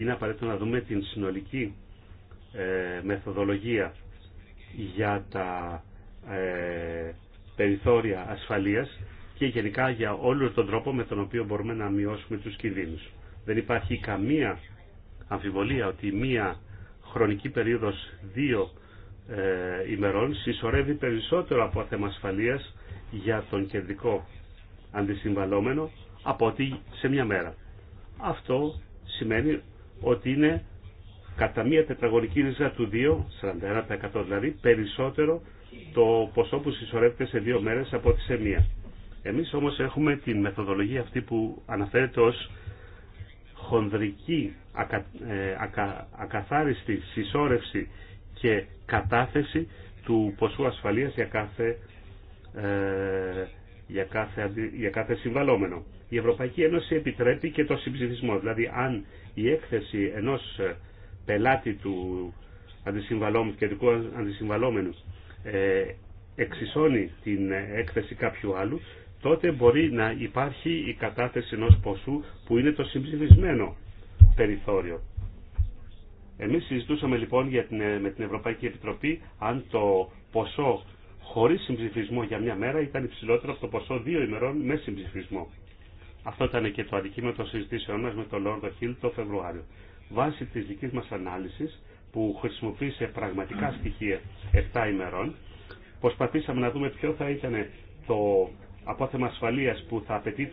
είναι απαραίτητο να δούμε την συνολική ε, μεθοδολογία για τα ε, περιθώρια ασφαλείας και γενικά για όλο τον τρόπο με τον οποίο μπορούμε να μειώσουμε τους κινδύνους. Δεν υπάρχει καμία αμφιβολία ότι μία χρονική περίοδος δύο ε, ημερών συσσωρεύει περισσότερο από θέμα ασφαλείας για τον κεντρικό αντισυμβαλόμενο από ότι σε μια μέρα. Αυτό σημαίνει ότι είναι κατά μία τετραγωνική ρίζα του 2, 41% δηλαδή, περισσότερο το ποσό που συσσωρεύεται σε δύο μέρες από ότι σε μία. Εμείς όμως έχουμε την μεθοδολογία αυτή που αναφέρεται ως χονδρική ε, ακαθάριστη συσσόρευση και κατάθεση του ποσού ασφαλείας για κάθε, ε, για κάθε, για κάθε συμβαλόμενο. Η Ευρωπαϊκή Ένωση επιτρέπει και το συμψηφισμό. Δηλαδή αν η έκθεση ενός ε, πελάτη του αντισυμβαλόμενου, κεντρικού αντισυμβαλόμενου ε, εξισώνει την ε, έκθεση κάποιου άλλου, τότε μπορεί να υπάρχει η κατάθεση ενός ποσού που είναι το συμψηφισμένο περιθώριο. Εμείς συζητούσαμε λοιπόν για την, ε, με την Ευρωπαϊκή Επιτροπή αν το ποσό χωρίς συμψηφισμό για μια μέρα ήταν υψηλότερο από το ποσό δύο ημερών με συμψηφισμό. Αυτό ήταν και το αντικείμενο των συζητήσεών μα με τον Λόρδο Χίλ το Φεβρουάριο. Βάσει τη δική μα ανάλυση που χρησιμοποίησε πραγματικά στοιχεία 7 ημερών, προσπαθήσαμε να δούμε ποιο θα ήταν το απόθεμα ασφαλεία που θα απαιτεί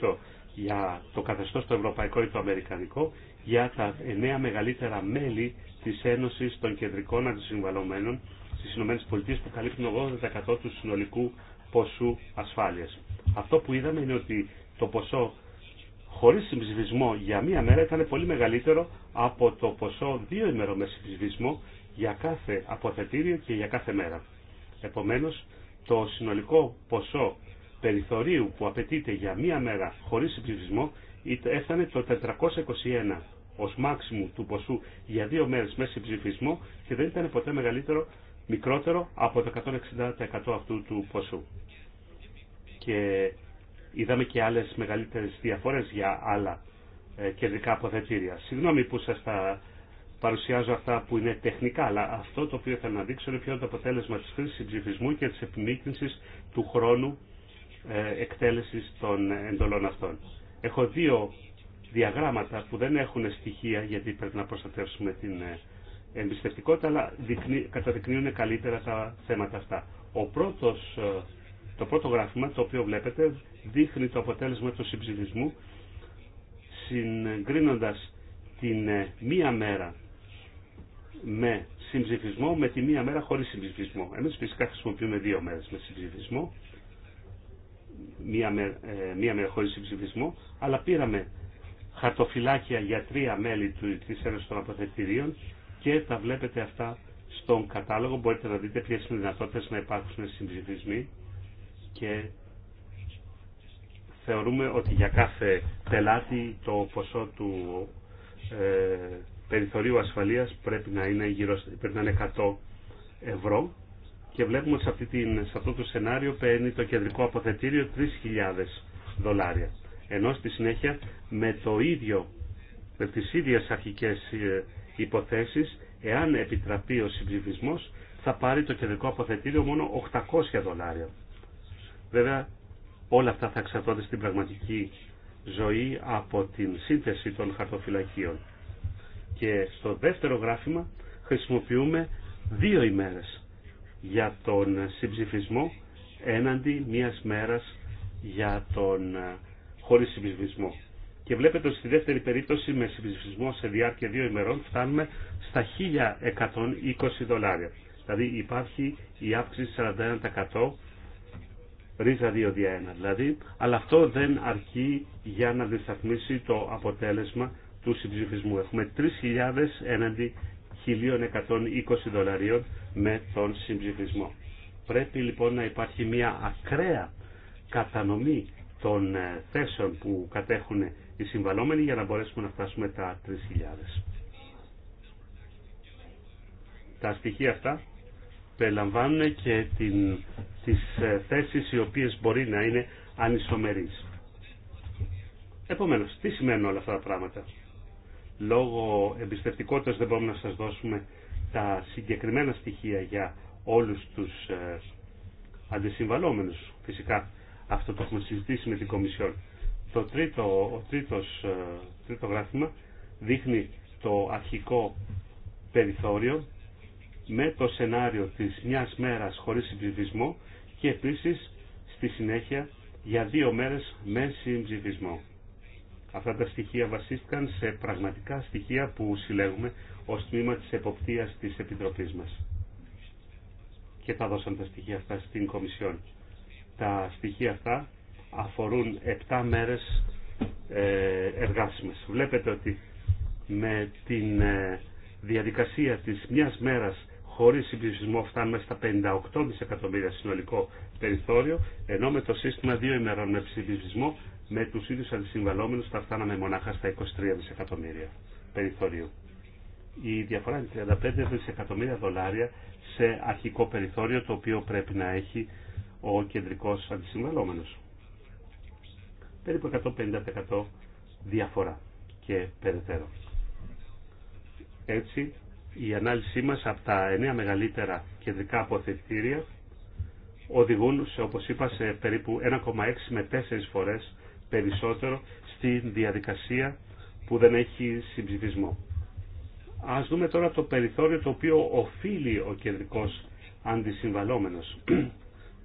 για το καθεστώ το ευρωπαϊκό ή το αμερικανικό για τα 9 μεγαλύτερα μέλη τη Ένωση των Κεντρικών Αντισυμβαλωμένων στι ΗΠΑ που καλύπτουν 80% του συνολικού ποσού ασφάλεια. Αυτό που είδαμε είναι ότι το ποσό χωρίς συμψηφισμό για μία μέρα ήταν πολύ μεγαλύτερο από το ποσό δύο ημερών με συμψηφισμό για κάθε αποθετήριο και για κάθε μέρα. Επομένως, το συνολικό ποσό περιθωρίου που απαιτείται για μία μέρα χωρίς συμψηφισμό έφτανε το 421 ως μάξιμου του ποσού για δύο μέρες με συμψηφισμό και δεν ήταν ποτέ μεγαλύτερο, μικρότερο από το 160% αυτού του ποσού. Και είδαμε και άλλες μεγαλύτερες διαφορές για άλλα ε, κεντρικά αποθετήρια. Συγγνώμη που σας τα παρουσιάζω αυτά που είναι τεχνικά, αλλά αυτό το οποίο θέλω να δείξω είναι ποιο είναι το αποτέλεσμα της χρήσης συμψηφισμού και της επιμήκυνσης του χρόνου ε, εκτέλεσης των εντολών αυτών. Έχω δύο διαγράμματα που δεν έχουν στοιχεία γιατί πρέπει να προστατεύσουμε την ε, εμπιστευτικότητα αλλά καταδεικνύουν καλύτερα τα θέματα αυτά. Ο πρώτος, το πρώτο γράφημα το οποίο βλέπετε δείχνει το αποτέλεσμα του συμψηφισμού συγκρίνοντας την ε, μία μέρα με συμψηφισμό με τη μία μέρα χωρίς συμψηφισμό. Εμείς φυσικά χρησιμοποιούμε δύο μέρες με συμψηφισμό, μία μέρα, ε, μία μέρα χωρίς συμψηφισμό, αλλά πήραμε χαρτοφυλάκια για τρία μέλη του, της Ένωσης των Αποθετηρίων και τα βλέπετε αυτά στον κατάλογο. Μπορείτε να δείτε ποιες είναι οι δυνατότητες να υπάρχουν συμψηφισμοί και θεωρούμε ότι για κάθε πελάτη το ποσό του ε, περιθωρίου ασφαλείας πρέπει να είναι, γύρω, 100 ευρώ και βλέπουμε ότι σε, την, αυτό το σενάριο παίρνει το κεντρικό αποθετήριο 3.000 δολάρια. Ενώ στη συνέχεια με το ίδιο, με τις ίδιες αρχικές ε, υποθέσεις, εάν επιτραπεί ο συμψηφισμός, θα πάρει το κεντρικό αποθετήριο μόνο 800 δολάρια. Βέβαια, όλα αυτά θα εξαρτώνται στην πραγματική ζωή από την σύνθεση των χαρτοφυλακίων. Και στο δεύτερο γράφημα χρησιμοποιούμε δύο ημέρες για τον συμψηφισμό έναντι μίας μέρας για τον ε, χωρίς συμψηφισμό. Και βλέπετε ότι στη δεύτερη περίπτωση με συμψηφισμό σε διάρκεια δύο ημερών φτάνουμε στα 1120 δολάρια. Δηλαδή υπάρχει η αύξηση 41% ρίζα 2 δια 1 δηλαδή, αλλά αυτό δεν αρκεί για να δισταθμίσει το αποτέλεσμα του συμψηφισμού. Έχουμε 3.000 έναντι 1.120 δολαρίων με τον συμψηφισμό. Πρέπει λοιπόν να υπάρχει μια ακραία κατανομή των ε, θέσεων που κατέχουν οι συμβαλόμενοι για να μπορέσουμε να φτάσουμε τα 3.000. Τα στοιχεία αυτά περιλαμβάνουν και την, τις ε, θέσεις οι οποίες μπορεί να είναι ανισομερείς. Επομένως, τι σημαίνουν όλα αυτά τα πράγματα. Λόγω εμπιστευτικότητας δεν μπορούμε να σας δώσουμε τα συγκεκριμένα στοιχεία για όλους τους ε, αντισυμβαλόμενους. Φυσικά αυτό το έχουμε συζητήσει με την Κομισιόν. Το τρίτο, ο τρίτος, ε, τρίτο γράφημα δείχνει το αρχικό περιθώριο με το σενάριο της μιας μέρας χωρίς συμψηφισμό και επίσης στη συνέχεια για δύο μέρες με συμψηφισμό. Αυτά τα στοιχεία βασίστηκαν σε πραγματικά στοιχεία που συλλέγουμε ως τμήμα της εποπτείας της Επιτροπής μας. Και τα δώσαν τα στοιχεία αυτά στην Κομισιόν. Τα στοιχεία αυτά αφορούν επτά μέρες ε, εργάσιμες. Βλέπετε ότι με την ε, διαδικασία της μιας μέρας χωρίς συμπληρωματισμό φτάνουμε στα 58 δισεκατομμύρια συνολικό περιθώριο, ενώ με το σύστημα δύο ημερών με συμπληρωματισμό με του ίδιου αντισυμβαλόμενου θα φτάναμε μονάχα στα 23 δισεκατομμύρια περιθώριο. Η διαφορά είναι 35 δισεκατομμύρια δολάρια σε αρχικό περιθώριο το οποίο πρέπει να έχει ο κεντρικός αντισυμβαλόμενο. Περίπου 150% διαφορά και περαιτέρω. Έτσι η ανάλυση μας από τα εννέα μεγαλύτερα κεντρικά αποθετήρια οδηγούν, σε, όπως είπα, σε περίπου 1,6 με 4 φορές περισσότερο στη διαδικασία που δεν έχει συμψηφισμό. Ας δούμε τώρα το περιθώριο το οποίο οφείλει ο κεντρικός αντισυμβαλόμενος,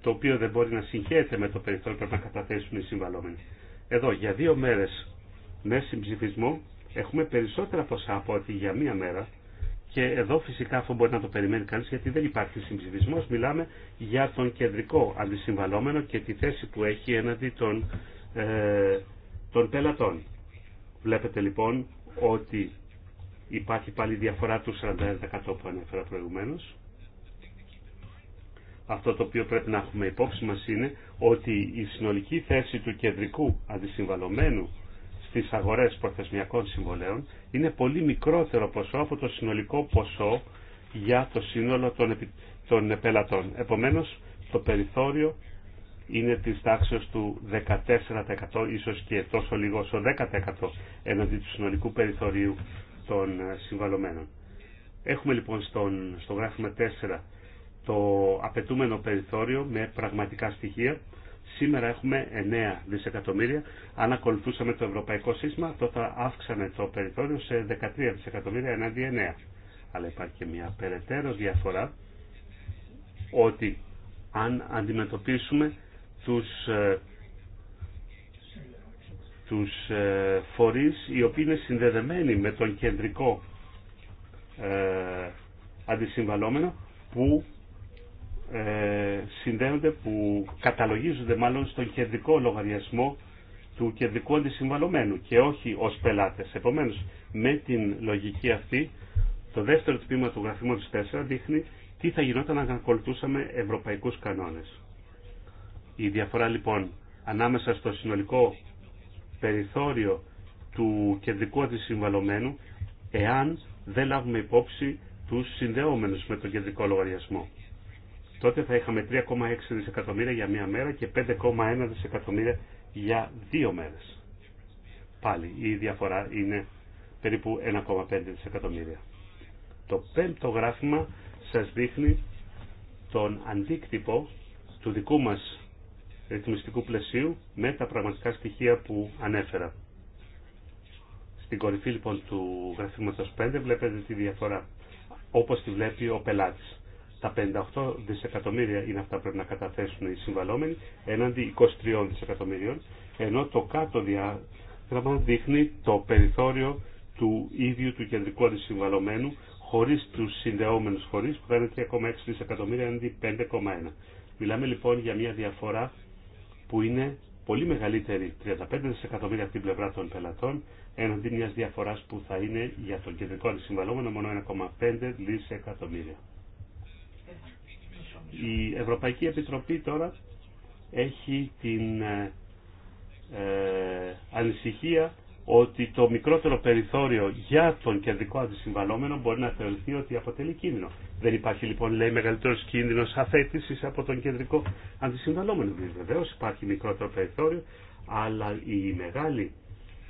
το οποίο δεν μπορεί να συγχέεται με το περιθώριο που πρέπει να καταθέσουν οι συμβαλόμενοι. Εδώ, για δύο μέρες με συμψηφισμό, έχουμε περισσότερα ποσά από ότι για μία μέρα, και εδώ φυσικά αυτό μπορεί να το περιμένει κανείς γιατί δεν υπάρχει συμψηφισμός. Μιλάμε για τον κεντρικό αντισυμβαλόμενο και τη θέση που έχει έναντι των, ε, των πελατών. Βλέπετε λοιπόν ότι υπάρχει πάλι διαφορά του 41% που ανέφερα προηγουμένως. Αυτό το οποίο πρέπει να έχουμε υπόψη μας είναι ότι η συνολική θέση του κεντρικού αντισυμβαλωμένου στις αγορές προθεσμιακών συμβολέων είναι πολύ μικρότερο ποσό από το συνολικό ποσό για το σύνολο των, επι... των Επομένως, το περιθώριο είναι της τάξης του 14% ίσως και τόσο λίγο όσο 10% εναντί του συνολικού περιθωρίου των ε, συμβαλωμένων. Έχουμε λοιπόν στον, στο γράφημα 4 το απαιτούμενο περιθώριο με πραγματικά στοιχεία Σήμερα έχουμε 9 δισεκατομμύρια. Αν ακολουθούσαμε το ευρωπαϊκό σύστημα, αυτό θα αύξανε το περιθώριο σε 13 δισεκατομμύρια ενάντια 9. Αλλά υπάρχει και μια περαιτέρω διαφορά ότι αν αντιμετωπίσουμε τους, ε, τους ε, φορείς οι οποίοι είναι συνδεδεμένοι με τον κεντρικό ε, αντισυμβαλόμενο που ε, συνδέονται, που καταλογίζονται μάλλον στον κεντρικό λογαριασμό του κεντρικού αντισυμβαλωμένου και όχι ως πελάτες. Επομένως, με την λογική αυτή, το δεύτερο τμήμα του γραφήματος 4 δείχνει τι θα γινόταν αν ακολουθούσαμε ευρωπαϊκούς κανόνες. Η διαφορά λοιπόν ανάμεσα στο συνολικό περιθώριο του κεντρικού αντισυμβαλωμένου εάν δεν λάβουμε υπόψη τους συνδεόμενους με τον κεντρικό λογαριασμό τότε θα είχαμε 3,6 δισεκατομμύρια για μία μέρα και 5,1 δισεκατομμύρια για δύο μέρες. Πάλι η διαφορά είναι περίπου 1,5 δισεκατομμύρια. Το πέμπτο γράφημα σας δείχνει τον αντίκτυπο του δικού μας ρυθμιστικού πλαισίου με τα πραγματικά στοιχεία που ανέφερα. Στην κορυφή λοιπόν του γραφήματος 5 βλέπετε τη διαφορά όπως τη βλέπει ο πελάτης. Τα 58 δισεκατομμύρια είναι αυτά που πρέπει να καταθέσουν οι συμβαλόμενοι έναντι 23 δισεκατομμύριων, ενώ το κάτω διάγραμμα δείχνει το περιθώριο του ίδιου του κεντρικού αντισυμβαλωμένου χωρίς τους συνδεόμενους χωρίς που θα είναι 3,6 δισεκατομμύρια έναντι 5,1. Μιλάμε λοιπόν για μια διαφορά που είναι πολύ μεγαλύτερη, 35 δισεκατομμύρια από την πλευρά των πελατών, έναντι μιας διαφοράς που θα είναι για τον κεντρικό αντισυμβαλόμενο μόνο 1,5 δισεκατομμύρια. Η Ευρωπαϊκή Επιτροπή τώρα έχει την ε, ε, ανησυχία ότι το μικρότερο περιθώριο για τον κεντρικό αντισυμβαλόμενο μπορεί να θεωρηθεί ότι αποτελεί κίνδυνο. Δεν υπάρχει λοιπόν λέει μεγαλύτερο κίνδυνο αθέτηση από τον κεντρικό αντισυμβαλόμενο. Βεβαίω υπάρχει μικρότερο περιθώριο, αλλά η μεγάλη,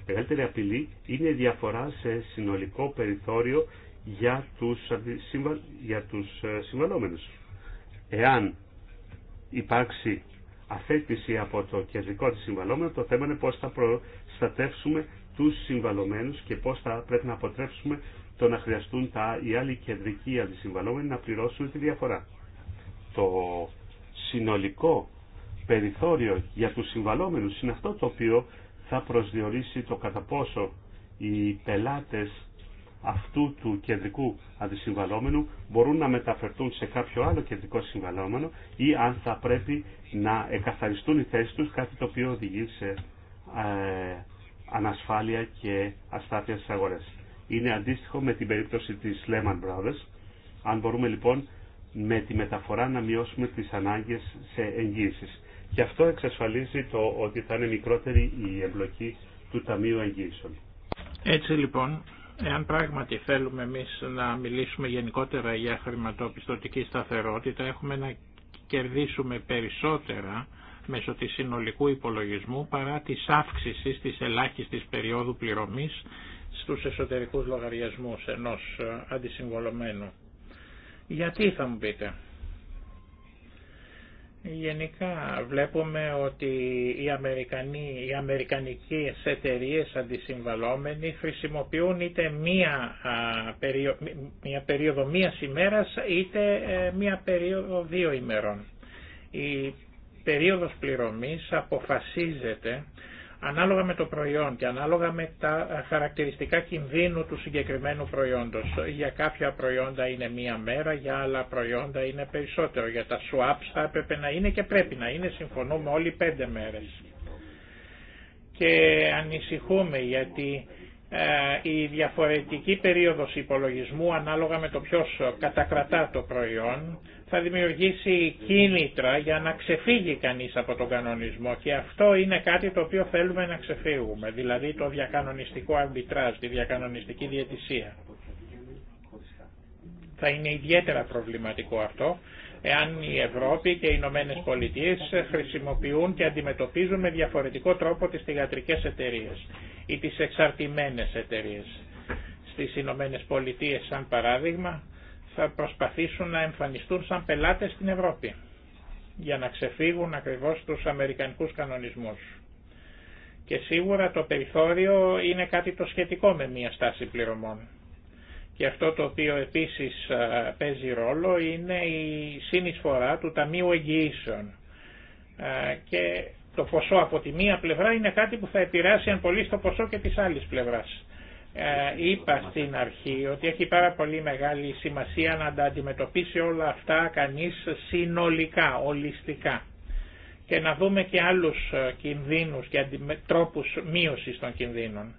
μεγαλύτερη απειλή είναι η διαφορά σε συνολικό περιθώριο για τους, για τους ε, Εάν υπάρξει αθέτηση από το κεντρικό της συμβαλόμενο, το θέμα είναι πώς θα προστατεύσουμε τους συμβαλωμένους και πώς θα πρέπει να αποτρέψουμε το να χρειαστούν τα, οι άλλοι κεντρικοί αντισυμβαλόμενοι να πληρώσουν τη διαφορά. Το συνολικό περιθώριο για τους συμβαλόμενους είναι αυτό το οποίο θα προσδιορίσει το κατά πόσο οι πελάτες αυτού του κεντρικού αντισυμβαλόμενου μπορούν να μεταφερθούν σε κάποιο άλλο κεντρικό συμβαλόμενο ή αν θα πρέπει να εκαθαριστούν οι θέσεις τους, κάτι το οποίο οδηγεί σε ε, ανασφάλεια και αστάθεια στις αγορές. Είναι αντίστοιχο με την περίπτωση της Lehman Brothers. Αν μπορούμε λοιπόν με τη μεταφορά να μειώσουμε τις ανάγκες σε εγγύησεις. Και αυτό εξασφαλίζει το ότι θα είναι μικρότερη η εμπλοκή του Ταμείου Εγγύησεων. Έτσι λοιπόν, Εάν πράγματι θέλουμε εμείς να μιλήσουμε γενικότερα για χρηματοπιστωτική σταθερότητα, έχουμε να κερδίσουμε περισσότερα μέσω της συνολικού υπολογισμού παρά της αύξησης της ελάχιστης περίοδου πληρωμής στους εσωτερικούς λογαριασμούς ενός ε, αντισυμβολωμένου. Γιατί θα μου πείτε. Γενικά βλέπουμε ότι οι, Αμερικανοί, οι αμερικανικές εταιρείες αντισυμβαλόμενοι χρησιμοποιούν είτε μία, περίοδο, μία περίοδο μίας ημέρας είτε ε, μία περίοδο δύο ημερών. Η περίοδος πληρωμής αποφασίζεται ανάλογα με το προϊόν και ανάλογα με τα ε, χαρακτηριστικά κινδύνου του συγκεκριμένου προϊόντος. Για κάποια προϊόντα είναι μία μέρα, για άλλα προϊόντα είναι περισσότερο. Για τα swaps θα έπρεπε να είναι και πρέπει να είναι, συμφωνούμε όλοι πέντε μέρες. Και ανησυχούμε γιατί ε, η διαφορετική περίοδος υπολογισμού ανάλογα με το ποιος κατακρατά το προϊόν θα δημιουργήσει κίνητρα για να ξεφύγει κανείς από τον κανονισμό και αυτό είναι κάτι το οποίο θέλουμε να ξεφύγουμε, δηλαδή το διακανονιστικό αρμπιτράζ, τη διακανονιστική διαιτησία. Θα είναι ιδιαίτερα προβληματικό αυτό εάν η Ευρώπη και οι Ηνωμένε Πολιτείε χρησιμοποιούν και αντιμετωπίζουν με διαφορετικό τρόπο τις θηγατρικές εταιρείε ή τις εξαρτημένες εταιρείε. Στις Ηνωμένε Πολιτείε, σαν παράδειγμα, θα προσπαθήσουν να εμφανιστούν σαν πελάτες στην Ευρώπη για να ξεφύγουν ακριβώς τους αμερικανικούς κανονισμούς. Και σίγουρα το περιθώριο είναι κάτι το σχετικό με μια στάση πληρωμών. Και αυτό το οποίο επίσης παίζει ρόλο είναι η συνεισφορά του Ταμείου Εγγυήσεων. Και το ποσό από τη μία πλευρά είναι κάτι που θα επηρεάσει αν πολύ στο ποσό και της άλλης πλευράς. Είπα στην αρχή ότι έχει πάρα πολύ μεγάλη σημασία να τα αντιμετωπίσει όλα αυτά κανείς συνολικά, ολιστικά και να δούμε και άλλους κινδύνους και τρόπους μείωσης των κινδύνων.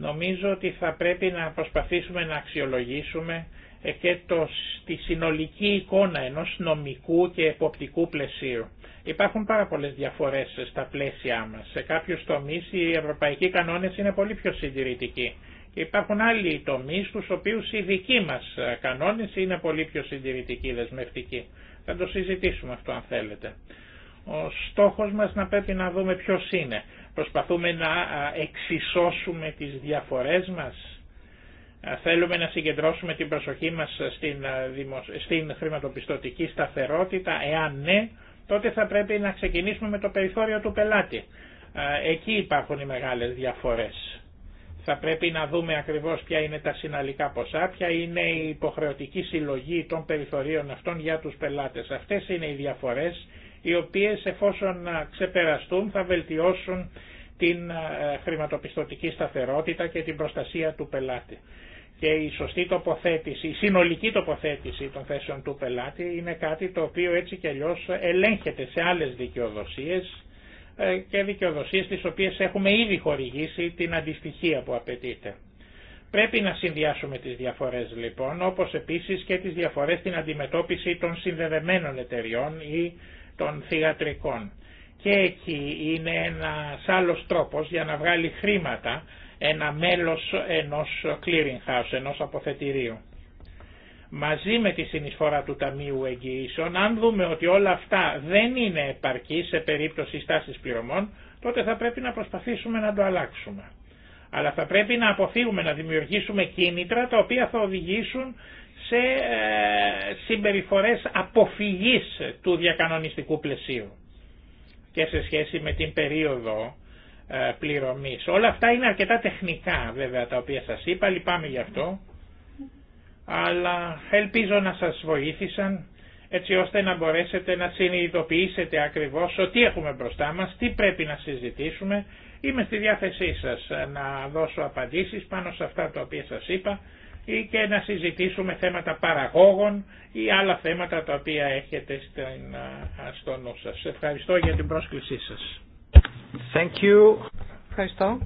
Νομίζω ότι θα πρέπει να προσπαθήσουμε να αξιολογήσουμε ε, και το, τη συνολική εικόνα ενός νομικού και εποπτικού πλαισίου. Υπάρχουν πάρα πολλές διαφορές στα πλαίσια μας. Σε κάποιους τομείς οι ευρωπαϊκοί κανόνες είναι πολύ πιο συντηρητικοί. Και υπάρχουν άλλοι τομείς στους οποίους οι δικοί μας ε, κανόνες είναι πολύ πιο συντηρητικοί, δεσμευτικοί. Θα το συζητήσουμε αυτό αν θέλετε. Ο στόχος μας να πρέπει να δούμε ποιος είναι. Προσπαθούμε να εξισώσουμε τις διαφορές μας. Θέλουμε να συγκεντρώσουμε την προσοχή μας στην, στην χρηματοπιστωτική σταθερότητα. Εάν ναι, τότε θα πρέπει να ξεκινήσουμε με το περιθώριο του πελάτη. Εκεί υπάρχουν οι μεγάλες διαφορές. Θα πρέπει να δούμε ακριβώς ποια είναι τα συναλλικά ποσά, ποια είναι η υποχρεωτική συλλογή των περιθωρίων αυτών για τους πελάτες. Αυτές είναι οι διαφορές οι οποίες εφόσον ε, ξεπεραστούν θα βελτιώσουν την ε, χρηματοπιστωτική σταθερότητα και την προστασία του πελάτη. Και η σωστή τοποθέτηση, η συνολική τοποθέτηση των θέσεων του πελάτη είναι κάτι το οποίο έτσι κι αλλιώ ελέγχεται σε άλλες δικαιοδοσίες ε, και δικαιοδοσίες τις οποίες έχουμε ήδη χορηγήσει την αντιστοιχία που απαιτείται. Πρέπει να συνδυάσουμε τις διαφορές λοιπόν, όπως επίσης και τις διαφορές στην αντιμετώπιση των συνδεδεμένων εταιριών ή των θηγατρικών. Και εκεί είναι ένας άλλος τρόπος για να βγάλει χρήματα ένα μέλος ενός clearing house, ενός αποθετηρίου. Μαζί με τη συνεισφορά του Ταμείου Εγγυήσεων, αν δούμε ότι όλα αυτά δεν είναι επαρκή σε περίπτωση στάσης πληρωμών, τότε θα πρέπει να προσπαθήσουμε να το αλλάξουμε. Αλλά θα πρέπει να αποφύγουμε να δημιουργήσουμε κίνητρα τα οποία θα οδηγήσουν σε ε, συμπεριφορές αποφυγής του διακανονιστικού πλαισίου και σε σχέση με την περίοδο ε, πληρωμής. Όλα αυτά είναι αρκετά τεχνικά βέβαια τα οποία σας είπα, λυπάμαι γι' αυτό, αλλά ελπίζω να σας βοήθησαν έτσι ώστε να μπορέσετε να συνειδητοποιήσετε ακριβώς ότι έχουμε μπροστά μας, τι πρέπει να συζητήσουμε. Είμαι στη διάθεσή σας να δώσω απαντήσεις πάνω σε αυτά τα οποία σας είπα ή και να συζητήσουμε θέματα παραγόγων ή άλλα θέματα τα οποία έχετε στην, στο νου Ευχαριστώ για την πρόσκλησή σας. Thank you. Ευχαριστώ.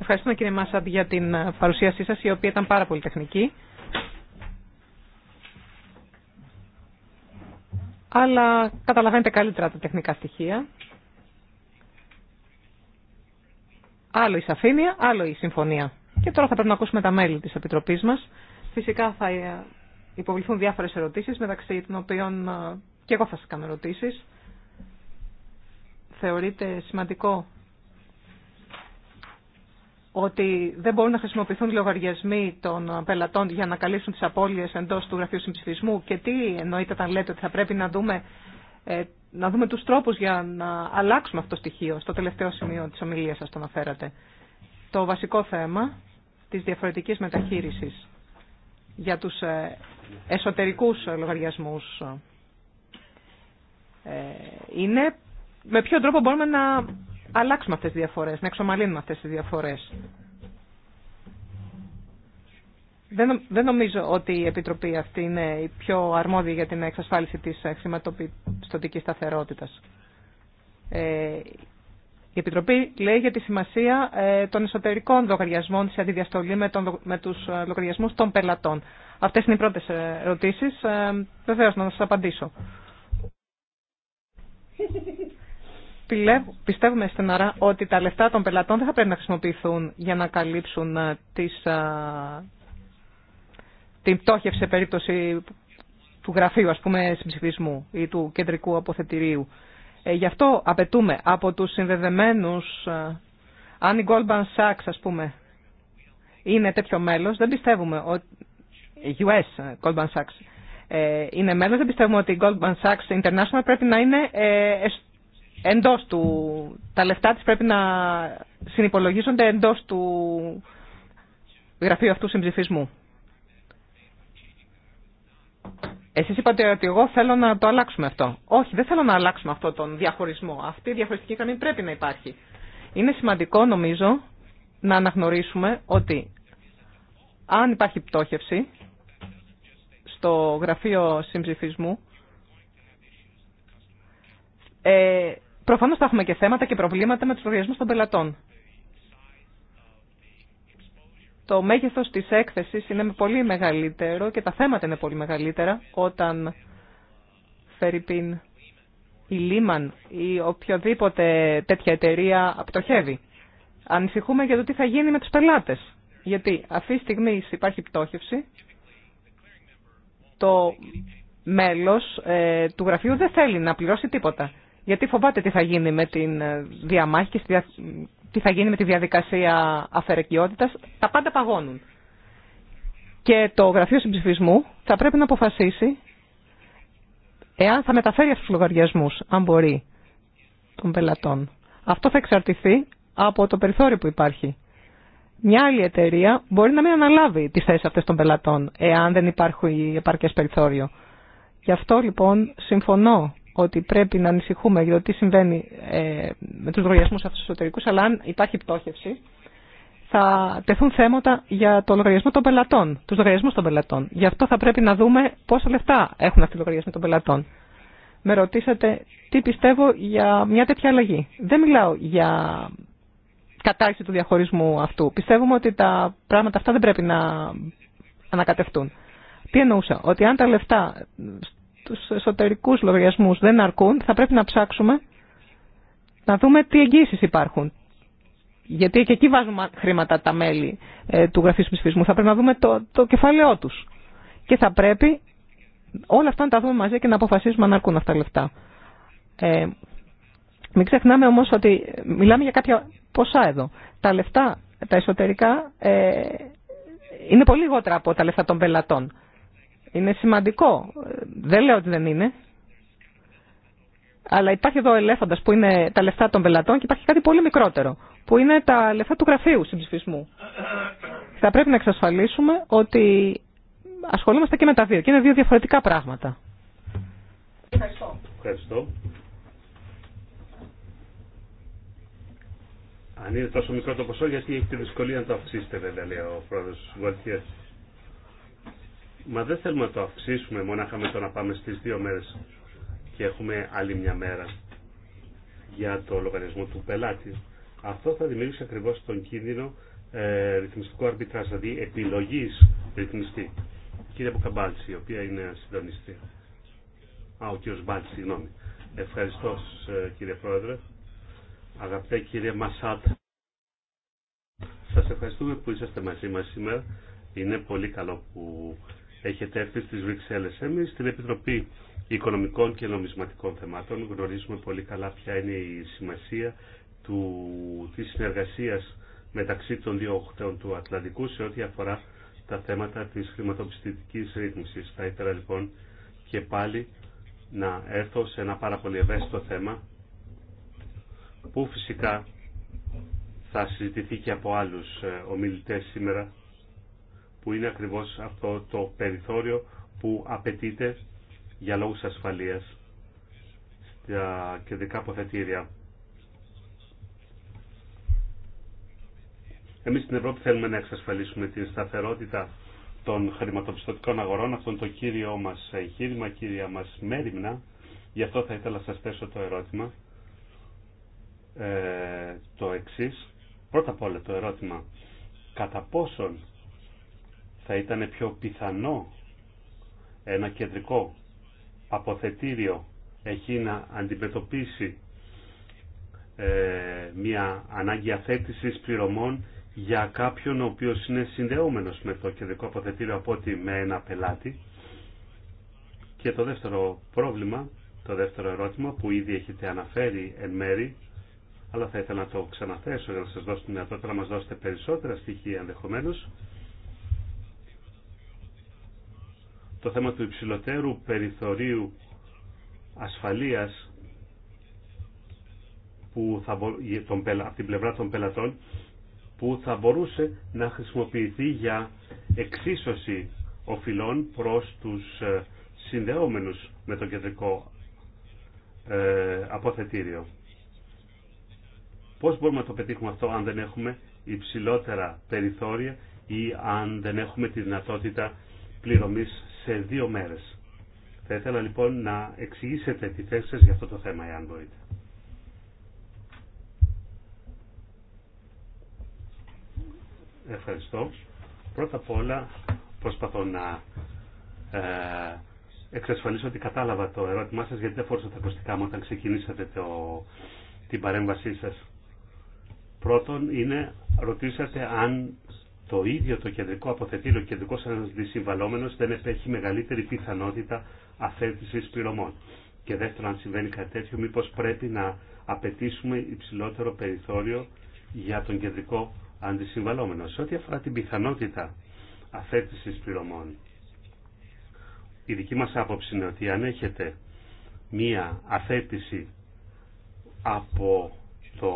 Ευχαριστούμε κύριε Μάσαντ για την παρουσίασή σας η οποία ήταν πάρα πολύ τεχνική. Αλλά καταλαβαίνετε καλύτερα τα τεχνικά στοιχεία. Άλλο η σαφήνεια, άλλο η συμφωνία. Και τώρα θα πρέπει να ακούσουμε τα μέλη της Επιτροπής μας. Φυσικά θα ε, υποβληθούν διάφορες ερωτήσεις, μεταξύ των οποίων ε, και εγώ θα σας κάνω ερωτήσεις. Θεωρείτε σημαντικό ότι δεν μπορούν να χρησιμοποιηθούν λογαριασμοί των ε, πελατών για να καλύψουν τις απώλειες εντός του γραφείου συμψηφισμού και τι εννοείται όταν λέτε ότι θα πρέπει να δούμε να δούμε τους τρόπους για να αλλάξουμε αυτό το στοιχείο. Στο τελευταίο σημείο της ομιλίας σας το αναφέρατε. Το βασικό θέμα της διαφορετικής μεταχείρισης για τους ε, εσωτερικούς λογαριασμούς ε, είναι με ποιο τρόπο μπορούμε να αλλάξουμε αυτές τις διαφορές, να εξομαλύνουμε αυτές τις διαφορές. Δεν, δεν νομίζω ότι η Επιτροπή αυτή είναι η πιο αρμόδια για την εξασφάλιση της χρηματοπιστωτικής σταθερότητας. Ε, η Επιτροπή λέει για τη σημασία ε, των εσωτερικών λογαριασμών σε αντιδιαστολή με, τον, με τους ε, λογαριασμούς των πελατών. Αυτές είναι οι πρώτες ε, ερωτήσεις. Ε, Βεβαίω να σας απαντήσω. Πιστεύουμε στεναρά ότι τα λεφτά των πελατών δεν θα πρέπει να χρησιμοποιηθούν για να καλύψουν τις την πτώχευση σε περίπτωση του γραφείου, ας πούμε, συμψηφισμού ή του κεντρικού αποθετηρίου. Ε, γι' αυτό απαιτούμε από τους συνδεδεμένους, ε, αν η Goldman Sachs, ας πούμε, είναι τέτοιο μέλος, δεν πιστεύουμε ότι... US, ε, Goldman Sachs, ε, είναι μέλος, δεν πιστεύουμε ότι η Goldman Sachs International πρέπει να είναι ε, εντός του... Τα λεφτά της πρέπει να συνυπολογίζονται εντός του γραφείου αυτού συμψηφισμού. Εσεί είπατε ότι εγώ θέλω να το αλλάξουμε αυτό. Όχι, δεν θέλω να αλλάξουμε αυτό τον διαχωρισμό. Αυτή η διαχωριστική γραμμή πρέπει να υπάρχει. Είναι σημαντικό νομίζω να αναγνωρίσουμε ότι αν υπάρχει πτώχευση στο γραφείο συμψηφισμού, ε, προφανώς θα έχουμε και θέματα και προβλήματα με τους λογαριασμού των πελατών το μέγεθος της έκθεσης είναι πολύ μεγαλύτερο και τα θέματα είναι πολύ μεγαλύτερα όταν πίν η Λίμαν ή οποιοδήποτε τέτοια εταιρεία πτωχεύει. Ανησυχούμε για το τι θα γίνει με τους πελάτες. Γιατί αυτή τη στιγμή υπάρχει πτώχευση, το μέλος ε, του γραφείου δεν θέλει να πληρώσει τίποτα. Γιατί φοβάται τι θα γίνει με την ε, διαμάχη και τι θα γίνει με τη διαδικασία αφαιρεκιότητας, τα πάντα παγώνουν. Και το Γραφείο Συμψηφισμού θα πρέπει να αποφασίσει εάν θα μεταφέρει αυτού του λογαριασμού αν μπορεί, των πελατών. Αυτό θα εξαρτηθεί από το περιθώριο που υπάρχει. Μια άλλη εταιρεία μπορεί να μην αναλάβει τι θέσει αυτέ των πελατών, εάν δεν υπάρχει επαρκέ περιθώριο. Γι' αυτό λοιπόν συμφωνώ ότι πρέπει να ανησυχούμε για το τι συμβαίνει ε, με τους λογαριασμού αυτούς του εσωτερικούς, αλλά αν υπάρχει πτώχευση, θα τεθούν θέματα για το λογαριασμό των πελατών, τους λογαριασμού των πελατών. Γι' αυτό θα πρέπει να δούμε πόσα λεφτά έχουν αυτοί οι λογαριασμοί των πελατών. Με ρωτήσατε τι πιστεύω για μια τέτοια αλλαγή. Δεν μιλάω για κατάρριξη του διαχωρισμού αυτού. Πιστεύουμε ότι τα πράγματα αυτά δεν πρέπει να ανακατευτούν. Τι εννοούσα, ότι αν τα λεφτά τους εσωτερικούς λογαριασμούς δεν αρκούν, θα πρέπει να ψάξουμε να δούμε τι εγγύσει υπάρχουν. Γιατί και εκεί βάζουμε χρήματα τα μέλη ε, του Γραφείου Ψηφισμού. Θα πρέπει να δούμε το, το κεφάλαιό τους. Και θα πρέπει όλα αυτά να τα δούμε μαζί και να αποφασίσουμε αν αρκούν αυτά τα λεφτά. Ε, μην ξεχνάμε όμως ότι μιλάμε για κάποια ποσά εδώ. Τα λεφτά, τα εσωτερικά, ε, είναι πολύ λιγότερα από τα λεφτά των πελατών. Είναι σημαντικό. Δεν λέω ότι δεν είναι. Αλλά υπάρχει εδώ ο ελέφαντας που είναι τα λεφτά των πελατών και υπάρχει κάτι πολύ μικρότερο που είναι τα λεφτά του γραφείου συμψηφισμού. Θα πρέπει να εξασφαλίσουμε ότι ασχολούμαστε και με τα δύο και είναι δύο διαφορετικά πράγματα. Ευχαριστώ. Αν είναι τόσο μικρό το ποσό, γιατί έχετε δυσκολία να το αυξήσετε, βέβαια, λέει ο πρόεδρο Γουαλτιέ. Μα δεν θέλουμε να το αυξήσουμε μόναχα με το να πάμε στις δύο μέρες και έχουμε άλλη μια μέρα για το λογαριασμό του πελάτη. Αυτό θα δημιουργήσει ακριβώς τον κίνδυνο ε, ρυθμιστικού αρμπιτράς, δηλαδή επιλογής ρυθμιστή. Κύριε Μπουκαμπάλτση, η οποία είναι συντονιστή. Α, ο κύριος Μπάλτση, συγγνώμη. Ευχαριστώ ε, κύριε Πρόεδρε. Αγαπητέ κύριε Μασάτ. Σας ευχαριστούμε που είσαστε μαζί μας σήμερα. Είναι πολύ καλό που έχετε έρθει στις Βρυξέλλες. Εμείς στην Επιτροπή Οικονομικών και Νομισματικών Θεμάτων γνωρίζουμε πολύ καλά ποια είναι η σημασία του, της συνεργασίας μεταξύ των δύο οχτών του Ατλαντικού σε ό,τι αφορά τα θέματα της χρηματοπιστητικής ρύθμισης. Θα ήθελα λοιπόν και πάλι να έρθω σε ένα πάρα πολύ ευαίσθητο θέμα που φυσικά θα συζητηθεί και από άλλους ε, ομιλητές σήμερα που είναι ακριβώς αυτό το περιθώριο που απαιτείται για λόγους ασφαλείας στα κεντρικά αποθετήρια. Εμείς στην Ευρώπη θέλουμε να εξασφαλίσουμε την σταθερότητα των χρηματοπιστωτικών αγορών. Αυτό είναι το κύριο μας εγχείρημα, κύρια μας μέρημνα. Γι' αυτό θα ήθελα να σας θέσω το ερώτημα. Ε, το εξής. Πρώτα απ' όλα το ερώτημα κατά πόσον θα ήταν πιο πιθανό ένα κεντρικό αποθετήριο έχει να αντιμετωπίσει ε, μια ανάγκη αθέτησης πληρωμών για κάποιον ο οποίος είναι συνδεόμενος με το κεντρικό αποθετήριο από ότι με ένα πελάτη. Και το δεύτερο πρόβλημα, το δεύτερο ερώτημα που ήδη έχετε αναφέρει εν μέρη, αλλά θα ήθελα να το ξαναθέσω για να σας δώσω τη δυνατότητα να μας δώσετε περισσότερα στοιχεία ενδεχομένω. το θέμα του υψηλότερου περιθωρίου ασφαλείας που θα, τον, από την πλευρά των πελατών που θα μπορούσε να χρησιμοποιηθεί για εξίσωση οφειλών προς τους ε, συνδεόμενους με το κεντρικό ε, αποθετήριο. Πώς μπορούμε να το πετύχουμε αυτό αν δεν έχουμε υψηλότερα περιθώρια ή αν δεν έχουμε τη δυνατότητα πληρωμής σε δύο μέρες. Θα ήθελα λοιπόν να εξηγήσετε τη θέση σας για αυτό το θέμα, εάν μπορείτε. Ευχαριστώ. Πρώτα απ' όλα προσπαθώ να ε, εξασφαλίσω ότι κατάλαβα το ερώτημά σας γιατί δεν φόρησα τα ακουστικά μου όταν ξεκινήσατε το, την παρέμβασή σας. Πρώτον είναι ρωτήσατε αν το ίδιο το κεντρικό αποθετήριο, ο κεντρικό αντισυμβαλόμενο δεν έχει μεγαλύτερη πιθανότητα αθέτησης πληρωμών. Και δεύτερον, αν συμβαίνει κάτι τέτοιο, μήπω πρέπει να απαιτήσουμε υψηλότερο περιθώριο για τον κεντρικό αντισυμβαλόμενο. Σε ό,τι αφορά την πιθανότητα αφέτηση πληρωμών, η δική μα άποψη είναι ότι αν έχετε μία αθέτηση από το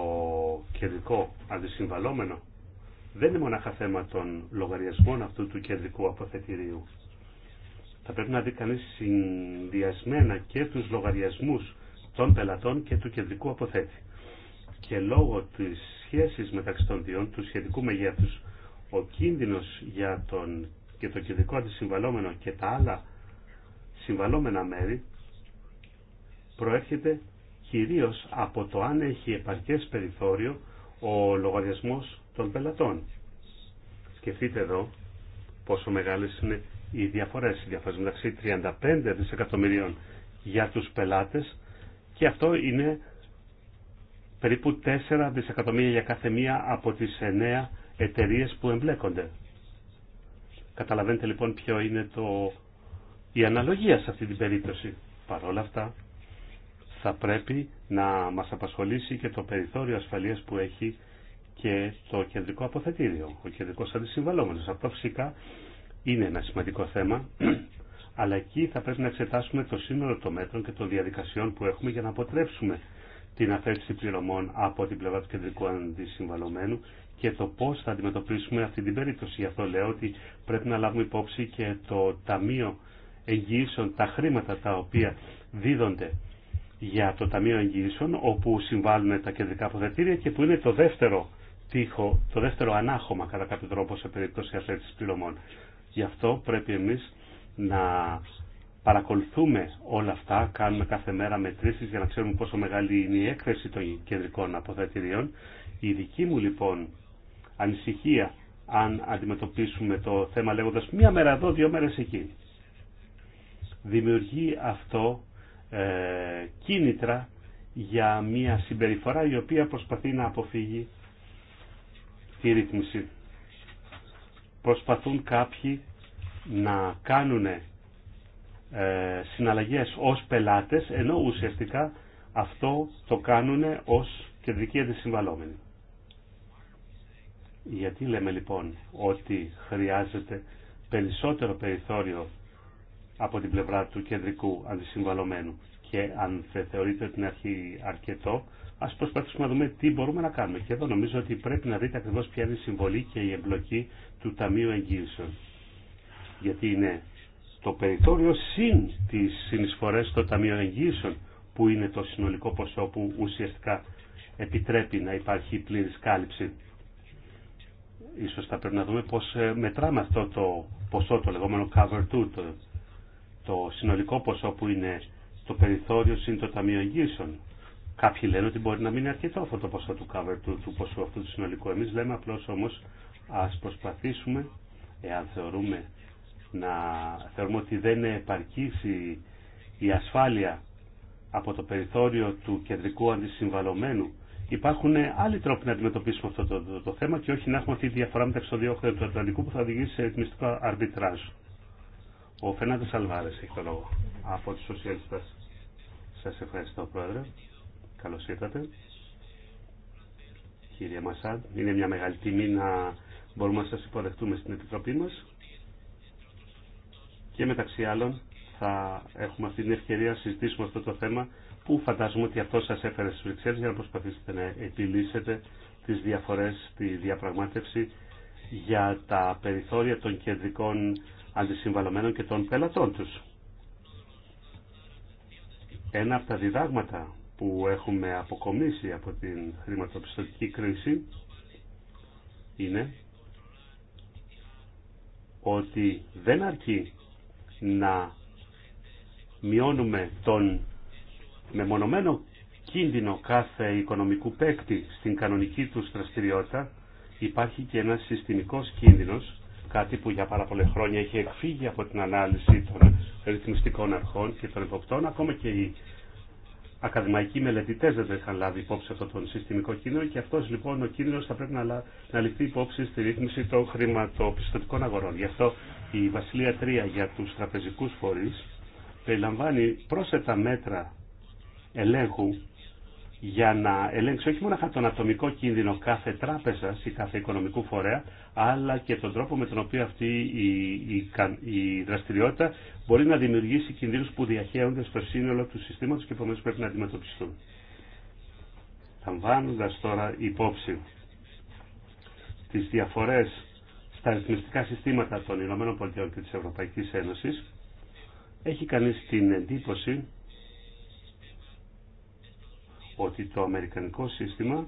κεντρικό αντισυμβαλόμενο, δεν είναι μονάχα θέμα των λογαριασμών αυτού του κεντρικού αποθετηρίου. Θα πρέπει να δει κανείς συνδυασμένα και τους λογαριασμούς των πελατών και του κεντρικού αποθέτη. Και λόγω της σχέσης μεταξύ των δύο, του σχετικού μεγέθους, ο κίνδυνος για, τον, το κεντρικό αντισυμβαλόμενο και τα άλλα συμβαλόμενα μέρη προέρχεται κυρίως από το αν έχει επαρκές περιθώριο ο λογαριασμός των πελατών. Σκεφτείτε εδώ πόσο μεγάλες είναι οι διαφορές. Οι διαφορές μεταξύ 35 δισεκατομμυρίων για τους πελάτες και αυτό είναι περίπου 4 δισεκατομμύρια για κάθε μία από τις 9 εταιρείες που εμπλέκονται. Καταλαβαίνετε λοιπόν ποιο είναι το... η αναλογία σε αυτή την περίπτωση. Παρ' όλα αυτά θα πρέπει να μας απασχολήσει και το περιθώριο ασφαλείας που έχει και το κεντρικό αποθετήριο, ο κεντρικό αντισυμβαλόμενο. Αυτό φυσικά είναι ένα σημαντικό θέμα, αλλά εκεί θα πρέπει να εξετάσουμε το σύνολο των μέτρων και των διαδικασιών που έχουμε για να αποτρέψουμε την αφαίρεση πληρωμών από την πλευρά του κεντρικού αντισυμβαλωμένου και το πώ θα αντιμετωπίσουμε αυτή την περίπτωση. Γι' αυτό λέω ότι πρέπει να λάβουμε υπόψη και το Ταμείο Εγγυήσεων, τα χρήματα τα οποία δίδονται για το Ταμείο Εγγυήσεων, όπου συμβάλλουν τα κεντρικά αποθετήρια και που είναι το δεύτερο τείχο, το δεύτερο ανάχωμα κατά κάποιο τρόπο σε περίπτωση αθλέτησης πληρωμών. Γι' αυτό πρέπει εμείς να παρακολουθούμε όλα αυτά, κάνουμε κάθε μέρα μετρήσεις για να ξέρουμε πόσο μεγάλη είναι η έκθεση των κεντρικών αποθετηρίων. Η δική μου λοιπόν ανησυχία αν αντιμετωπίσουμε το θέμα λέγοντας μία μέρα εδώ, δύο μέρες εκεί. Δημιουργεί αυτό ε, κίνητρα για μία συμπεριφορά η οποία προσπαθεί να αποφύγει στη ρύθμιση. Προσπαθούν κάποιοι να κάνουν ε, συναλλαγές ως πελάτες, ενώ ουσιαστικά αυτό το κάνουν ως κεντρικοί αντισυμβαλόμενοι. Γιατί λέμε λοιπόν ότι χρειάζεται περισσότερο περιθώριο από την πλευρά του κεντρικού αντισυμβαλωμένου και αν θεωρείται θεωρείτε ότι αρχή αρκετό, ας προσπαθήσουμε να δούμε τι μπορούμε να κάνουμε. Και εδώ νομίζω ότι πρέπει να δείτε ακριβώς ποια είναι η συμβολή και η εμπλοκή του Ταμείου Εγγύησεων. Γιατί είναι το περιθώριο συν τις συνεισφορές στο Ταμείο Εγγύησεων που είναι το συνολικό ποσό που ουσιαστικά επιτρέπει να υπάρχει πλήρη κάλυψη. Ίσως θα πρέπει να δούμε πώς ε, μετράμε αυτό το ποσό, το λεγόμενο cover to, το, το συνολικό ποσό που είναι το περιθώριο συν το Ταμείο Εγγύησεων. Κάποιοι λένε ότι μπορεί να μην είναι αρκετό αυτό το ποσό του cover του, του ποσού αυτού του συνολικού. Εμείς λέμε απλώς όμως ας προσπαθήσουμε, εάν θεωρούμε, να, θεωρούμε ότι δεν επαρκείς η, η ασφάλεια από το περιθώριο του κεντρικού αντισυμβαλωμένου υπάρχουν άλλοι τρόποι να αντιμετωπίσουμε αυτό το, το, το, το θέμα και όχι να έχουμε αυτή τη διαφορά μεταξύ των δύο του Ατλαντικού που θα οδηγήσει σε ρυθμιστικό αρμπιτράζ. Ο Φενάντε Αλβάρε έχει το λόγο από του σοσιαλιστέ. Σα ευχαριστώ, Πρόεδρε. Καλώς ήρθατε. Κύριε Μασάντ, είναι μια μεγάλη τιμή να μπορούμε να σας υποδεχτούμε στην Επιτροπή μας. Και μεταξύ άλλων θα έχουμε αυτή την ευκαιρία να συζητήσουμε αυτό το θέμα που φαντάζομαι ότι αυτό σας έφερε στις Βρυξέλλες για να προσπαθήσετε να επιλύσετε τις διαφορές στη διαπραγμάτευση για τα περιθώρια των κεντρικών αντισυμβαλωμένων και των πελατών τους. Ένα από τα διδάγματα που έχουμε αποκομίσει από την χρηματοπιστωτική κρίση είναι ότι δεν αρκεί να μειώνουμε τον μεμονωμένο κίνδυνο κάθε οικονομικού παίκτη στην κανονική του δραστηριότητα, υπάρχει και ένας συστημικός κίνδυνος, κάτι που για πάρα πολλά χρόνια έχει εκφύγει από την ανάλυση των ρυθμιστικών αρχών και των υποπτών ακόμα και η ακαδημαϊκοί μελετητέ δεν το είχαν λάβει υπόψη αυτόν τον συστημικό κίνδυνο και αυτός λοιπόν ο κίνδυνος θα πρέπει να, να ληφθεί υπόψη στη ρύθμιση των χρηματοπιστωτικών αγορών. Γι' αυτό η Βασιλεία 3 για τους τραπεζικού φορείς περιλαμβάνει πρόσθετα μέτρα ελέγχου για να ελέγξει όχι μόνο τον ατομικό κίνδυνο κάθε τράπεζα ή κάθε οικονομικού φορέα, αλλά και τον τρόπο με τον οποίο αυτή η, η, η δραστηριότητα μπορεί να δημιουργήσει κινδύνους που διαχέονται στο σύνολο του συστήματος και επομένως πρέπει να αντιμετωπιστούν. Λαμβάνοντα τώρα υπόψη τις διαφορές στα ρυθμιστικά συστήματα των ΗΠΑ και της Ευρωπαϊκής έχει κανείς την εντύπωση ότι το αμερικανικό σύστημα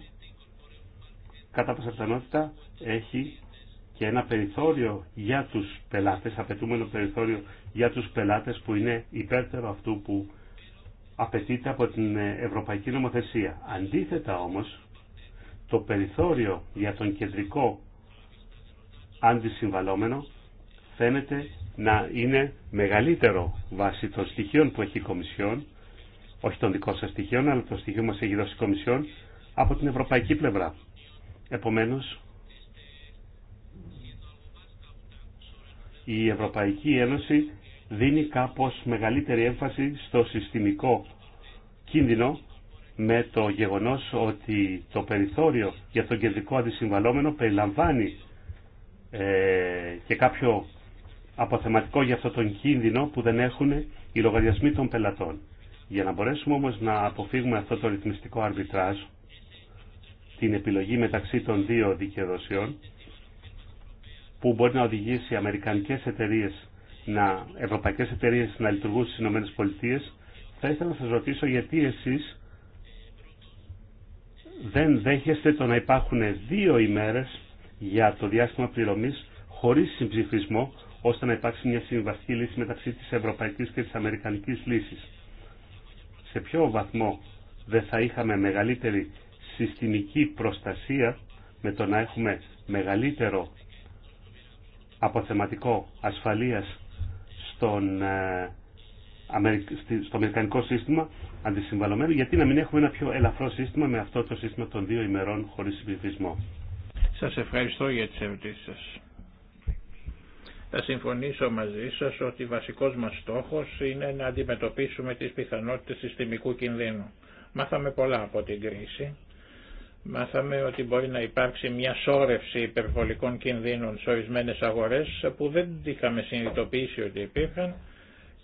κατά πάσα έχει και ένα περιθώριο για τους πελάτες, απαιτούμενο περιθώριο για τους πελάτες που είναι υπέρτερο αυτού που απαιτείται από την Ευρωπαϊκή Νομοθεσία. Αντίθετα όμως, το περιθώριο για τον κεντρικό αντισυμβαλόμενο φαίνεται να είναι μεγαλύτερο βάσει των στοιχείων που έχει η Κομισιόν όχι των δικών σας στοιχείων, αλλά των στοιχείων μας έχει δώσει η Κομισιόν από την ευρωπαϊκή πλευρά. Επομένως, η Ευρωπαϊκή Ένωση δίνει κάπως μεγαλύτερη έμφαση στο συστημικό κίνδυνο με το γεγονός ότι το περιθώριο για τον κεντρικό αντισυμβαλόμενο περιλαμβάνει ε, και κάποιο αποθεματικό για αυτόν τον κίνδυνο που δεν έχουν οι λογαριασμοί των πελατών. Για να μπορέσουμε όμως να αποφύγουμε αυτό το ρυθμιστικό αρμπιτράζ, την επιλογή μεταξύ των δύο δικαιοδοσιών, που μπορεί να οδηγήσει αμερικανικές εταιρείες, να, ευρωπαϊκές εταιρείες να λειτουργούν στις ΗΠΑ, θα ήθελα να σας ρωτήσω γιατί εσείς δεν δέχεστε το να υπάρχουν δύο ημέρες για το διάστημα πληρωμής χωρίς συμψηφισμό, ώστε να υπάρξει μια συμβαστική λύση μεταξύ της ευρωπαϊκής και της αμερικανικής λύσης σε ποιο βαθμό δεν θα είχαμε μεγαλύτερη συστημική προστασία με το να έχουμε μεγαλύτερο αποθεματικό ασφαλείας στον, ε, στο αμερικανικό σύστημα αντισυμβαλωμένο, γιατί να μην έχουμε ένα πιο ελαφρό σύστημα με αυτό το σύστημα των δύο ημερών χωρίς συμπληκτισμό. Σας ευχαριστώ για τις ερωτήσεις σας. Θα συμφωνήσω μαζί σας ότι βασικός μας στόχος είναι να αντιμετωπίσουμε τις πιθανότητες συστημικού κινδύνου. Μάθαμε πολλά από την κρίση. Μάθαμε ότι μπορεί να υπάρξει μια σόρευση υπερβολικών κινδύνων σε ορισμένε αγορές που δεν είχαμε συνειδητοποιήσει ότι υπήρχαν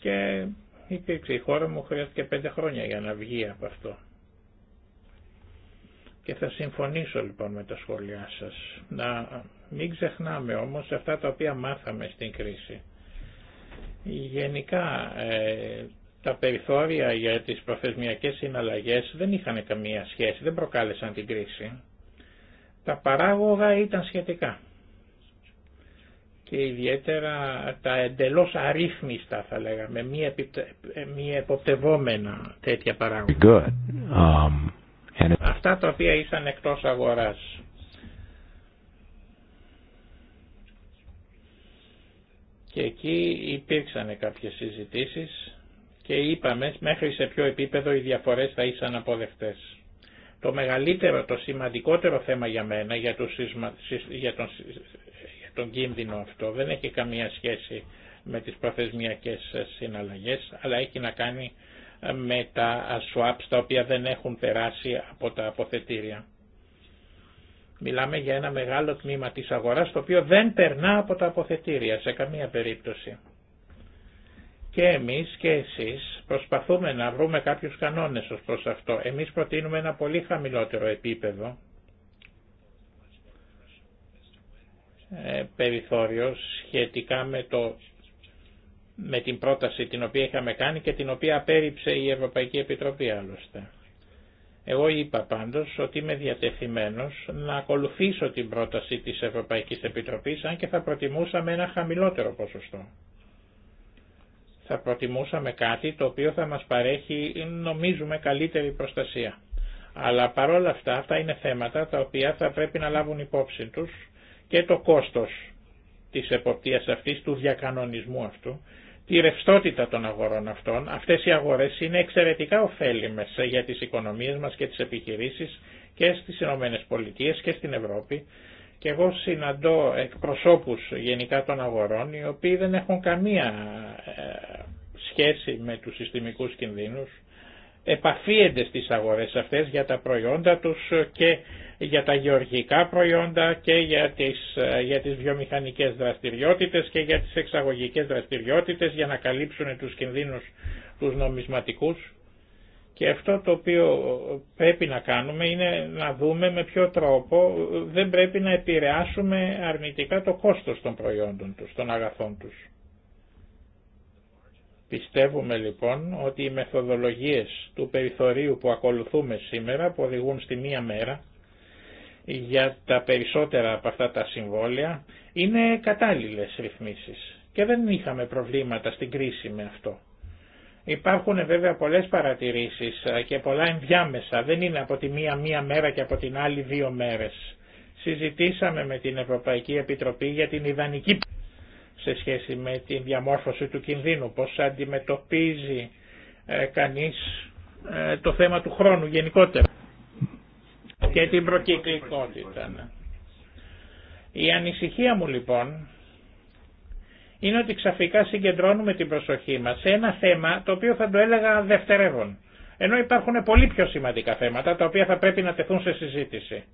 και υπήρξε η χώρα μου χρειάστηκε πέντε χρόνια για να βγει από αυτό. Και θα συμφωνήσω λοιπόν με τα σχόλιά σας. Να μην ξεχνάμε όμως αυτά τα οποία μάθαμε στην κρίση. Γενικά ε, τα περιθώρια για τις προθεσμιακές συναλλαγές δεν είχαν καμία σχέση, δεν προκάλεσαν την κρίση. Τα παράγωγα ήταν σχετικά και ιδιαίτερα τα εντελώς αρρύθμιστα θα λέγαμε, μη, εποπτευόμενα τέτοια παράγωγα. Um, Αυτά τα οποία ήσαν εκτός αγοράς. και εκεί υπήρξαν κάποιες συζητήσεις και είπαμε μέχρι σε ποιο επίπεδο οι διαφορές θα ήσαν αποδεκτές. Το μεγαλύτερο, το σημαντικότερο θέμα για μένα, για, για, τον, για τον κίνδυνο αυτό, δεν έχει καμία σχέση με τις προθεσμιακές συναλλαγές, αλλά έχει να κάνει με τα swaps τα οποία δεν έχουν περάσει από τα αποθετήρια. Μιλάμε για ένα μεγάλο τμήμα της αγοράς το οποίο δεν περνά από τα αποθετήρια σε καμία περίπτωση. Και εμείς και εσείς προσπαθούμε να βρούμε κάποιους κανόνες ως προς αυτό. Εμείς προτείνουμε ένα πολύ χαμηλότερο επίπεδο ε, περιθώριο σχετικά με, το, με την πρόταση την οποία είχαμε κάνει και την οποία απέρριψε η Ευρωπαϊκή Επιτροπή άλλωστε. Εγώ είπα πάντως ότι είμαι διατεθειμένος να ακολουθήσω την πρόταση της Ευρωπαϊκής Επιτροπής, αν και θα προτιμούσαμε ένα χαμηλότερο ποσοστό. Θα προτιμούσαμε κάτι το οποίο θα μας παρέχει, νομίζουμε, καλύτερη προστασία. Αλλά παρόλα αυτά, αυτά είναι θέματα τα οποία θα πρέπει να λάβουν υπόψη τους και το κόστος της εποπτείας αυτής, του διακανονισμού αυτού τη ρευστότητα των αγορών αυτών. Αυτές οι αγορές είναι εξαιρετικά ωφέλιμες για τις οικονομίες μας και τις επιχειρήσεις και στις Ηνωμένες Πολιτείες και στην Ευρώπη. Και εγώ συναντώ εκπροσώπους γενικά των αγορών οι οποίοι δεν έχουν καμία ε, σχέση με τους συστημικούς κινδύνους επαφίενται στις αγορές αυτές για τα προϊόντα τους και για τα γεωργικά προϊόντα και για τις, για τις βιομηχανικές δραστηριότητες και για τις εξαγωγικές δραστηριότητες για να καλύψουν τους κινδύνους τους νομισματικούς. Και αυτό το οποίο πρέπει να κάνουμε είναι να δούμε με ποιο τρόπο δεν πρέπει να επηρεάσουμε αρνητικά το κόστος των προϊόντων τους, των αγαθών τους. Πιστεύουμε λοιπόν ότι οι μεθοδολογίες του περιθωρίου που ακολουθούμε σήμερα που οδηγούν στη μία μέρα για τα περισσότερα από αυτά τα συμβόλαια είναι κατάλληλες ρυθμίσεις και δεν είχαμε προβλήματα στην κρίση με αυτό. Υπάρχουν βέβαια πολλές παρατηρήσεις και πολλά ενδιάμεσα, δεν είναι από τη μία μία μέρα και από την άλλη δύο μέρες. Συζητήσαμε με την Ευρωπαϊκή Επιτροπή για την ιδανική σε σχέση με τη διαμόρφωση του κινδύνου, πώς αντιμετωπίζει ε, κανείς ε, το θέμα του χρόνου γενικότερα και την προκυκλικότητα. Η ανησυχία μου λοιπόν είναι ότι ξαφνικά συγκεντρώνουμε την προσοχή μας σε ένα θέμα το οποίο θα το έλεγα δευτερεύον. Ενώ υπάρχουν πολύ πιο σημαντικά θέματα τα οποία θα πρέπει να τεθούν σε συζήτηση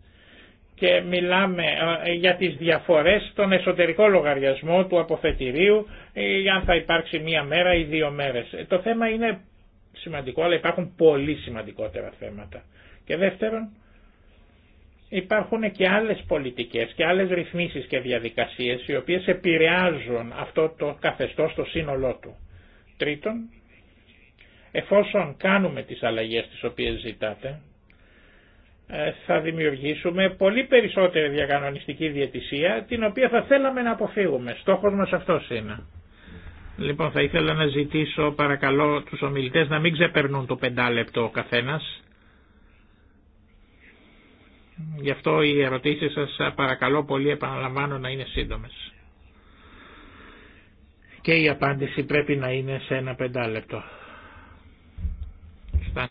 και μιλάμε ε, για τις διαφορές στον εσωτερικό λογαριασμό του αποθετηρίου για ε, αν θα υπάρξει μία μέρα ή δύο μέρες. Ε, το θέμα είναι σημαντικό, αλλά υπάρχουν πολύ σημαντικότερα θέματα. Και δεύτερον, υπάρχουν και άλλες πολιτικές και άλλες ρυθμίσεις και διαδικασίες οι οποίες επηρεάζουν αυτό το καθεστώς στο σύνολό του. Τρίτον, εφόσον κάνουμε τις αλλαγές τις οποίες ζητάτε, ε, θα δημιουργήσουμε πολύ περισσότερη διακανονιστική διαιτησία την οποία θα θέλαμε να αποφύγουμε. Στόχος μας αυτός είναι. Λοιπόν θα ήθελα να ζητήσω παρακαλώ τους ομιλητές να μην ξεπερνούν το πεντάλεπτο ο καθένας. Γι' αυτό οι ερωτήσεις σας παρακαλώ πολύ επαναλαμβάνω να είναι σύντομες. Και η απάντηση πρέπει να είναι σε ένα πεντάλεπτο.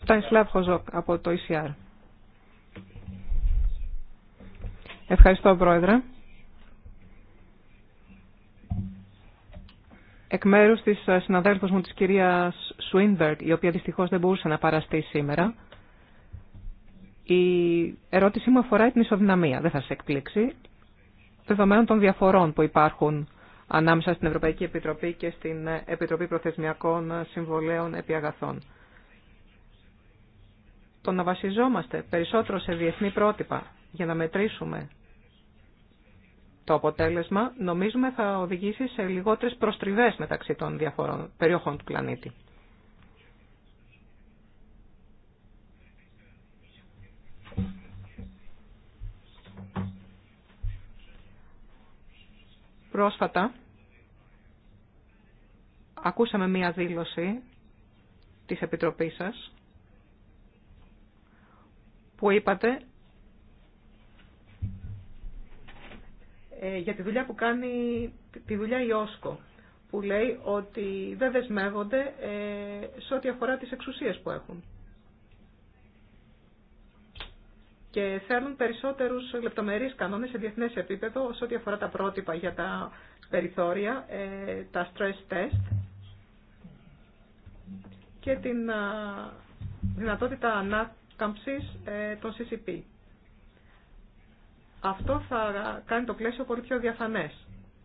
Στάνισλαβ Χοζόκ από το ECR. Ευχαριστώ, Πρόεδρε. Εκ μέρου τη ε, συναδέλφου μου, τη κυρία Σουίνβερτ, η οποία δυστυχώ δεν μπορούσε να παραστεί σήμερα, η ερώτησή μου αφορά την ισοδυναμία. Δεν θα σε εκπλήξει. Δεδομένων των διαφορών που υπάρχουν ανάμεσα στην Ευρωπαϊκή Επιτροπή και στην ε, Επιτροπή Προθεσμιακών Συμβολέων Επιαγαθών. Το να βασιζόμαστε περισσότερο σε διεθνή πρότυπα για να μετρήσουμε το αποτέλεσμα νομίζουμε θα οδηγήσει σε λιγότερες προστριβές μεταξύ των διαφορών περιοχών του πλανήτη. Πρόσφατα ακούσαμε μία δήλωση της Επιτροπής σας που είπατε Ε, για τη δουλειά που κάνει τη δουλειά η Όσκο, που λέει ότι δεν δεσμεύονται ε, σε ό,τι αφορά τις εξουσίες που έχουν. Και θέλουν περισσότερους λεπτομερείς κανόνες σε διεθνές επίπεδο σε ό,τι αφορά τα πρότυπα για τα περιθώρια, ε, τα stress test και την δυνατότητα ανάκαμψης των CCP. Αυτό θα κάνει το πλαίσιο πολύ πιο διαφανές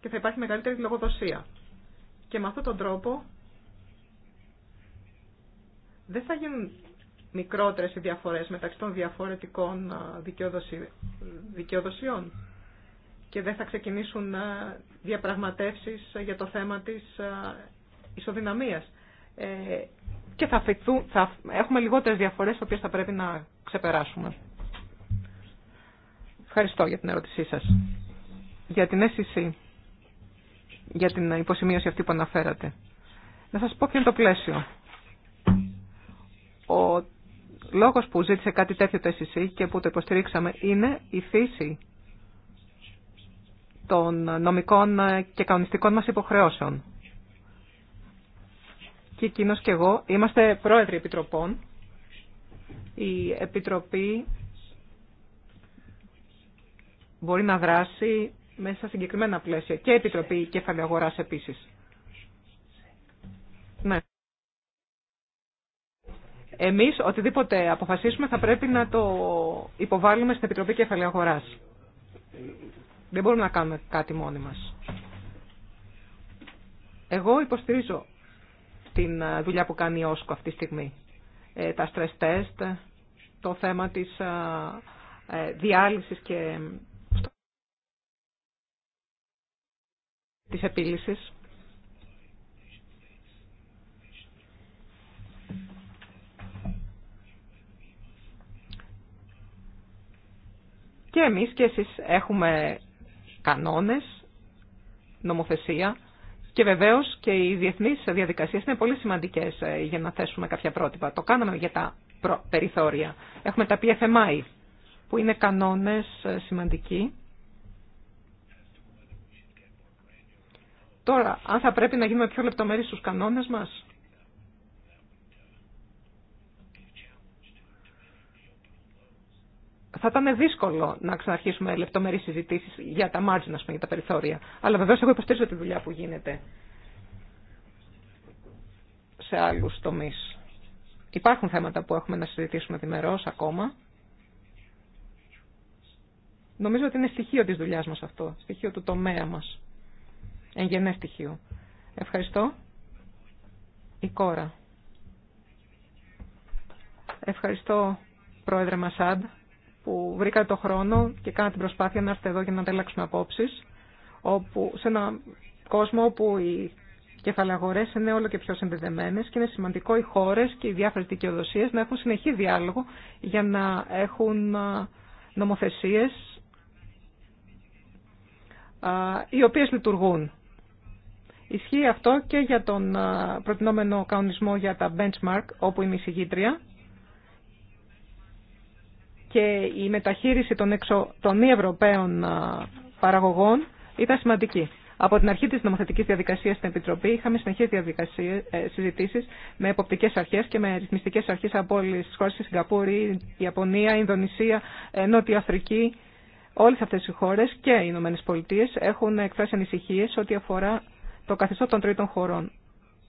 και θα υπάρχει μεγαλύτερη λογοδοσία. Και με αυτόν τον τρόπο δεν θα γίνουν μικρότερες οι διαφορές μεταξύ των διαφορετικών δικαιοδοσιών και δεν θα ξεκινήσουν διαπραγματεύσεις για το θέμα της ισοδυναμίας. Ε, και θα, θα έχουμε λιγότερες διαφορές, οποίες θα πρέπει να ξεπεράσουμε. Ευχαριστώ για την ερώτησή σα. Για την αίσθηση, για την υποσημείωση αυτή που αναφέρατε. Να σας πω ποιο είναι το πλαίσιο. Ο λόγος που ζήτησε κάτι τέτοιο το SEC και που το υποστηρίξαμε είναι η φύση των νομικών και κανονιστικών μας υποχρεώσεων. Και εκείνο και εγώ είμαστε πρόεδροι επιτροπών. Η Επιτροπή μπορεί να δράσει μέσα σε συγκεκριμένα πλαίσια και Επιτροπή Κεφαλαίου επίσης. Ναι. Εμείς οτιδήποτε αποφασίσουμε θα πρέπει να το υποβάλουμε στην Επιτροπή Κεφαλαίου Δεν μπορούμε να κάνουμε κάτι μόνοι μας. Εγώ υποστηρίζω την δουλειά που κάνει η Όσκο αυτή τη στιγμή. Ε, τα stress test, το θέμα της ε, ε, διάλυσης και της Και εμείς και εσείς έχουμε κανόνες, νομοθεσία και βεβαίως και οι διεθνείς διαδικασίες είναι πολύ σημαντικές ε, για να θέσουμε κάποια πρότυπα. Το κάναμε για τα περιθώρια. Έχουμε τα PFMI που είναι κανόνες ε, σημαντικοί Τώρα, αν θα πρέπει να γίνουμε πιο λεπτομέρειες στους κανόνες μας. Θα ήταν δύσκολο να ξαναρχίσουμε λεπτομερείς συζητήσει για τα μάρτζινα, για τα περιθώρια. Αλλά βεβαίως εγώ υποστήριζω τη δουλειά που γίνεται σε άλλους τομείς. Υπάρχουν θέματα που έχουμε να συζητήσουμε διμερώς ακόμα. Νομίζω ότι είναι στοιχείο της δουλειάς μας αυτό, στοιχείο του τομέα μας εγγενές στοιχείο. Ευχαριστώ. Η κόρα. Ευχαριστώ, Πρόεδρε Μασάντ, που βρήκα το χρόνο και κάνα την προσπάθεια να έρθετε εδώ για να ανταλλάξουμε απόψεις, όπου, σε ένα κόσμο όπου οι κεφαλαγορέ είναι όλο και πιο συνδεδεμένε και είναι σημαντικό οι χώρε και οι διάφορε δικαιοδοσίε να έχουν συνεχή διάλογο για να έχουν νομοθεσίε οι οποίες λειτουργούν Ισχύει αυτό και για τον προτινόμενο κανονισμό για τα benchmark, όπου είμαι εισηγήτρια. Και η μεταχείριση των, εξω, των μη Ευρωπαίων παραγωγών ήταν σημαντική. Από την αρχή της νομοθετικής διαδικασίας στην Επιτροπή είχαμε συνεχείς διαδικασίες, ε, συζητήσεις με εποπτικές αρχές και με ρυθμιστικές αρχές από όλες τις χώρες, Σιγκαπούρη, Ιαπωνία, Ινδονησία, ε, Νότια Αφρική. Όλες αυτές οι χώρες και οι Ηνωμένες Πολιτείες έχουν εκφράσει ανησυχίες ό,τι αφορά το καθεστώ των τρίτων χωρών,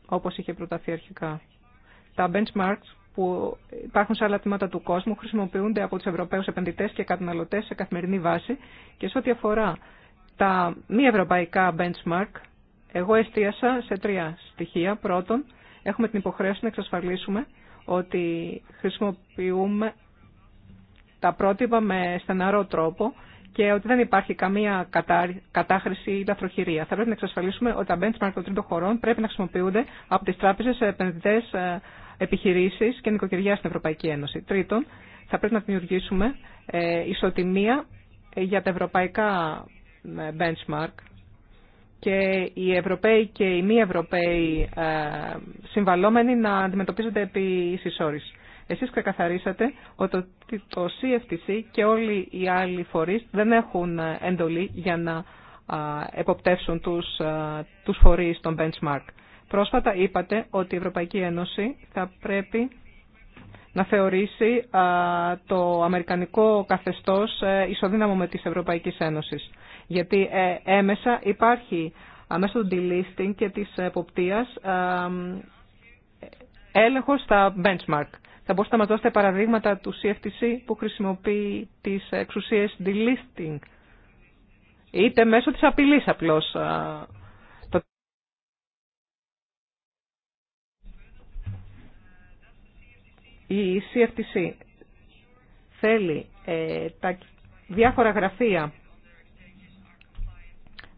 όπως είχε προταθεί αρχικά. Τα benchmarks που υπάρχουν σε άλλα τμήματα του κόσμου χρησιμοποιούνται από τους Ευρωπαίους επενδυτές και καταναλωτές σε καθημερινή βάση και σε ό,τι αφορά τα μη ευρωπαϊκά benchmark, εγώ εστίασα σε τρία στοιχεία. Πρώτον, έχουμε την υποχρέωση να εξασφαλίσουμε ότι χρησιμοποιούμε τα πρότυπα με στεναρό τρόπο και ότι δεν υπάρχει καμία κατάχρηση ή λαθροχειρία. Θα πρέπει να εξασφαλίσουμε ότι τα benchmark των τρίτων χωρών πρέπει να χρησιμοποιούνται από τι τράπεζε σε επενδυτέ ε, επιχειρήσει και νοικοκυριά στην Ευρωπαϊκή Ένωση. Τρίτον, θα πρέπει να δημιουργήσουμε ε, ισοτιμία για τα ευρωπαϊκά ε, benchmark και οι Ευρωπαίοι και οι μη Ευρωπαίοι συμβαλόμενοι να αντιμετωπίζονται επί συσσόρισης. Εσείς καθαρίσατε ότι το CFTC και όλοι οι άλλοι φορείς δεν έχουν ε, εντολή για να εποπτεύσουν τους, τους φορείς των benchmark. Πρόσφατα είπατε ότι η Ευρωπαϊκή Ένωση θα πρέπει να θεωρήσει το αμερικανικό καθεστώς ε, ισοδύναμο με της Ευρωπαϊκής Ένωσης. Γιατί ε, έμεσα υπάρχει μέσω του delisting και της εποπτείας έλεγχος στα benchmark. Θα μπορούσατε να μας δώσετε παραδείγματα του CFTC που χρησιμοποιεί τις εξουσίες delisting είτε μέσω της απειλής απλώς. Η CFTC θέλει ε, τα διάφορα γραφεία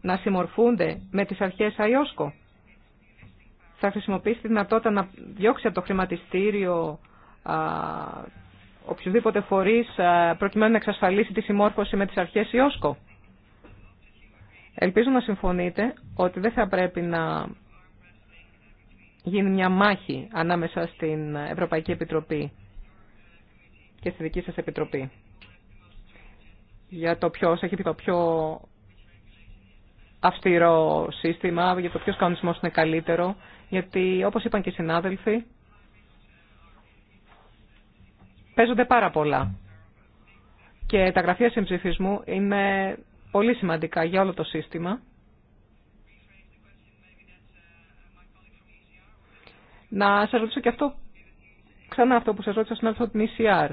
να συμμορφούνται με τις αρχές IOSCO. Θα χρησιμοποιήσει τη δυνατότητα να διώξει από το χρηματιστήριο οποιοδήποτε φορείς προκειμένου να εξασφαλίσει τη συμμόρφωση με τις αρχές ΙΟΣΚΟ. Ελπίζω να συμφωνείτε ότι δεν θα πρέπει να γίνει μια μάχη ανάμεσα στην Ευρωπαϊκή Επιτροπή και στη δική σας Επιτροπή για το ποιο έχει το πιο αυστηρό σύστημα, για το ποιος κανονισμός είναι καλύτερο, γιατί όπως είπαν και οι συνάδελφοι, Παίζονται πάρα πολλά. Και τα γραφεία συμψηφισμού είναι πολύ σημαντικά για όλο το σύστημα. Να σα ρωτήσω και αυτό, ξανά αυτό που σα ρώτησα στην από την ECR.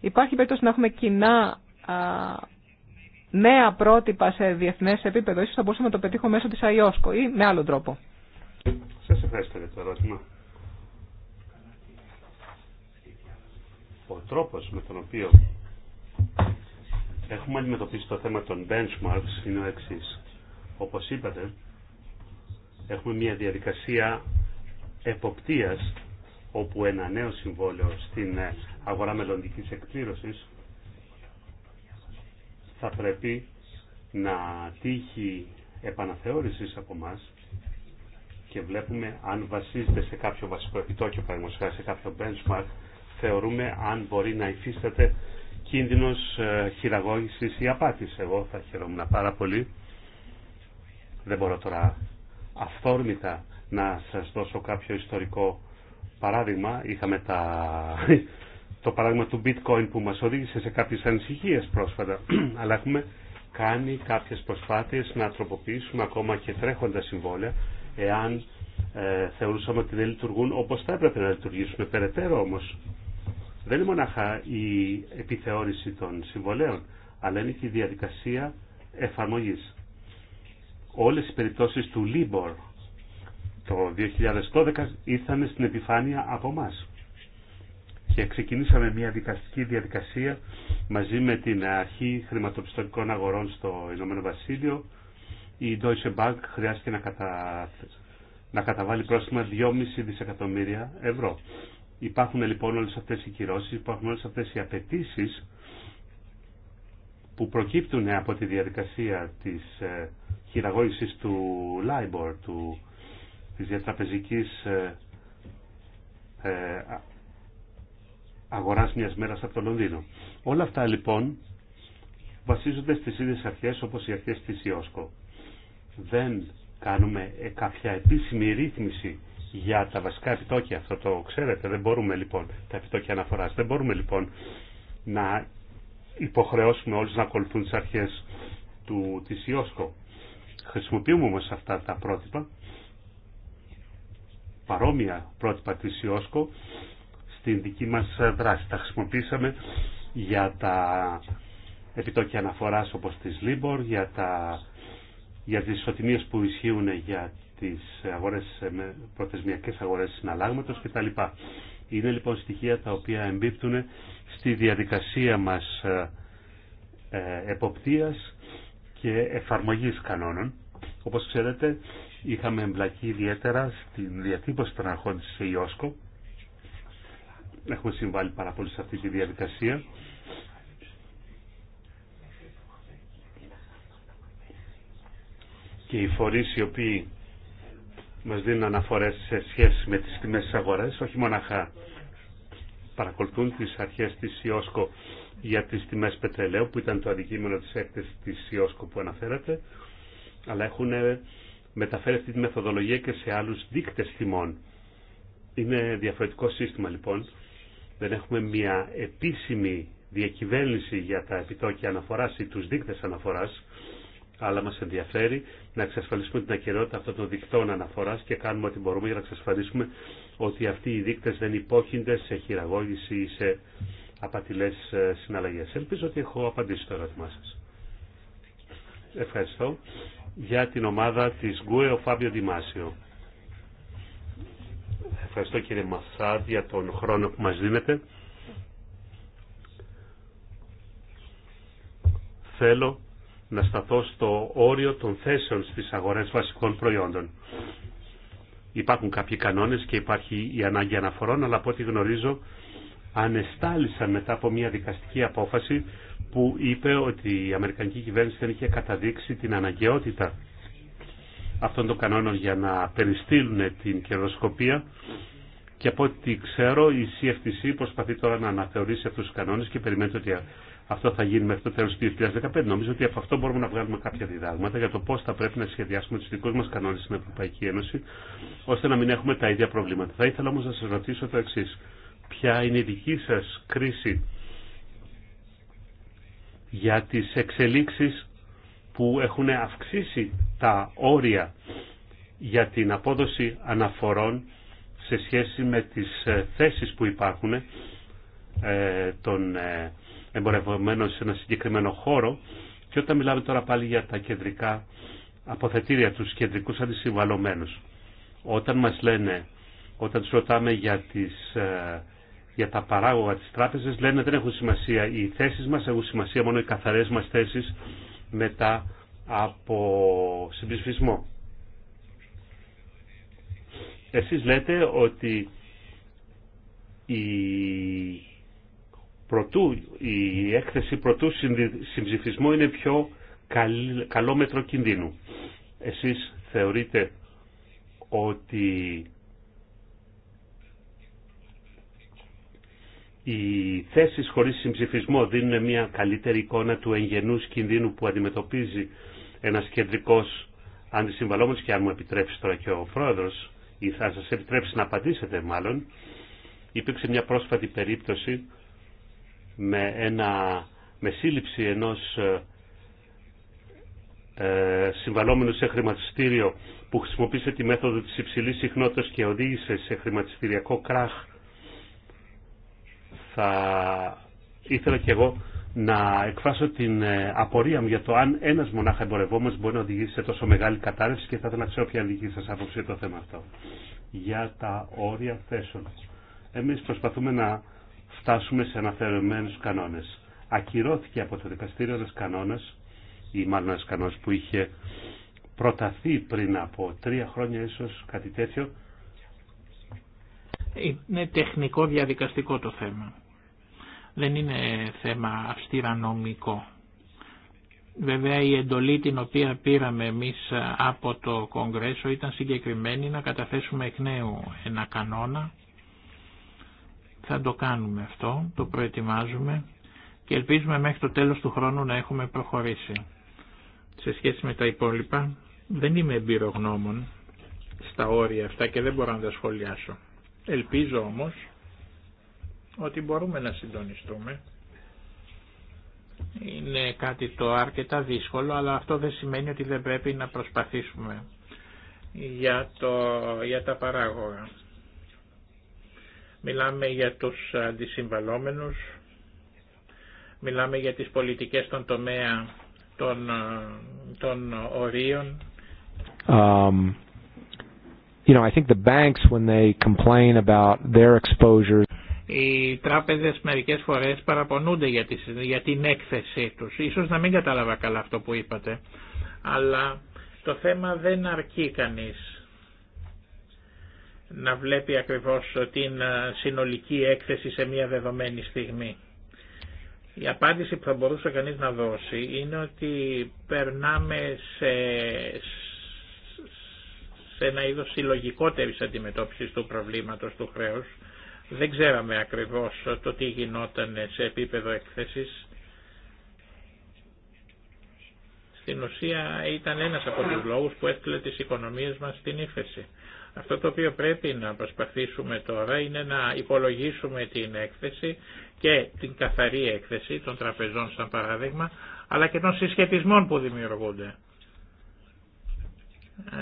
Υπάρχει περίπτωση να έχουμε κοινά α, νέα πρότυπα σε διεθνέ επίπεδο. Ίσως θα μπορούσαμε να το πετύχουμε μέσω τη IOSCO ή με άλλο τρόπο. Σα ευχαριστώ για το ερώτημα. ο τρόπος με τον οποίο έχουμε αντιμετωπίσει το θέμα των benchmarks είναι ο εξή. Όπως είπατε, έχουμε μια διαδικασία εποπτείας όπου ένα νέο συμβόλαιο στην αγορά μελλοντική εκπλήρωσης θα πρέπει να τύχει επαναθεώρησης από εμά και βλέπουμε αν βασίζεται σε κάποιο βασικό επιτόκιο, παραδείγματος σε κάποιο benchmark, θεωρούμε αν μπορεί να υφίσταται κίνδυνος ε, χειραγώγησης ή απάτης. Εγώ θα χαιρόμουν πάρα πολύ. Δεν μπορώ τώρα αυθόρμητα να σας δώσω κάποιο ιστορικό παράδειγμα. Είχαμε τα... το παράδειγμα του bitcoin που μας οδήγησε σε κάποιες ανησυχίες πρόσφατα. Αλλά έχουμε κάνει κάποιες προσπάθειες να τροποποιήσουμε ακόμα και τρέχοντα συμβόλαια εάν ε, θεωρούσαμε ότι δεν λειτουργούν όπως θα έπρεπε να λειτουργήσουν. Περαιτέρω όμως δεν είναι μονάχα η επιθεώρηση των συμβολέων, αλλά είναι και η διαδικασία εφαρμογής. Όλες οι περιπτώσεις του Libor το 2012 ήρθαν στην επιφάνεια από εμά. Και ξεκινήσαμε μια δικαστική διαδικασία μαζί με την αρχή χρηματοπιστωτικών αγορών στο Ηνωμένο Βασίλειο. Η Deutsche Bank χρειάστηκε να, κατα... να καταβάλει πρόστιμα 2,5 δισεκατομμύρια ευρώ. Υπάρχουν λοιπόν όλες αυτές οι κυρώσεις, υπάρχουν όλες αυτές οι απαιτήσει που προκύπτουν από τη διαδικασία της ε, χειραγώγησης του LIBOR, του, της διατραπεζικής ε, μέρα ε, αγοράς μιας μέρας από το Λονδίνο. Όλα αυτά λοιπόν βασίζονται στις ίδιες αρχές όπως οι αρχές της ΙΟΣΚΟ. Δεν κάνουμε ε, κάποια επίσημη ρύθμιση για τα βασικά επιτόκια. Αυτό το ξέρετε, δεν μπορούμε λοιπόν, τα επιτόκια αναφοράς, δεν μπορούμε λοιπόν να υποχρεώσουμε όλους να ακολουθούν τις αρχές του, της Ιόσκο. Χρησιμοποιούμε όμως αυτά τα πρότυπα, παρόμοια πρότυπα της Ιόσκο, στην δική μας δράση. Τα χρησιμοποίησαμε για τα επιτόκια αναφοράς όπως της Λίμπορ, για τα για τις ισοτιμίες που ισχύουν για τις αγορές, προθεσμιακές αγορές συναλλάγματος κτλ. Είναι λοιπόν στοιχεία τα οποία εμπίπτουν στη διαδικασία μας ε, ε, εποπτείας και εφαρμογής κανόνων. Όπως ξέρετε είχαμε εμπλακεί ιδιαίτερα στην διατύπωση των αρχών της ΙΟΣΚΟ. Έχουμε συμβάλει πάρα πολύ σε αυτή τη διαδικασία και οι φορείς οι οποίοι μας δίνουν αναφορές σε σχέση με τις τιμές της αγοράς, όχι μοναχά παρακολουθούν τις αρχές της ΙΟΣΚΟ για τις τιμές πετρελαίου που ήταν το αντικείμενο της έκθεσης της ΙΟΣΚΟ που αναφέρατε, αλλά έχουν μεταφέρει αυτή τη μεθοδολογία και σε άλλους δείκτες τιμών. Είναι διαφορετικό σύστημα λοιπόν. Δεν έχουμε μια επίσημη διακυβέρνηση για τα επιτόκια αναφοράς ή τους δείκτες αναφοράς, αλλά μας ενδιαφέρει να εξασφαλίσουμε την ακαιρεότητα αυτών των δικτών αναφοράς και κάνουμε ό,τι μπορούμε για να εξασφαλίσουμε ότι αυτοί οι δείκτες δεν υπόκεινται σε χειραγώγηση ή σε απατηλές ε, συναλλαγές. Ελπίζω ότι έχω απαντήσει το ερώτημά σας. Ευχαριστώ. Για την ομάδα της ΓΚΟΕ, ο Φάβιο Δημάσιο. Ευχαριστώ κύριε Μασάτ για τον χρόνο που μας δίνετε. Θέλω να σταθώ στο όριο των θέσεων στις αγορές βασικών προϊόντων. Υπάρχουν κάποιοι κανόνες και υπάρχει η ανάγκη αναφορών, αλλά από ό,τι γνωρίζω ανεστάλησαν μετά από μια δικαστική απόφαση που είπε ότι η Αμερικανική κυβέρνηση δεν είχε καταδείξει την αναγκαιότητα αυτών των κανόνων για να περιστήλουν την κερδοσκοπία και από ό,τι ξέρω η CFTC προσπαθεί τώρα να αναθεωρήσει αυτούς τους κανόνες και περιμένει ότι αυτό θα γίνει μέχρι το τέλο του 2015. Νομίζω ότι από αυτό μπορούμε να βγάλουμε κάποια διδάγματα για το πώς θα πρέπει να σχεδιάσουμε του δικού μα κανόνες στην Ευρωπαϊκή Ένωση, ώστε να μην έχουμε τα ίδια προβλήματα. Θα ήθελα όμως να σα ρωτήσω το εξή. Ποια είναι η δική σα κρίση για τις εξελίξει που έχουν αυξήσει τα όρια για την απόδοση αναφορών σε σχέση με τις ε, θέσεις που υπάρχουν ε, των ε, εμπορευμένο σε ένα συγκεκριμένο χώρο και όταν μιλάμε τώρα πάλι για τα κεντρικά αποθετήρια, τους κεντρικούς αντισυμβαλωμένους. Όταν μας λένε, όταν τους ρωτάμε για, τις, ε, για τα παράγωγα της τράπεζας, λένε δεν έχουν σημασία οι θέσεις μας, έχουν σημασία μόνο οι καθαρές μας θέσεις μετά από συμπλησφισμό. Εσείς λέτε ότι η προτού, η έκθεση προτού συμψηφισμού είναι πιο καλό μέτρο κινδύνου. Εσείς θεωρείτε ότι οι θέσεις χωρίς συμψηφισμό δίνουν μια καλύτερη εικόνα του εγγενούς κινδύνου που αντιμετωπίζει ένας κεντρικός αντισυμβαλόμενος και αν μου επιτρέψει τώρα και ο πρόεδρος ή θα σας επιτρέψει να απαντήσετε μάλλον υπήρξε μια πρόσφατη περίπτωση με, ένα, με σύλληψη ενός ε, συμβαλόμενου σε χρηματιστήριο που χρησιμοποίησε τη μέθοδο της υψηλής συχνότητας και οδήγησε σε χρηματιστηριακό κράχ θα ήθελα και εγώ να εκφράσω την ε, απορία μου για το αν ένας μονάχα εμπορευόμενος μπορεί να οδηγήσει σε τόσο μεγάλη κατάρρευση και θα ήθελα να ξέρω ποια είναι δική σας άποψη για το θέμα αυτό. Για τα όρια θέσεων. Εμείς προσπαθούμε να φτάσουμε σε αναφερεμένους κανόνες. Ακυρώθηκε από το δικαστήριο ένας κανόνας, ή μάλλον ένας κανόνας που είχε προταθεί πριν από τρία χρόνια ίσως κάτι τέτοιο. Είναι τεχνικό διαδικαστικό το θέμα. Δεν είναι θέμα αυστήρα νομικό. Βέβαια η εντολή την οποία πήραμε εμείς από το Κογκρέσο ήταν συγκεκριμένη να καταθέσουμε εκ νέου ένα κανόνα θα το κάνουμε αυτό, το προετοιμάζουμε και ελπίζουμε μέχρι το τέλος του χρόνου να έχουμε προχωρήσει. Σε σχέση με τα υπόλοιπα, δεν είμαι εμπειρογνώμων στα όρια αυτά και δεν μπορώ να τα σχολιάσω. Ελπίζω όμως ότι μπορούμε να συντονιστούμε. Είναι κάτι το αρκετά δύσκολο, αλλά αυτό δεν σημαίνει ότι δεν πρέπει να προσπαθήσουμε για, το, για τα παράγωγα. Μιλάμε για τους αντισυμβαλόμενους, μιλάμε για τις πολιτικές των τομέα των, των ορίων. οι τράπεζες μερικές φορές παραπονούνται για, τις, για την έκθεσή τους. Ίσως να μην κατάλαβα καλά αυτό που είπατε, αλλά το θέμα δεν αρκεί κανείς να βλέπει ακριβώς την ε, συνολική έκθεση σε μια δεδομένη στιγμή. Η απάντηση που θα μπορούσε κανείς να δώσει είναι ότι περνάμε σε, ένα είδος συλλογικότερης αντιμετώπισης του προβλήματος του χρέους. Δεν ξέραμε ακριβώς το τι γινόταν σε επίπεδο έκθεσης. Στην ουσία ήταν ένας από τους λόγους που έστειλε τις οικονομίες μας στην ύφεση. Αυτό το οποίο πρέπει να προσπαθήσουμε τώρα είναι να υπολογίσουμε την έκθεση και την καθαρή έκθεση των τραπεζών σαν παράδειγμα, αλλά και των συσχετισμών που δημιουργούνται.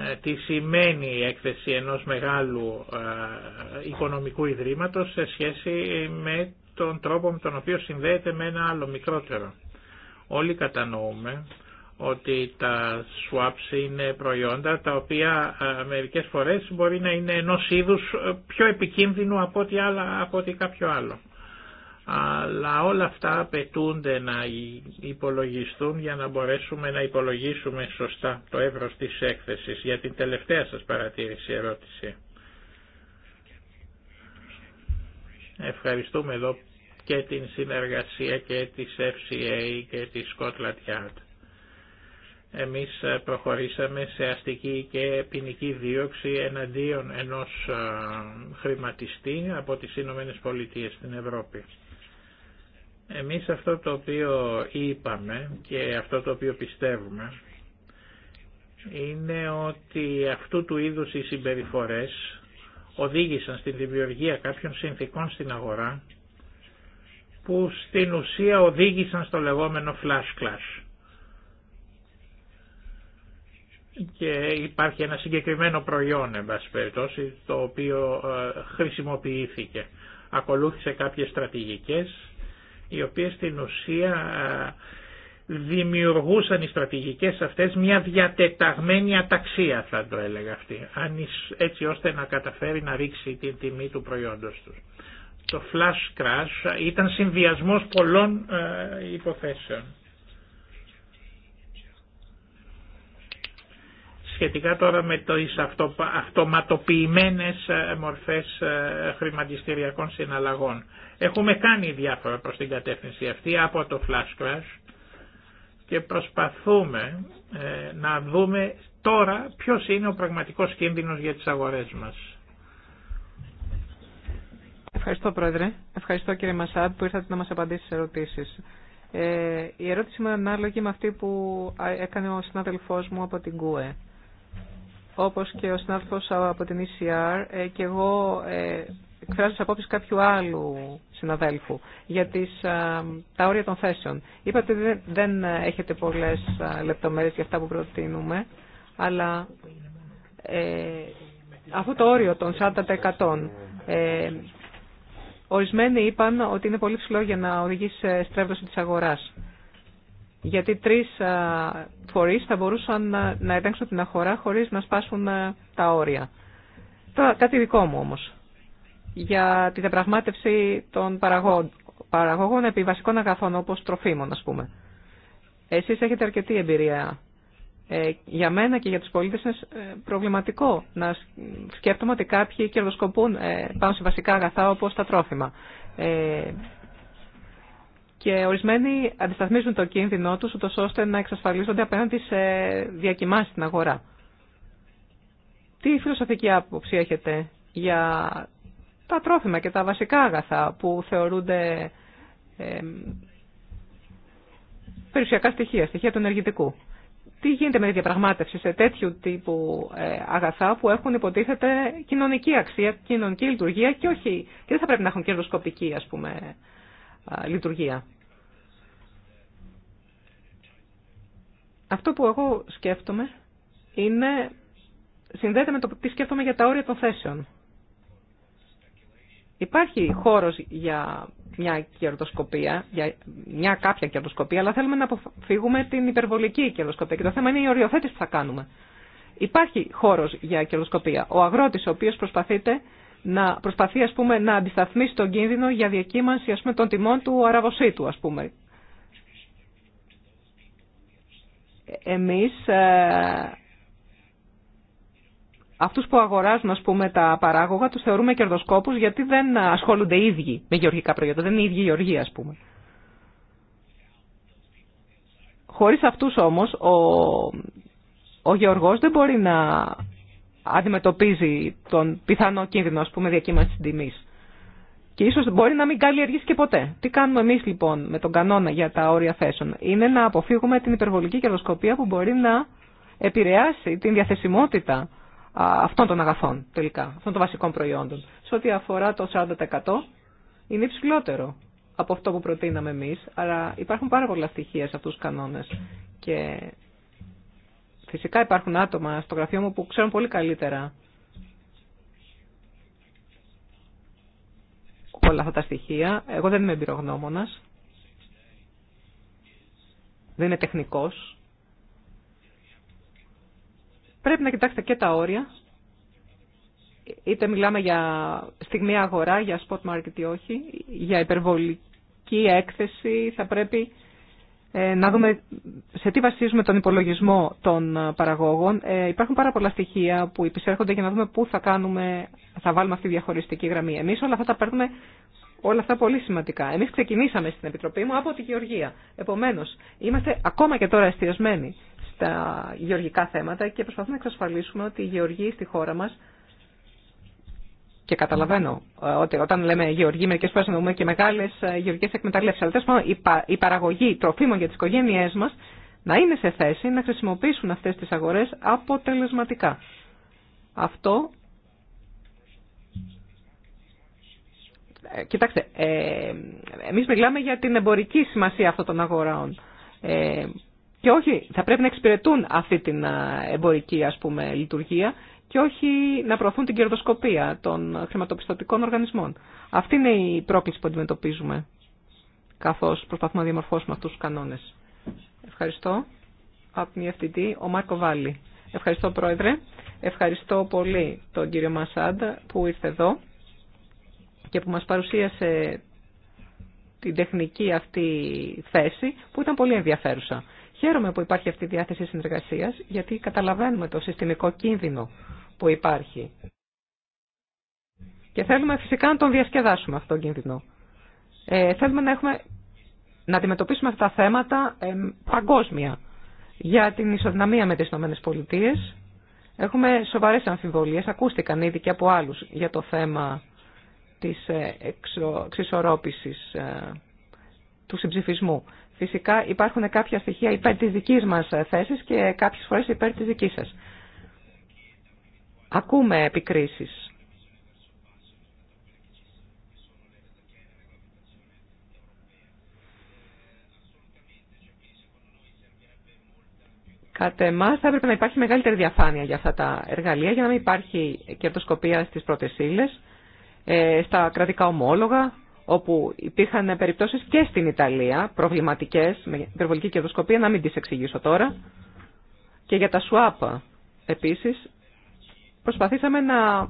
Ε, τι σημαίνει η έκθεση ενός μεγάλου ε, οικονομικού ιδρύματος σε σχέση με τον τρόπο με τον οποίο συνδέεται με ένα άλλο μικρότερο. Όλοι κατανοούμε ότι τα swaps είναι προϊόντα τα οποία μερικές φορές μπορεί να είναι ενός είδους ε, πιο επικίνδυνο από ό,τι, άλλα, από κάποιο άλλο. Αλλά όλα αυτά απαιτούνται να υπολογιστούν για να μπορέσουμε να υπολογίσουμε σωστά το εύρος της έκθεσης για την τελευταία σας παρατήρηση ερώτηση. Ευχαριστούμε εδώ και την συνεργασία και της FCA και της Scotland Yard εμείς ε, προχωρήσαμε σε αστική και ποινική δίωξη εναντίον ενός ε, χρηματιστή από τις Ηνωμένε Πολιτείες στην Ευρώπη. Εμείς αυτό το οποίο είπαμε και αυτό το οποίο πιστεύουμε είναι ότι αυτού του είδους οι συμπεριφορές οδήγησαν στην δημιουργία κάποιων συνθήκων στην αγορά που στην ουσία οδήγησαν στο λεγόμενο flash clash. και υπάρχει ένα συγκεκριμένο προϊόν, εν το οποίο ε, χρησιμοποιήθηκε. Ακολούθησε κάποιες στρατηγικές, οι οποίες στην ουσία ε, δημιουργούσαν οι στρατηγικές αυτές μια διατεταγμένη αταξία θα το έλεγα αυτή, έτσι ώστε να καταφέρει να ρίξει την τιμή του προϊόντος τους. Το flash crash ήταν συνδυασμός πολλών ε, υποθέσεων. σχετικά τώρα με τις αυτοματοποιημένες ε, μορφές ε, χρηματιστηριακών συναλλαγών. Έχουμε κάνει διάφορα προς την κατεύθυνση αυτή από το flash crash και προσπαθούμε ε, να δούμε τώρα ποιος είναι ο πραγματικός κίνδυνος για τις αγορές μας. Ευχαριστώ Πρόεδρε. Ευχαριστώ κύριε Μασάτ που ήρθατε να μας απαντήσει σε ερωτήσεις. Ε, η ερώτηση μου είναι ανάλογη με αυτή που έκανε ο συνάδελφός μου από την ΚΟΕ όπως και ο συνάδελφος από την ECR ε, και εγώ ε, εκφράζω τις απόψεις κάποιου άλλου συναδέλφου για ε, τα όρια των θέσεων. Είπατε ότι δεν έχετε πολλές λεπτομέρειες για αυτά που προτείνουμε, αλλά ε, αυτό το όριο των 40% ε, ορισμένοι είπαν ότι είναι πολύ ψηλό για να οδηγήσει σε στρέβλωση της αγοράς γιατί τρεις φορεί θα μπορούσαν να ελέγξουν την αγορά χωρίς να σπάσουν τα όρια. Τώρα κάτι δικό μου όμως, για τη διαπραγμάτευση των παραγών, παραγωγών επί βασικών αγαθών όπως τροφίμων ας πούμε. Εσείς έχετε αρκετή εμπειρία. Ε, για μένα και για τους πολίτες είναι ε, προβληματικό να σκέφτομαι ότι κάποιοι κερδοσκοπούν ε, πάνω σε βασικά αγαθά όπω τα τρόφιμα. Ε, και ορισμένοι αντισταθμίζουν το κίνδυνό τους ούτως ώστε να εξασφαλίζονται απέναντι σε διακοιμάσεις στην αγορά. Τι φιλοσοφική άποψη έχετε για τα τρόφιμα και τα βασικά άγαθα που θεωρούνται ε, περιουσιακά στοιχεία, στοιχεία του ενεργητικού. Τι γίνεται με τη διαπραγμάτευση σε τέτοιου τύπου ε, αγαθά που έχουν υποτίθεται κοινωνική αξία, κοινωνική λειτουργία και όχι και δεν θα πρέπει να έχουν κερδοσκοπική ας πούμε, ε, λειτουργία. Αυτό που εγώ σκέφτομαι είναι, συνδέεται με το τι σκέφτομαι για τα όρια των θέσεων. Υπάρχει χώρος για μια κερδοσκοπία, για μια κάποια κερδοσκοπία, αλλά θέλουμε να αποφύγουμε την υπερβολική κερδοσκοπία. Και το θέμα είναι η οριοθέτηση που θα κάνουμε. Υπάρχει χώρος για κερδοσκοπία. Ο αγρότης ο οποίος να προσπαθεί να αντισταθμίσει τον κίνδυνο για διακύμανση ας πούμε, των τιμών του αραβοσίτου, ας πούμε, Εμείς ε, αυτούς που αγοράζουν ας πούμε, τα παράγωγα τους θεωρούμε κερδοσκόπους γιατί δεν ασχολούνται οι ίδιοι με γεωργικά προϊόντα, δεν είναι οι ίδιοι γεωργοί ας πούμε. Χωρίς αυτούς όμως ο, ο γεωργός δεν μπορεί να αντιμετωπίζει τον πιθανό κίνδυνο ας πούμε της τιμής και ίσω μπορεί να μην καλλιεργήσει και ποτέ. Τι κάνουμε εμεί λοιπόν με τον κανόνα για τα όρια θέσεων. Είναι να αποφύγουμε την υπερβολική κερδοσκοπία που μπορεί να επηρεάσει την διαθεσιμότητα αυτών των αγαθών τελικά, αυτών των βασικών προϊόντων. Σε ό,τι αφορά το 40% είναι υψηλότερο από αυτό που προτείναμε εμεί, Άρα υπάρχουν πάρα πολλά στοιχεία σε αυτούς του κανόνες και φυσικά υπάρχουν άτομα στο γραφείο μου που ξέρουν πολύ καλύτερα από όλα αυτά τα στοιχεία. Εγώ δεν είμαι εμπειρογνώμονας. Δεν είμαι τεχνικός. Πρέπει να κοιτάξετε και τα όρια. Είτε μιλάμε για στιγμή αγορά, για spot market ή όχι, για υπερβολική έκθεση, θα πρέπει ε, να δούμε σε τι βασίζουμε τον υπολογισμό των ε, παραγόγων. Ε, υπάρχουν πάρα πολλά στοιχεία που επισέρχονται για να δούμε πού θα, κάνουμε, θα βάλουμε αυτή τη διαχωριστική γραμμή. Εμείς όλα αυτά τα παίρνουμε όλα αυτά πολύ σημαντικά. Εμείς ξεκινήσαμε στην Επιτροπή μου από τη Γεωργία. Επομένως, είμαστε ακόμα και τώρα εστιασμένοι στα γεωργικά θέματα και προσπαθούμε να εξασφαλίσουμε ότι οι γεωργοί στη χώρα μας και καταλαβαίνω ε, ότι όταν λέμε γεωργοί, μερικέ φορέ εννοούμε και μεγάλε γεωργικέ εκμεταλλεύσει. Αλλά τέλο πάντων η παραγωγή τροφίμων για τι οικογένειέ μα να είναι σε θέση να χρησιμοποιήσουν αυτέ τι αγορέ αποτελεσματικά. Αυτό. Ε, κοιτάξτε, ε, εμείς μιλάμε για την εμπορική σημασία αυτών των αγοράων. Ε, και όχι, θα πρέπει να εξυπηρετούν αυτή την ε, εμπορική ας πούμε, λειτουργία και όχι να προωθούν την κερδοσκοπία των χρηματοπιστωτικών οργανισμών. Αυτή είναι η πρόκληση που αντιμετωπίζουμε καθώς προσπαθούμε να διαμορφώσουμε αυτούς τους κανόνες. Ευχαριστώ. Από την EFTD, ο Μάρκο Βάλλη. Ευχαριστώ, Πρόεδρε. Ευχαριστώ πολύ τον κύριο Μασάντ που ήρθε εδώ και που μας παρουσίασε την τεχνική αυτή θέση που ήταν πολύ ενδιαφέρουσα. Χαίρομαι που υπάρχει αυτή η διάθεση συνεργασίας γιατί καταλαβαίνουμε το συστημικό κίνδυνο που υπάρχει. Και θέλουμε φυσικά να τον διασκεδάσουμε αυτόν τον κίνδυνο. Ε, θέλουμε να, έχουμε, να αντιμετωπίσουμε αυτά τα θέματα ε, παγκόσμια. Για την ισοδυναμία με τις ΗΠΑ έχουμε σοβαρές αμφιβολίες, ακούστηκαν ήδη και από άλλους για το θέμα της ε, εξισορρόπησης ε, του συμψηφισμού. Φυσικά υπάρχουν κάποια στοιχεία υπέρ της δικής μας ε, θέσης και κάποιες φορές υπέρ της δικής σας. Ακούμε επικρίσεις. Κατά εμά θα έπρεπε να υπάρχει μεγαλύτερη διαφάνεια για αυτά τα εργαλεία για να μην υπάρχει κερδοσκοπία στι πρώτε ύλε, ε, στα κρατικά ομόλογα, όπου υπήρχαν περιπτώσει και στην Ιταλία προβληματικέ με υπερβολική κερδοσκοπία, να μην τι εξηγήσω τώρα. Και για τα swap επίση προσπαθήσαμε να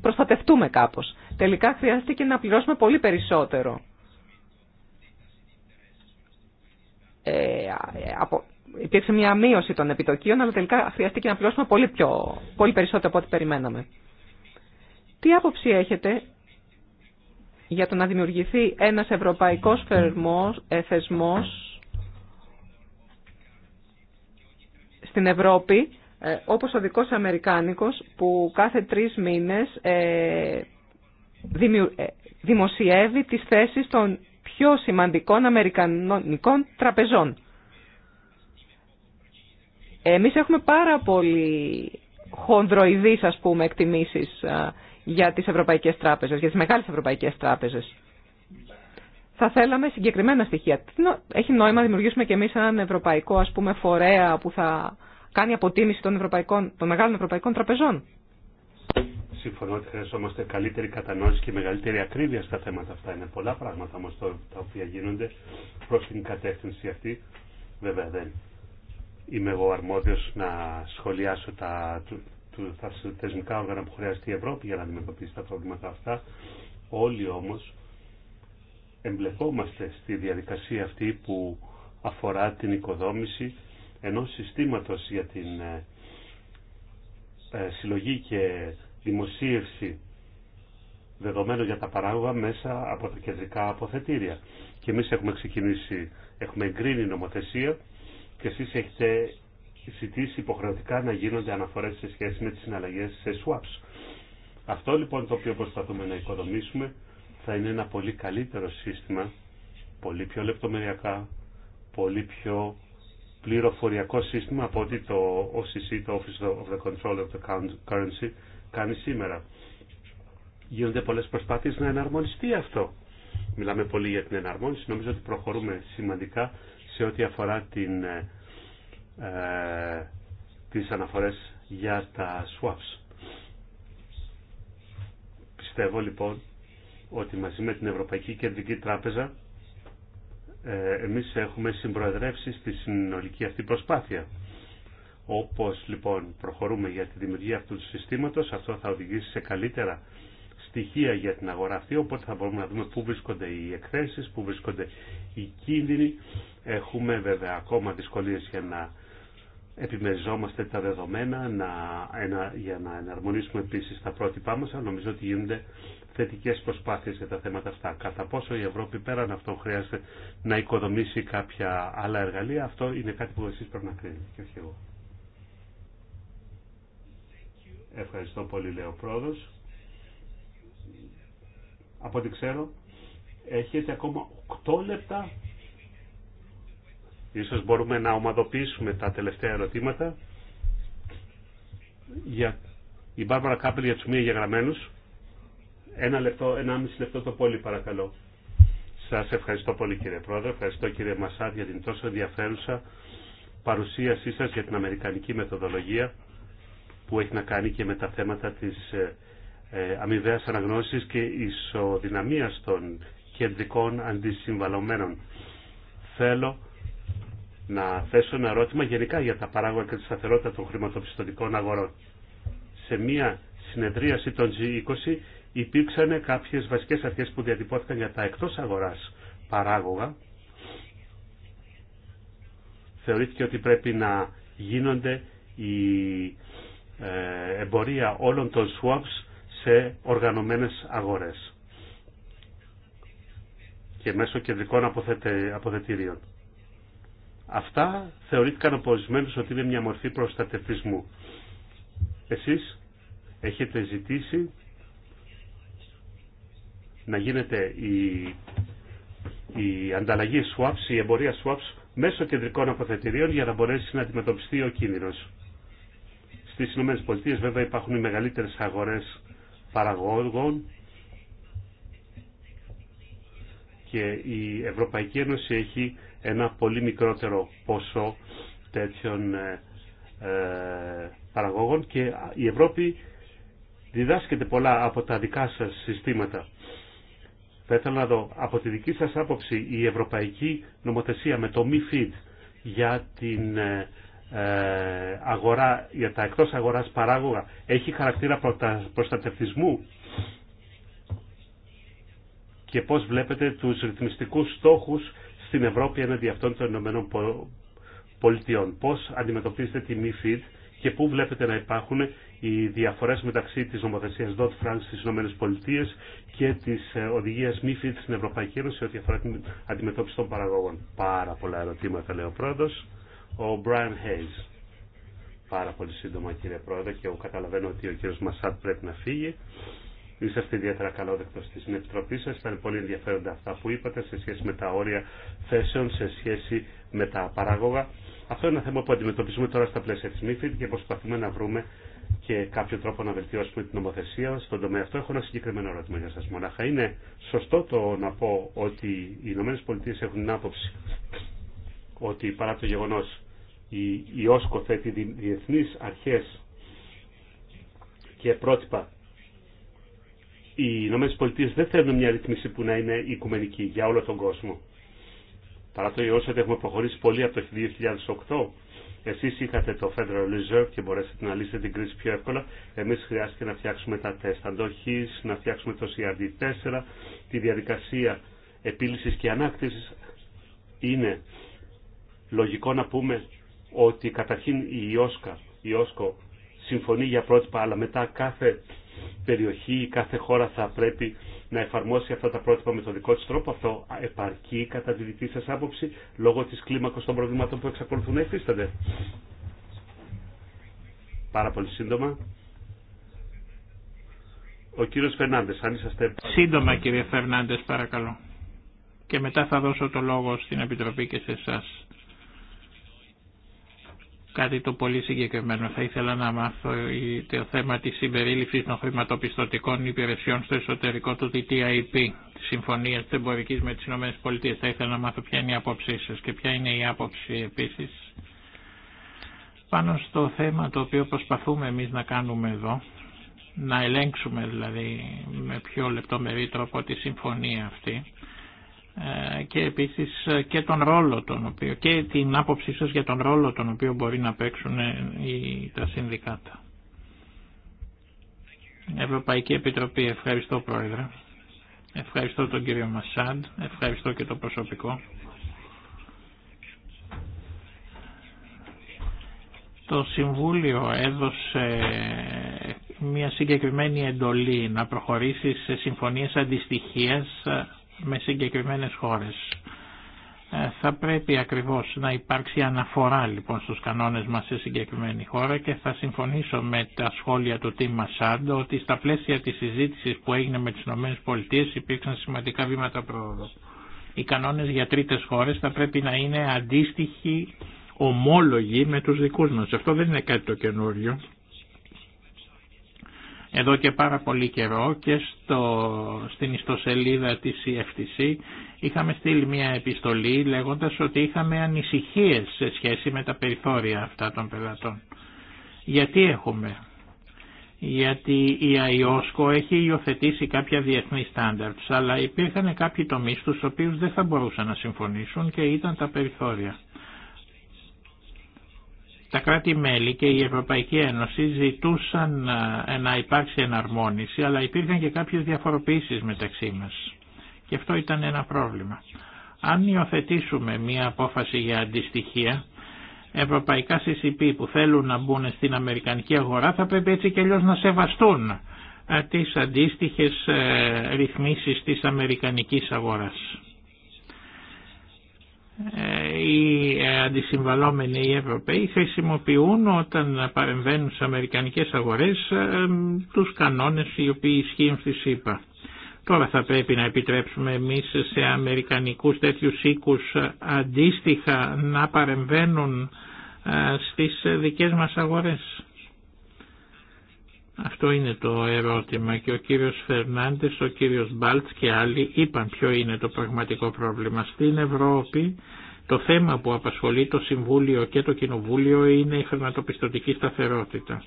προστατευτούμε κάπως. Τελικά χρειάστηκε να πληρώσουμε πολύ περισσότερο. Ε, από, υπήρξε μια μείωση των επιτοκίων, αλλά τελικά χρειάστηκε να πληρώσουμε πολύ, πιο, πολύ περισσότερο από ό,τι περιμέναμε. Τι άποψη έχετε για το να δημιουργηθεί ένας ευρωπαϊκός φερμός ε, θεσμός στην Ευρώπη ε, όπως ο δικός Αμερικάνικος που κάθε τρεις μήνες ε, ε, δημοσιεύει τις θέσεις των πιο σημαντικών Αμερικανικών τραπεζών. Εμείς έχουμε πάρα πολύ χονδροειδείς, ας πούμε, εκτιμήσεις ε, για τις ευρωπαϊκές τράπεζες, για τις μεγάλες ευρωπαϊκές τράπεζες. Θα θέλαμε συγκεκριμένα στοιχεία. Έχει νόημα να δημιουργήσουμε και εμείς έναν ευρωπαϊκό, ας πούμε, φορέα που θα κάνει αποτίμηση των, ευρωπαϊκών, των μεγάλων ευρωπαϊκών τραπεζών. Συμφωνώ ότι χρειαζόμαστε καλύτερη κατανόηση και μεγαλύτερη ακρίβεια στα θέματα αυτά. Είναι πολλά πράγματα όμω τα οποία γίνονται προ την κατεύθυνση αυτή. Βέβαια δεν είμαι εγώ αρμόδιο να σχολιάσω τα, του, τα θεσμικά όργανα που χρειάζεται η Ευρώπη για να αντιμετωπίσει τα προβλήματα αυτά. Όλοι όμω εμπλεκόμαστε στη διαδικασία αυτή που αφορά την οικοδόμηση ενός συστήματος για την ε, ε, συλλογή και δημοσίευση δεδομένων για τα παράγωγα μέσα από τα κεντρικά αποθετήρια. Και εμείς έχουμε ξεκινήσει, έχουμε εγκρίνει νομοθεσία και εσείς έχετε ζητήσει υποχρεωτικά να γίνονται αναφορές σε σχέση με τις συναλλαγές σε swaps. Αυτό λοιπόν το οποίο προσπαθούμε να οικοδομήσουμε θα είναι ένα πολύ καλύτερο σύστημα, πολύ πιο λεπτομεριακά, πολύ πιο πληροφοριακό σύστημα από ό,τι το OCC, το Office of the Control of the Currency, κάνει σήμερα. Γίνονται πολλές προσπάθειες να εναρμονιστεί αυτό. Μιλάμε πολύ για την εναρμόνιση. Νομίζω ότι προχωρούμε σημαντικά σε ό,τι αφορά την, ε, ε τις αναφορές για τα swaps. Πιστεύω λοιπόν ότι μαζί με την Ευρωπαϊκή Κεντρική Τράπεζα ε, εμείς έχουμε συμπροεδρεύσει στη συνολική αυτή προσπάθεια. Όπως λοιπόν προχωρούμε για τη δημιουργία αυτού του συστήματος, αυτό θα οδηγήσει σε καλύτερα στοιχεία για την αγορά αυτή, οπότε θα μπορούμε να δούμε πού βρίσκονται οι εκθέσεις, πού βρίσκονται οι κίνδυνοι. Έχουμε βέβαια ακόμα δυσκολίες για να επιμεριζόμαστε τα δεδομένα, να, για να εναρμονίσουμε επίσης τα πρότυπά μας, νομίζω ότι γίνονται θετικές προσπάθειες για τα θέματα αυτά. Κατά πόσο η Ευρώπη πέραν αυτό χρειάζεται να οικοδομήσει κάποια άλλα εργαλεία, αυτό είναι κάτι που εσεί πρέπει να κρίνετε και όχι εγώ. Ευχαριστώ πολύ, λέει ο Από ό,τι ξέρω, έχετε ακόμα 8 λεπτά. Ίσως μπορούμε να ομαδοποιήσουμε τα τελευταία ερωτήματα. Για... Η Μπάρμαρα Κάπελ για τους μη εγγεγραμμένους. Ένα λεπτό, ένα μισή λεπτό το πόλι παρακαλώ. Σας ευχαριστώ πολύ κύριε Πρόεδρε, ευχαριστώ κύριε Μασάρ για την τόσο ενδιαφέρουσα παρουσίασή σας για την Αμερικανική μεθοδολογία που έχει να κάνει και με τα θέματα της ε, ε, αμοιβαία αναγνώσης και ισοδυναμίας των κεντρικών αντισυμβαλωμένων. Θέλω να θέσω ένα ερώτημα γενικά για τα παράγωγα και τη σταθερότητα των χρηματοπιστωτικών αγορών. Σε μία συνεδρίαση των G20 υπήρξαν κάποιες βασικές αρχές που διατυπώθηκαν για τα εκτός αγοράς παράγωγα. Θεωρήθηκε ότι πρέπει να γίνονται η ε, εμπορία όλων των swaps σε οργανωμένες αγορές και μέσω κεντρικών αποθετηρίων. Αυτά θεωρήθηκαν από ότι είναι μια μορφή προστατευτισμού. Εσείς έχετε ζητήσει να γίνεται η, η ανταλλαγή swaps, η εμπορία swaps μέσω κεντρικών αποθετηρίων για να μπορέσει να αντιμετωπιστεί ο κίνδυνος. Στις ΗΠΑ βέβαια υπάρχουν οι μεγαλύτερες αγορές παραγόγων και η Ευρωπαϊκή Ένωση έχει ένα πολύ μικρότερο ποσό τέτοιων ε, ε, παραγόγων και η Ευρώπη διδάσκεται πολλά από τα δικά σας συστήματα. Θα ήθελα να δω από τη δική σας άποψη η ευρωπαϊκή νομοθεσία με το MIFID για την ε, ε, αγορά, για τα εκτός αγοράς παράγωγα έχει χαρακτήρα προστατευτισμού και πώς βλέπετε τους ρυθμιστικούς στόχους στην Ευρώπη έναντι αυτών των Ηνωμένων Πολιτειών. Πώς αντιμετωπίζετε τη MIFID και πού βλέπετε να υπάρχουν οι διαφορές μεταξύ της νομοθεσίας Dot Frank στις ΗΠΑ και της ε, οδηγίας MIFID στην Ευρωπαϊκή Ένωση ό,τι αφορά την αντιμετώπιση των παραγωγών. Πάρα πολλά ερωτήματα λέει ο πρόεδρος, ο Brian Hayes. Πάρα πολύ σύντομα κύριε πρόεδρε και εγώ καταλαβαίνω ότι ο κύριος Μασάτ πρέπει να φύγει. Είσαστε ιδιαίτερα καλόδεκτο στην Επιτροπή σα. Ήταν πολύ ενδιαφέροντα αυτά που είπατε σε σχέση με τα όρια θέσεων, σε σχέση με τα παράγωγα. Αυτό είναι ένα θέμα που αντιμετωπίζουμε τώρα στα πλαίσια τη MIFID και προσπαθούμε να βρούμε και κάποιο τρόπο να βελτιώσουμε την νομοθεσία στον τομέα αυτό. Έχω ένα συγκεκριμένο ερώτημα για σα μονάχα. Είναι σωστό το να πω ότι οι Ηνωμένε Πολιτείε έχουν την άποψη ότι παρά το γεγονό η, η ΟΣΚΟ θέτει διεθνεί αρχέ και πρότυπα. Οι Ηνωμένε δεν θέλουν μια ρυθμίση που να είναι οικουμενική για όλο τον κόσμο παρά το γεγονό ότι έχουμε προχωρήσει πολύ από το 2008, εσεί είχατε το Federal Reserve και μπορέσατε να λύσετε την κρίση πιο εύκολα. Εμεί χρειάστηκε να φτιάξουμε τα τεστ αντοχή, να φτιάξουμε το CRD4, τη διαδικασία επίλυση και ανάκτηση. Είναι λογικό να πούμε ότι καταρχήν η Ιόσκα, η Ιόσκο συμφωνεί για πρότυπα, αλλά μετά κάθε περιοχή, κάθε χώρα θα πρέπει να εφαρμόσει αυτά τα πρότυπα με τον δικό τη τρόπο. Αυτό επαρκεί κατά τη δική σα άποψη λόγω τη κλίμακα των προβλημάτων που εξακολουθούν να υφίστανται. Πάρα πολύ σύντομα. Ο κύριο Φερνάντε, αν είσαστε. Σύντομα, κύριε Φερνάντε, παρακαλώ. Και μετά θα δώσω το λόγο στην Επιτροπή και σε εσάς κάτι το πολύ συγκεκριμένο. Θα ήθελα να μάθω το θέμα της συμπερίληψης των χρηματοπιστωτικών υπηρεσιών στο εσωτερικό του DTIP, τη Συμφωνία της Εμπορικής με τις ΗΠΑ. Θα ήθελα να μάθω ποια είναι η άποψή σας και ποια είναι η άποψη επίσης πάνω στο θέμα το οποίο προσπαθούμε εμείς να κάνουμε εδώ, να ελέγξουμε δηλαδή με πιο λεπτομερή τρόπο τη συμφωνία αυτή, ε, και επίσης ε, και τον ρόλο τον οποίο και την άποψή σας για τον ρόλο τον οποίο μπορεί να παίξουν ε, οι, τα συνδικάτα. Ευρωπαϊκή Επιτροπή, ευχαριστώ Πρόεδρε. Ευχαριστώ τον κύριο Μασάντ, ευχαριστώ και το προσωπικό. Το Συμβούλιο έδωσε μια συγκεκριμένη εντολή να προχωρήσει σε συμφωνίες αντιστοιχίας με συγκεκριμένες χώρες. Ε, θα πρέπει ακριβώς να υπάρξει αναφορά λοιπόν στους κανόνες μας σε συγκεκριμένη χώρα και θα συμφωνήσω με τα σχόλια του Τιμ Μασάντο ότι στα πλαίσια της συζήτησης που έγινε με τις ΗΠΑ υπήρξαν σημαντικά βήματα πρόοδου. Οι κανόνες για τρίτες χώρες θα πρέπει να είναι αντίστοιχοι, ομόλογοι με τους δικούς μας. Αυτό δεν είναι κάτι το καινούριο εδώ και πάρα πολύ καιρό και στο, στην ιστοσελίδα της CFTC e είχαμε στείλει μια επιστολή λέγοντας ότι είχαμε ανησυχίες σε σχέση με τα περιθώρια αυτά των πελατών. Γιατί έχουμε. Γιατί η ΑΙΟΣΚΟ έχει υιοθετήσει κάποια διεθνή standards, αλλά υπήρχαν κάποιοι τομείς τους οποίους δεν θα μπορούσαν να συμφωνήσουν και ήταν τα περιθώρια. Τα κράτη-μέλη και η Ευρωπαϊκή Ένωση ζητούσαν ε, να υπάρξει εναρμόνιση, αλλά υπήρχαν και κάποιες διαφοροποιήσεις μεταξύ μας. Και αυτό ήταν ένα πρόβλημα. Αν υιοθετήσουμε μία απόφαση για αντιστοιχεία, ευρωπαϊκά CCP που θέλουν να μπουν στην Αμερικανική αγορά θα πρέπει έτσι και αλλιώς να σεβαστούν ε, τις αντίστοιχες ε, ρυθμίσεις της Αμερικανικής αγοράς οι ε, αντισυμβαλόμενοι οι Ευρωπαίοι χρησιμοποιούν όταν παρεμβαίνουν στις αμερικανικές αγορές ε, τους κανόνες οι οποίοι ισχύουν στη ΣΥΠΑ. Τώρα θα πρέπει να επιτρέψουμε εμείς σε αμερικανικούς τέτοιους οίκους ε, αντίστοιχα να παρεμβαίνουν στις δικές μας αγορές. Αυτό είναι το ερώτημα και ο κύριος Φερνάντες, ο κύριος Μπάλτς και άλλοι είπαν ποιο είναι το πραγματικό πρόβλημα. Στην Ευρώπη το θέμα που απασχολεί το Συμβούλιο και το Κοινοβούλιο είναι η χρηματοπιστωτική σταθερότητα.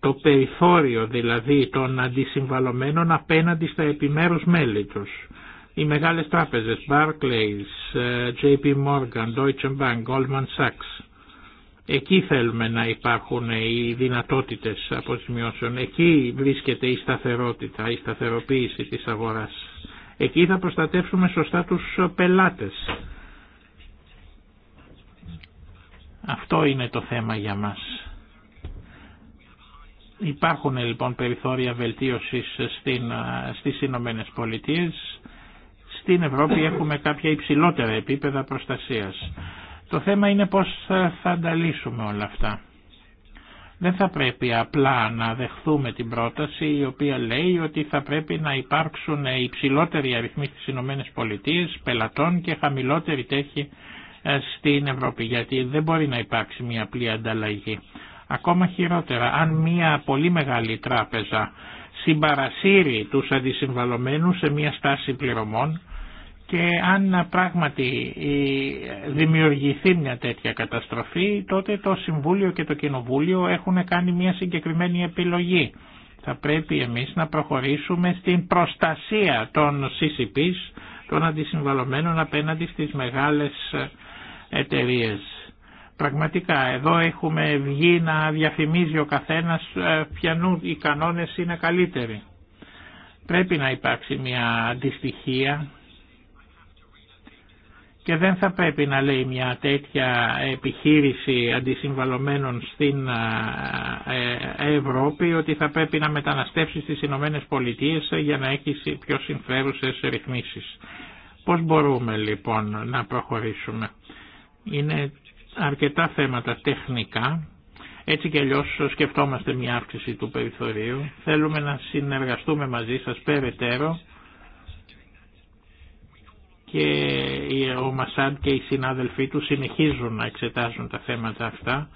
Το περιθώριο δηλαδή των αντισυμβαλωμένων απέναντι στα επιμέρους μέλη τους. Οι μεγάλες τράπεζες, Barclays, ε, JP Morgan, Deutsche Bank, Goldman Sachs. Εκεί θέλουμε να υπάρχουν οι δυνατότητες αποζημιώσεων. Εκεί βρίσκεται η σταθερότητα, η σταθεροποίηση της αγοράς. Εκεί θα προστατεύσουμε σωστά τους πελάτες. Αυτό είναι το θέμα για μας. Υπάρχουν λοιπόν περιθώρια βελτίωσης στην, στις Ηνωμένε Πολιτείε. Στην Ευρώπη έχουμε κάποια υψηλότερα επίπεδα προστασίας. Το θέμα είναι πώς θα τα όλα αυτά. Δεν θα πρέπει απλά να δεχθούμε την πρόταση η οποία λέει ότι θα πρέπει να υπάρξουν υψηλότεροι αριθμοί στις ΗΠΑ, πελατών και χαμηλότερη τέχη ε, στην Ευρώπη γιατί δεν μπορεί να υπάρξει μια απλή ανταλλαγή. Ακόμα χειρότερα, αν μια πολύ μεγάλη τράπεζα συμπαρασύρει τους αντισυμβαλωμένους σε μια στάση πληρωμών και αν πράγματι δημιουργηθεί μια τέτοια καταστροφή τότε το Συμβούλιο και το Κοινοβούλιο έχουν κάνει μια συγκεκριμένη επιλογή. Θα πρέπει εμείς να προχωρήσουμε στην προστασία των CCP, των αντισυμβαλωμένων απέναντι στις μεγάλες ε, εταιρείες. Πραγματικά εδώ έχουμε βγει να διαφημίζει ο καθένας ε, ποιανού οι κανόνες είναι καλύτεροι. Πρέπει να υπάρξει μια αντιστοιχία και δεν θα πρέπει να λέει μια τέτοια επιχείρηση αντισυμβαλωμένων στην ε, Ευρώπη ότι θα πρέπει να μεταναστεύσει στις Ηνωμένε Πολιτείες για να έχει πιο συμφέρουσες ρυθμίσεις. Πώς μπορούμε λοιπόν να προχωρήσουμε. Είναι αρκετά θέματα τεχνικά. Έτσι κι αλλιώς σκεφτόμαστε μια αύξηση του περιθωρίου. Θέλουμε να συνεργαστούμε μαζί σας περαιτέρω και ο Μασάντ και οι συνάδελφοί του συνεχίζουν να εξετάζουν τα θέματα αυτά.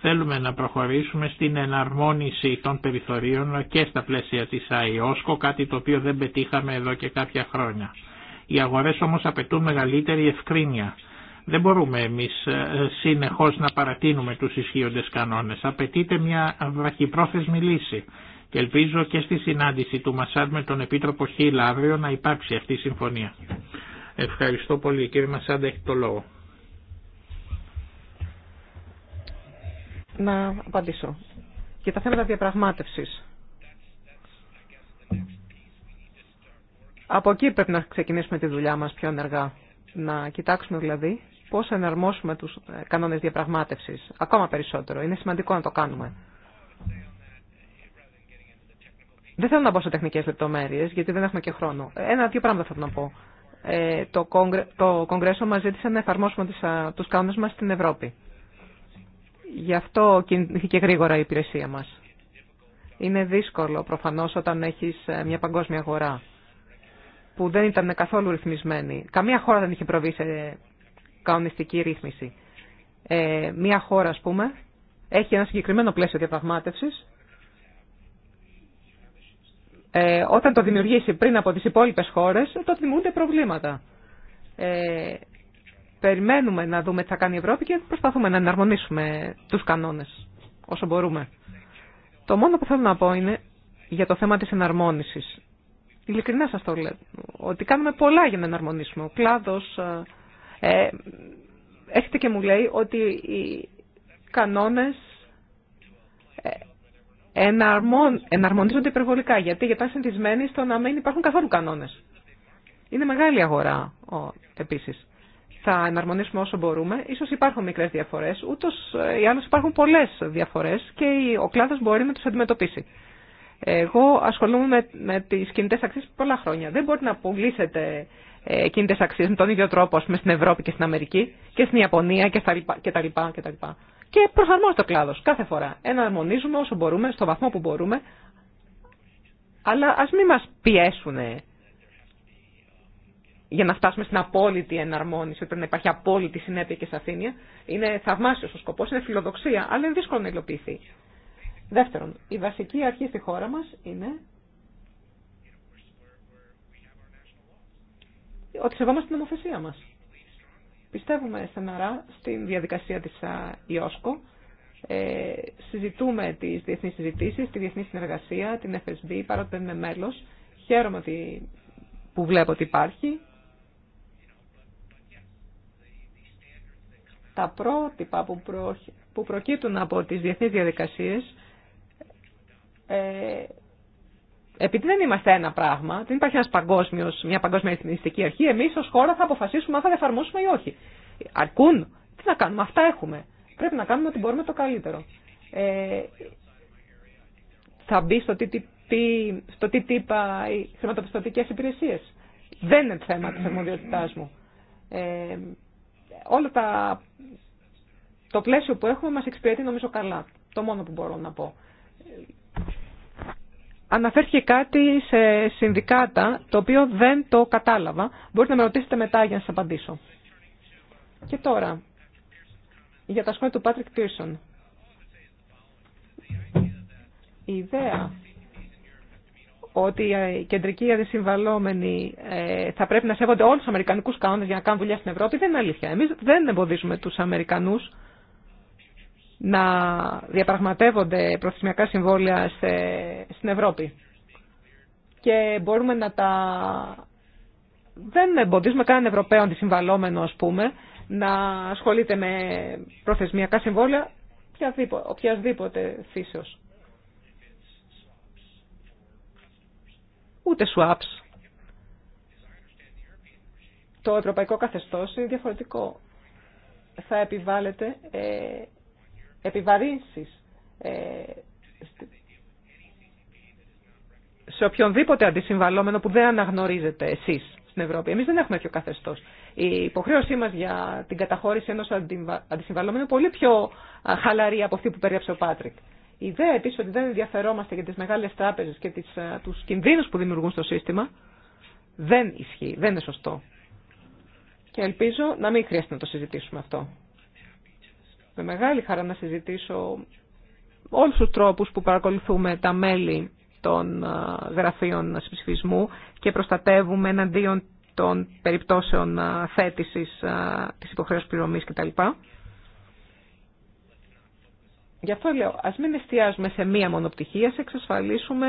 Θέλουμε να προχωρήσουμε στην εναρμόνιση των περιθωρίων και στα πλαίσια της ΑΙΟΣΚΟ, κάτι το οποίο δεν πετύχαμε εδώ και κάποια χρόνια. Οι αγορές όμως απαιτούν μεγαλύτερη ευκρίνεια. Δεν μπορούμε εμείς ε, συνεχώς να παρατείνουμε τους ισχύοντες κανόνες. Απαιτείται μια βραχυπρόθεσμη λύση. Και ελπίζω και στη συνάντηση του Μασάντ με τον Επίτροπο Χίλ αύριο να υπάρξει αυτή η συμφωνία. Ευχαριστώ πολύ. Κύριε Μασάντα, έχει το λόγο. Να απαντήσω. Και τα θέματα διαπραγμάτευσης. Από εκεί πρέπει να ξεκινήσουμε τη δουλειά μας πιο ενεργά. Να κοιτάξουμε δηλαδή πώς εναρμόσουμε τους ε, κανόνες διαπραγμάτευσης ακόμα περισσότερο. Είναι σημαντικό να το κάνουμε. Δεν θέλω να μπω σε τεχνικές λεπτομέρειες, γιατί δεν έχουμε και χρόνο. Ένα-δύο πράγματα θα να πω. Ε, το, Κόγκρε, το Κογκρέσο μας ζήτησε να εφαρμόσουμε τους κανόνες μας στην Ευρώπη. Γι' αυτό κινήθηκε γρήγορα η υπηρεσία μας. Είναι δύσκολο προφανώς όταν έχεις ε, μια παγκόσμια αγορά που δεν ήταν καθόλου ρυθμισμένη. Καμία χώρα δεν είχε προβεί σε κανονιστική ρύθμιση. Ε, μια χώρα, ας πούμε, έχει ένα συγκεκριμένο πλαίσιο διαπραγμάτευσης ε, όταν το δημιουργήσει πριν από τις υπόλοιπες χώρες, τότε δημιουργούνται προβλήματα. Ε, περιμένουμε να δούμε τι θα κάνει η Ευρώπη και προσπαθούμε να εναρμονίσουμε τους κανόνες όσο μπορούμε. Το μόνο που θέλω να πω είναι για το θέμα της εναρμόνισης. Ειλικρινά σας το λέω, ότι κάνουμε πολλά για να εναρμονίσουμε. Ο κλάδος ε, ε έρχεται και μου λέει ότι οι κανόνες ε, εναρμον, εναρμονίζονται υπερβολικά. Γιατί γιατί είναι συνηθισμένοι στο να μην υπάρχουν καθόλου κανόνε. Είναι μεγάλη αγορά επίση. Θα εναρμονίσουμε όσο μπορούμε. Ίσως υπάρχουν μικρέ διαφορέ, ούτω ε, ή άλλω υπάρχουν πολλέ διαφορέ και ο κλάδο μπορεί να τους αντιμετωπίσει. Εγώ ασχολούμαι με, με τις κινητές αξίες πολλά χρόνια. Δεν μπορεί να πουλήσετε ε, κινητές αξίες με τον ίδιο τρόπο α πούμε, στην Ευρώπη και στην Αμερική και στην Ιαπωνία κτλ και προσαρμόζεται ο κλάδο κάθε φορά. Εναρμονίζουμε όσο μπορούμε, στο βαθμό που μπορούμε, αλλά α μην μα πιέσουν για να φτάσουμε στην απόλυτη εναρμόνιση, ότι πρέπει να υπάρχει απόλυτη συνέπεια και σαφήνεια. Είναι θαυμάσιο ο σκοπό, είναι φιλοδοξία, αλλά είναι δύσκολο να υλοποιηθεί. Δεύτερον, η βασική αρχή στη χώρα μα είναι ότι σεβόμαστε την νομοθεσία μας. Πιστεύουμε στεναρά στην διαδικασία της ΙΟΣΚΟ. Ε, συζητούμε τις διεθνείς συζητήσεις, τη διεθνή συνεργασία, την FSB, παρότι δεν είμαι μέλος. Χαίρομαι που βλέπω ότι υπάρχει. Τα πρότυπα που, προ, που προκύπτουν από τις διεθνείς διαδικασίες ε, επειδή δεν είμαστε ένα πράγμα, δεν υπάρχει ένας παγκόσμιος, μια παγκόσμια εθνιστική αρχή, εμείς ως χώρα θα αποφασίσουμε αν θα εφαρμόσουμε ή όχι. Αρκούν. Τι να κάνουμε, αυτά έχουμε. Πρέπει να κάνουμε ότι μπορούμε το καλύτερο. Ε, θα μπει στο TTP, στο TTIP οι χρηματοπιστωτικές υπηρεσίες. Δεν είναι θέμα της αρμοδιότητάς μου. Ε, όλα τα... Το πλαίσιο που έχουμε μας εξυπηρετεί νομίζω καλά. Το μόνο που μπορώ να πω αναφέρθηκε κάτι σε συνδικάτα, το οποίο δεν το κατάλαβα. Μπορείτε να με ρωτήσετε μετά για να σας απαντήσω. Και τώρα, για τα σχόλια του Πάτρικ Τίρσον, Η ιδέα ότι οι κεντρικοί αδεσυμβαλόμενοι ε, θα πρέπει να σέβονται όλους τους Αμερικανικούς κανόνες για να κάνουν δουλειά στην Ευρώπη δεν είναι αλήθεια. Εμείς δεν εμποδίζουμε τους Αμερικανούς να διαπραγματεύονται προθεσμιακά συμβόλαια στην Ευρώπη. Και μπορούμε να τα... Δεν εμποδίζουμε κανέναν Ευρωπαίο αντισυμβαλόμενο, ας πούμε, να ασχολείται με προθεσμιακά συμβόλαια οποιασδήποτε φύσεως. Ούτε swaps. Το ευρωπαϊκό καθεστώς είναι διαφορετικό. Θα επιβάλλεται ε, επιβαρύνσεις ε, σε οποιονδήποτε αντισυμβαλόμενο που δεν αναγνωρίζετε εσείς στην Ευρώπη. Εμείς δεν έχουμε πιο καθεστώς. Η υποχρέωσή μας για την καταχώρηση ενός αντισυμβαλόμενου είναι πολύ πιο χαλαρή από αυτή που περίεψε ο Πάτρικ. Η ιδέα επίσης ότι δεν ενδιαφερόμαστε για τις μεγάλες τράπεζες και τις, τους κινδύνους που δημιουργούν στο σύστημα δεν ισχύει, δεν είναι σωστό. Και ελπίζω να μην χρειάζεται να το συζητήσουμε αυτό με μεγάλη χαρά να συζητήσω όλους τους τρόπους που παρακολουθούμε τα μέλη των ε, γραφείων συμψηφισμού και προστατεύουμε εναντίον των περιπτώσεων ε, θέτησης ε, της υποχρέωσης πληρωμής κτλ. Γι' αυτό λέω, ας μην εστιάζουμε σε μία μονοπτυχία, σε εξασφαλίσουμε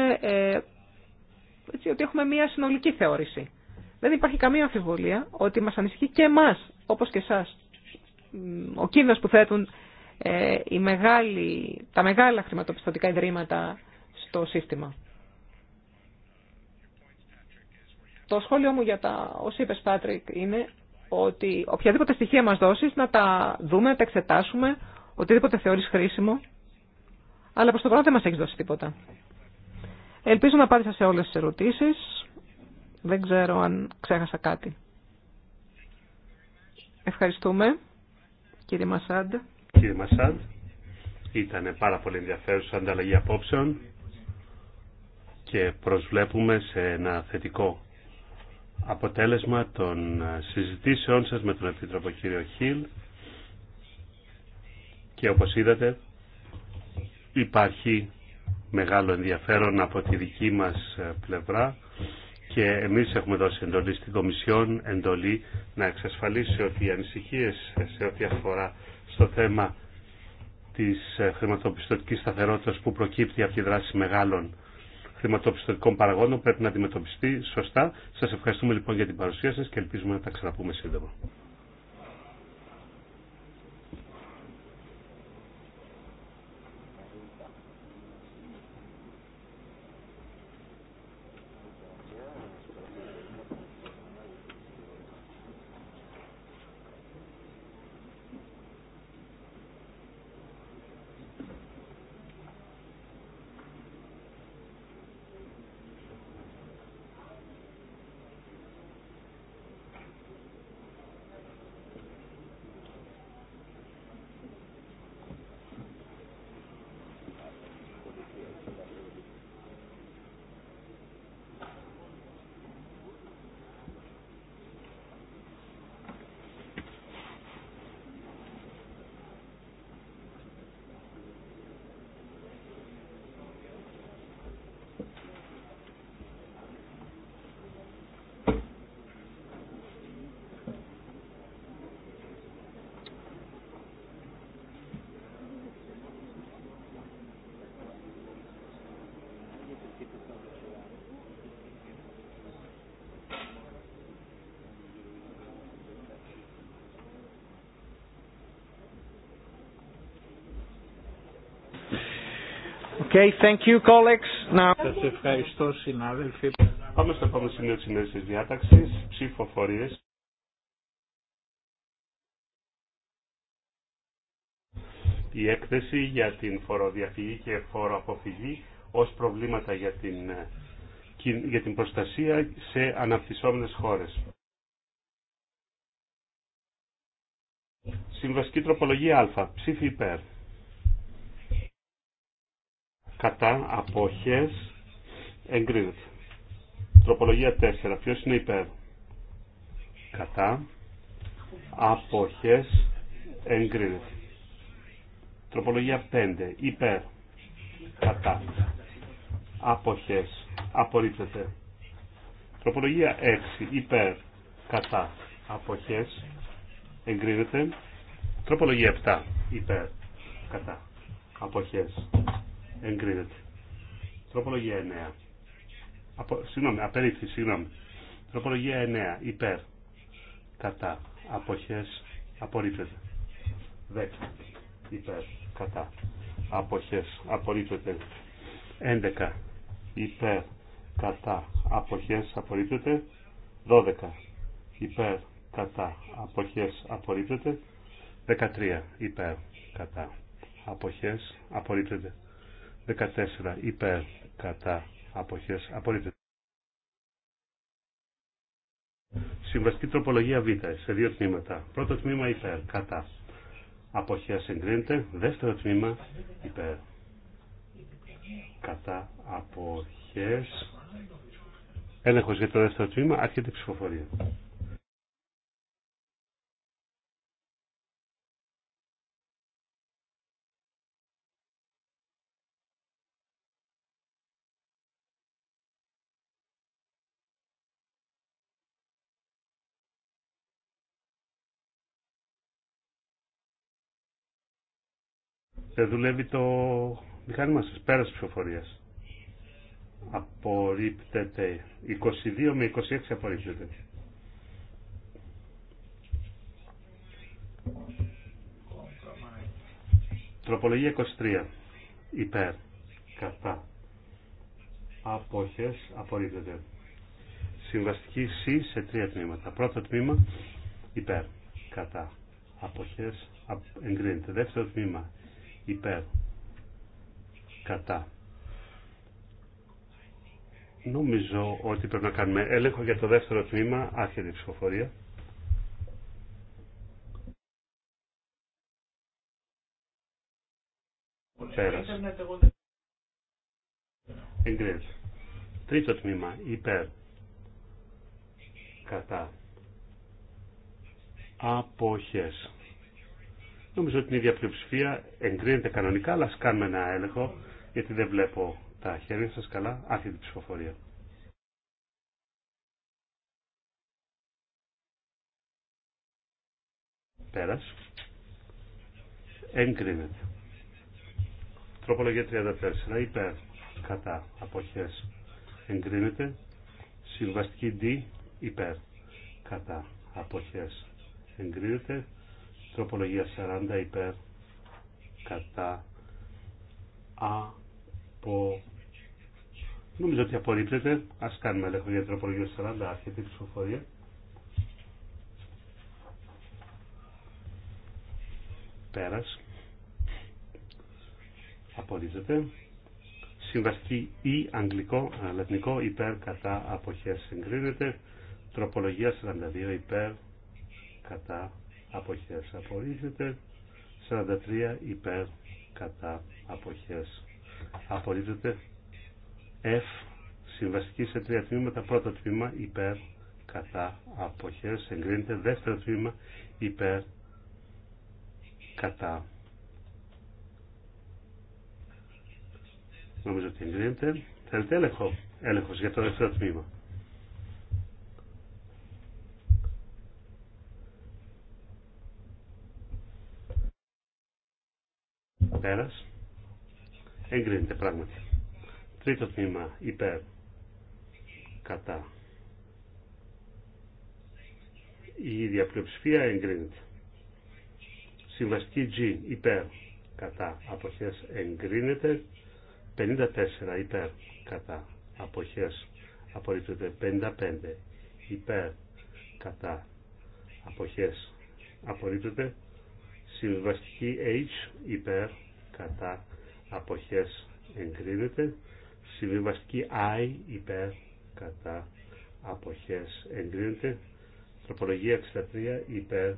ότι έχουμε μία συνολική θεώρηση. Δεν υπάρχει καμία αμφιβολία ότι μας ανησυχεί και εμάς, όπως και εσάς, ο κίνδυνος που θέτουν ε, οι μεγάλοι, τα μεγάλα χρηματοπιστωτικά ιδρύματα στο σύστημα. Το σχόλιο μου για τα όσοι είπες Πάτρικ είναι ότι οποιαδήποτε στοιχεία μας δώσεις να τα δούμε, να τα εξετάσουμε, οτιδήποτε θεωρείς χρήσιμο, αλλά προς το πρώτο δεν μας έχεις δώσει τίποτα. Ελπίζω να απάντησα σε όλες τις ερωτήσεις. Δεν ξέρω αν ξέχασα κάτι. Ευχαριστούμε κύριε Μασάντ. Κύριε Μασάντ, ήταν πάρα πολύ ενδιαφέρουσα ανταλλαγή απόψεων και προσβλέπουμε σε ένα θετικό αποτέλεσμα των ε, συζητήσεών σας με τον Επίτροπο κύριο Χίλ και όπως είδατε υπάρχει μεγάλο ενδιαφέρον από τη δική μας ε, πλευρά και εμείς έχουμε δώσει εντολή στην Κομισιόν εντολή να εξασφαλίσει ότι οι ανησυχίες σε ό,τι αφορά στο θέμα της ε, χρηματοπιστωτικής σταθερότητας που προκύπτει από τη δράση μεγάλων χρηματοπιστωτικών παραγόνων πρέπει να αντιμετωπιστεί σωστά. Σας ευχαριστούμε λοιπόν για την παρουσία σας και ελπίζουμε να τα ξαναπούμε σύντομα. Okay, thank you, colleagues. Now... Σας ευχαριστώ, συνάδελφοι. Πάμε στο επόμενο σημείο της συνέντησης διάταξης, ψηφοφορίες. Η έκθεση για την φοροδιαφυγή και φοροαποφυγή ως προβλήματα για την, ε, για την προστασία σε αναπτυσσόμενες χώρες. Συμβασική τροπολογία Α. Ψήφι υπέρ κατά αποχές εγκρίνεται. Τροπολογία 4. Ποιος είναι υπέρ. Κατά αποχές εγκρίνεται. Τροπολογία 5. Υπέρ. Κατά. Αποχές. Απορρίπτεται. Τροπολογία 6. Υπέρ. Κατά. Αποχές. Εγκρίνεται. Τροπολογία 7. Υπέρ. Κατά. Αποχές εγκρίνεται. Τροπολογία 9. Απο, συγγνώμη, απερίφθη, συγγνώμη. Τροπολογία 9. Υπέρ. Κατά. Αποχές. Απορρίπτεται. 10. Υπέρ. Κατά. Αποχές. Απορρίπτεται. 11. Υπέρ. Κατά. Αποχές. Απορρίπτεται. 12. Υπέρ. Κατά. Αποχές. Απορρίπτεται. 13. Υπέρ. Κατά. Αποχές. Απορρίπτεται. 14 υπέρ κατά αποχές απορρίπτεται. Συμβαστική τροπολογία Β σε δύο τμήματα. Πρώτο τμήμα υπέρ κατά αποχές εγκρίνεται. Δεύτερο τμήμα υπέρ κατά αποχές έλεγχος για το δεύτερο τμήμα άρχεται ψηφοφορία. Δεν δουλεύει το μηχάνημα σας. Πέρας ψηφοφορίας. Απορρίπτεται. 22 με 26 απορρίπτεται. Τροπολογία 23. Υπέρ. Κατά. Απόχες. Απορρίπτεται. Συμβαστική C σε τρία τμήματα. Πρώτο τμήμα. Υπέρ. Κατά. Απόχες. Εγκρίνεται. Δεύτερο τμήμα υπέρ κατά νομίζω ότι πρέπει να κάνουμε έλεγχο για το δεύτερο τμήμα άρχεται η ψηφοφορία πέρας εγκρίνεται τρίτο τμήμα υπέρ κατά αποχές Νομίζω ότι την ίδια πλειοψηφία εγκρίνεται κανονικά, αλλά ας κάνουμε ένα έλεγχο, γιατί δεν βλέπω τα χέρια σας καλά. Άρχεται την ψηφοφορία. Πέρας. Εγκρίνεται. Τροπολογία 34. Υπέρ. Κατά. Αποχές. Εγκρίνεται. Συμβαστική D. Υπέρ. Κατά. Αποχές. Εγκρίνεται. Τροπολογία 40 υπέρ κατά από... Νομίζω ότι απορρίπτεται. Ας κάνουμε έλεγχο για τροπολογία 40. Άρχεται η ψηφοφορία. Πέρας. Απορρίπτεται. Συμβαστή ή αγγλικό, ε, λατινικό υπέρ κατά αποχές συγκρίνεται. Τροπολογία 42 υπέρ κατά αποχές απορρίζεται 43 υπέρ κατά αποχές απορρίζεται F συμβαστική σε τρία τμήματα πρώτο τμήμα υπέρ κατά αποχές εγκρίνεται δεύτερο τμήμα υπέρ κατά νομίζω ότι εγκρίνεται θέλετε έλεγχο έλεγχος για το δεύτερο τμήμα Πέρας. Εγκρίνεται πράγματι. Τρίτο τμήμα υπέρ. Κατά. Η ίδια πλειοψηφία εγκρίνεται. Συμβαστική G υπέρ. Κατά. Αποχές εγκρίνεται. 54 υπέρ. Κατά. Αποχές απορρίπτεται. 55 υπέρ. Κατά. Αποχές απορρίπτεται. Συμβαστική H υπέρ κατά αποχές εγκρίνεται. Συμβιβαστική I υπέρ κατά αποχές εγκρίνεται. Τροπολογία 63 υπέρ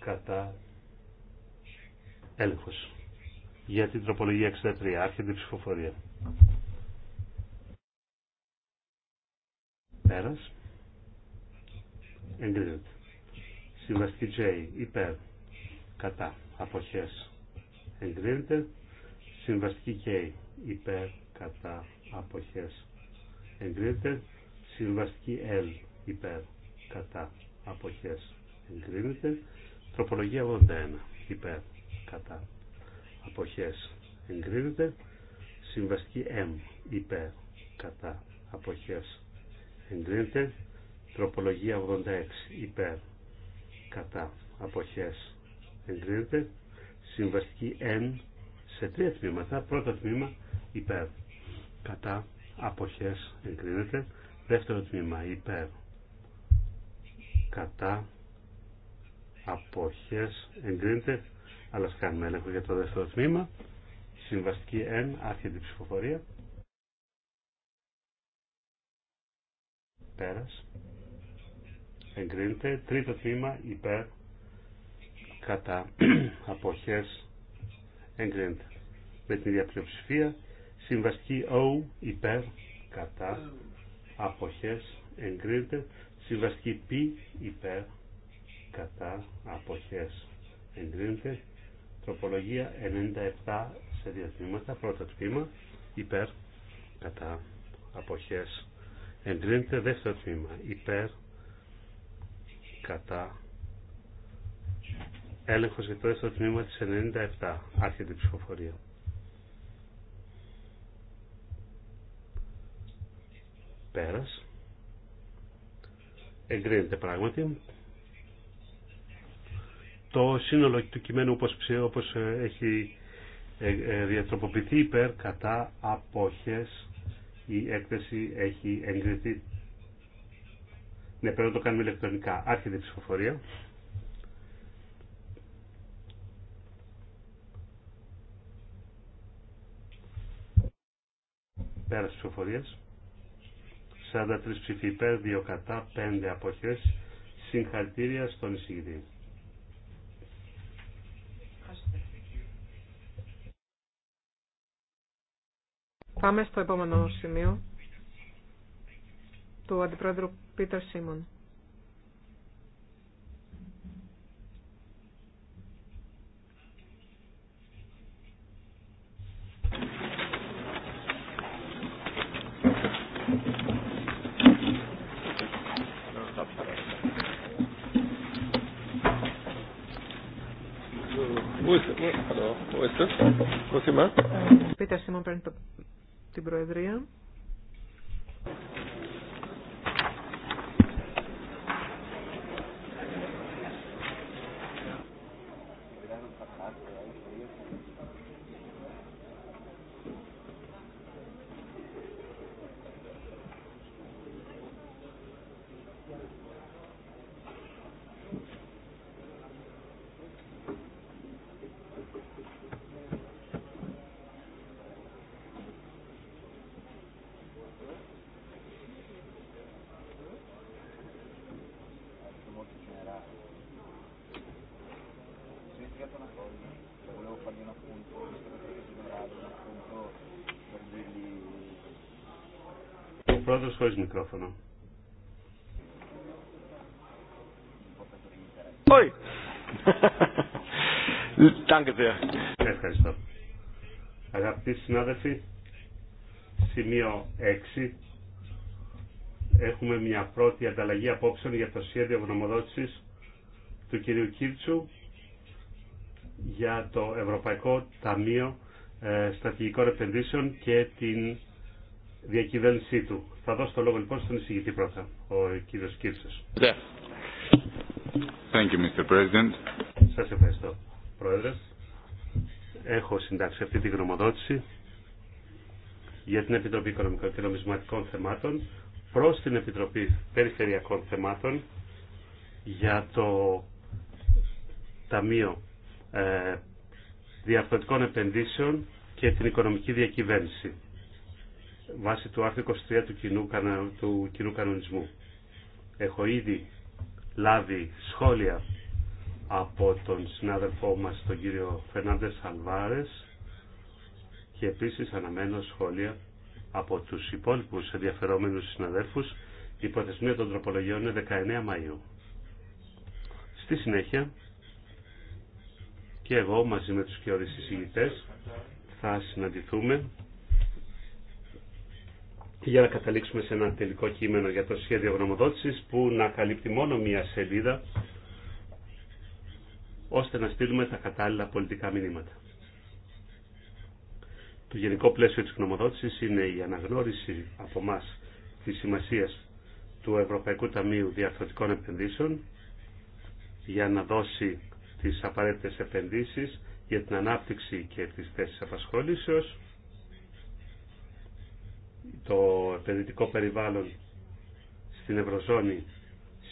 κατά έλεγχος. Για την τροπολογία 63 άρχεται η ψηφοφορία. Πέρας. Εγκρίνεται. Συμβαστική J υπέρ κατά αποχές εγκρίνεται. Συμβαστική K υπέρ κατά αποχές εγκρίνεται. Συμβαστική L υπέρ κατά αποχές εγκρίνεται. Τροπολογία 81 υπέρ κατά αποχές εγκρίνεται. Συμβαστική M υπέρ κατά αποχές εγκρίνεται. Τροπολογία 86 υπέρ κατά αποχές εγκρίνεται. Συμβαστική N σε τρία τμήματα. Πρώτο τμήμα υπέρ. Κατά αποχές εγκρίνεται. Δεύτερο τμήμα υπέρ. Κατά αποχές εγκρίνεται. Αλλά ας κάνουμε έλεγχο για το δεύτερο τμήμα. Συμβαστική N, Άρχιε την ψηφοφορία. Πέρας. Εγκρίνεται. Τρίτο τμήμα υπέρ κατά αποχές εγκρίνεται. Με την ίδια συμβαστική O υπέρ κατά αποχές εγκρίνεται. Συμβαστική P υπέρ κατά αποχές εγκρίνεται. Τροπολογία 97 σε δύο τμήματα. Πρώτο τμήμα υπέρ κατά αποχές εγκρίνεται. Δεύτερο τμήμα υπέρ κατά Έλεγχο για το τμήμα τη 97. Άρχεται η ψηφοφορία. Πέρα. Εγκρίνεται πράγματι. Το σύνολο του κειμένου όπως, όπως ε, έχει ε, ε, διατροποποιηθεί υπέρ κατά απόχες η έκθεση έχει εγκριθεί. Ναι, πρέπει να το κάνουμε ηλεκτρονικά. Άρχεται η ψηφοφορία. Πέρα της ψηφοφορίας. 43 ψηφοί υπέρ, 2 κατά, 5 αποχές. Συγχαρητήρια στον εισηγητή. Πάμε στο επόμενο σημείο του Αντιπρόεδρου Πίτερ Σίμον. Ε, Πίτα Σίμον παίρνει την Προεδρία. χωρίς μικρόφωνο. Ευχαριστώ. Αγαπητοί συνάδελφοι, σημείο 6. Έχουμε μια πρώτη ανταλλαγή απόψεων για το σχέδιο γνωμοδότησης του κυρίου Κίρτσου για το Ευρωπαϊκό Ταμείο ε, Στρατηγικών Επενδύσεων και την διακυβέρνησή του. Θα δώσω το λόγο λοιπόν στον εισηγητή πρώτα, ο κύριο Κίρσο. Σα Σας ευχαριστώ, Πρόεδρε. Έχω συντάξει αυτή τη γνωμοδότηση για την Επιτροπή Οικονομικών και Νομισματικών Θεμάτων προ την Επιτροπή Περιφερειακών Θεμάτων για το Ταμείο ε, Επενδύσεων και την Οικονομική Διακυβέρνηση βάσει του άρθρου 23 του κοινού, του κοινού κανονισμού. Έχω ήδη λάβει σχόλια από τον συνάδελφό μας τον κύριο Φερνάντες Αλβάρες και επίσης αναμένω σχόλια από τους υπόλοιπους ενδιαφερόμενους συναδέλφους. Η υποθεσμία των τροπολογιών είναι 19 Μαΐου. Στη συνέχεια και εγώ μαζί με τους και οδησυσυγητές θα συναντηθούμε και για να καταλήξουμε σε ένα τελικό κείμενο για το σχέδιο γνωμοδότησης που να καλύπτει μόνο μία σελίδα ώστε να στείλουμε τα κατάλληλα πολιτικά μηνύματα. Το γενικό πλαίσιο της γνωμοδότησης είναι η αναγνώριση από εμά της σημασίας του Ευρωπαϊκού Ταμείου Διαρθρωτικών Επενδύσεων για να δώσει τις απαραίτητες επενδύσεις για την ανάπτυξη και τις θέσεις απασχόλησεως το επενδυτικό περιβάλλον στην Ευρωζώνη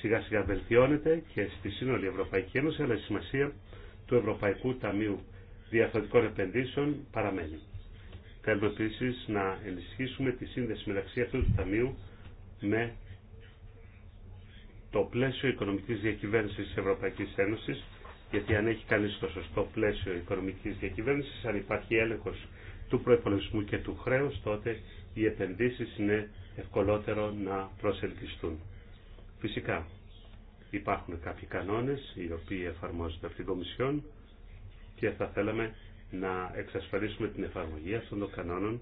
σιγά σιγά βελτιώνεται και στη σύνολη Ευρωπαϊκή Ένωση, αλλά η σημασία του Ευρωπαϊκού Ταμείου Διαθωτικών Επενδύσεων παραμένει. Θέλουμε επίση να ενισχύσουμε τη σύνδεση μεταξύ αυτού του Ταμείου με το πλαίσιο οικονομικής διακυβέρνησης της Ευρωπαϊκής Ένωσης, γιατί αν έχει κανείς το σωστό πλαίσιο οικονομικής διακυβέρνησης, αν υπάρχει έλεγχος του προϋπολογισμού και του χρέους, τότε οι επενδύσεις είναι ευκολότερο να προσελκυστούν. Φυσικά υπάρχουν κάποιοι κανόνες οι οποίοι εφαρμόζονται από την Κομισιόν και θα θέλαμε να εξασφαλίσουμε την εφαρμογή αυτών των κανόνων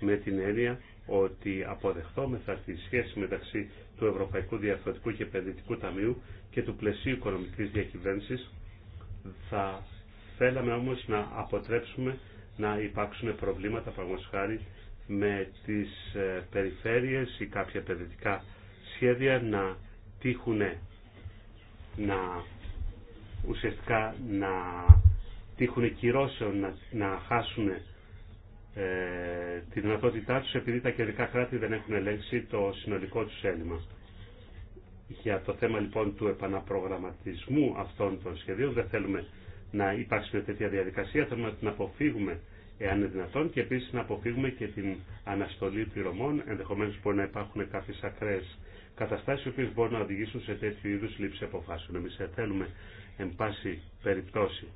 με την έννοια ότι αποδεχτόμεθα τη σχέση μεταξύ του Ευρωπαϊκού Διαφορετικού και Επενδυτικού Ταμείου και του πλαισίου οικονομικής διακυβέρνησης θα θέλαμε όμως να αποτρέψουμε να υπάρξουν προβλήματα, παραγωγός με τις ε, περιφέρειες ή κάποια επενδυτικά σχέδια να τύχουν να ουσιαστικά να τύχουν κυρώσεων, να, να χάσουν ε, τη δυνατότητά τους επειδή τα κεντρικά κράτη δεν έχουν ελέγξει το συνολικό τους έλλειμμα. Για το θέμα λοιπόν του επαναπρογραμματισμού αυτών των σχεδίων δεν θέλουμε να υπάρξει μια τέτοια διαδικασία, θέλουμε να την αποφύγουμε εάν είναι δυνατόν, και επίση να αποφύγουμε και την αναστολή πληρωμών. ενδεχομένω μπορεί να υπάρχουν κάποιε ακραίε καταστάσει οι οποίε μπορούν να οδηγήσουν σε τέτοιου είδου λήψη αποφάσεων. Εμεί θέλουμε, εν πάση περιπτώσει,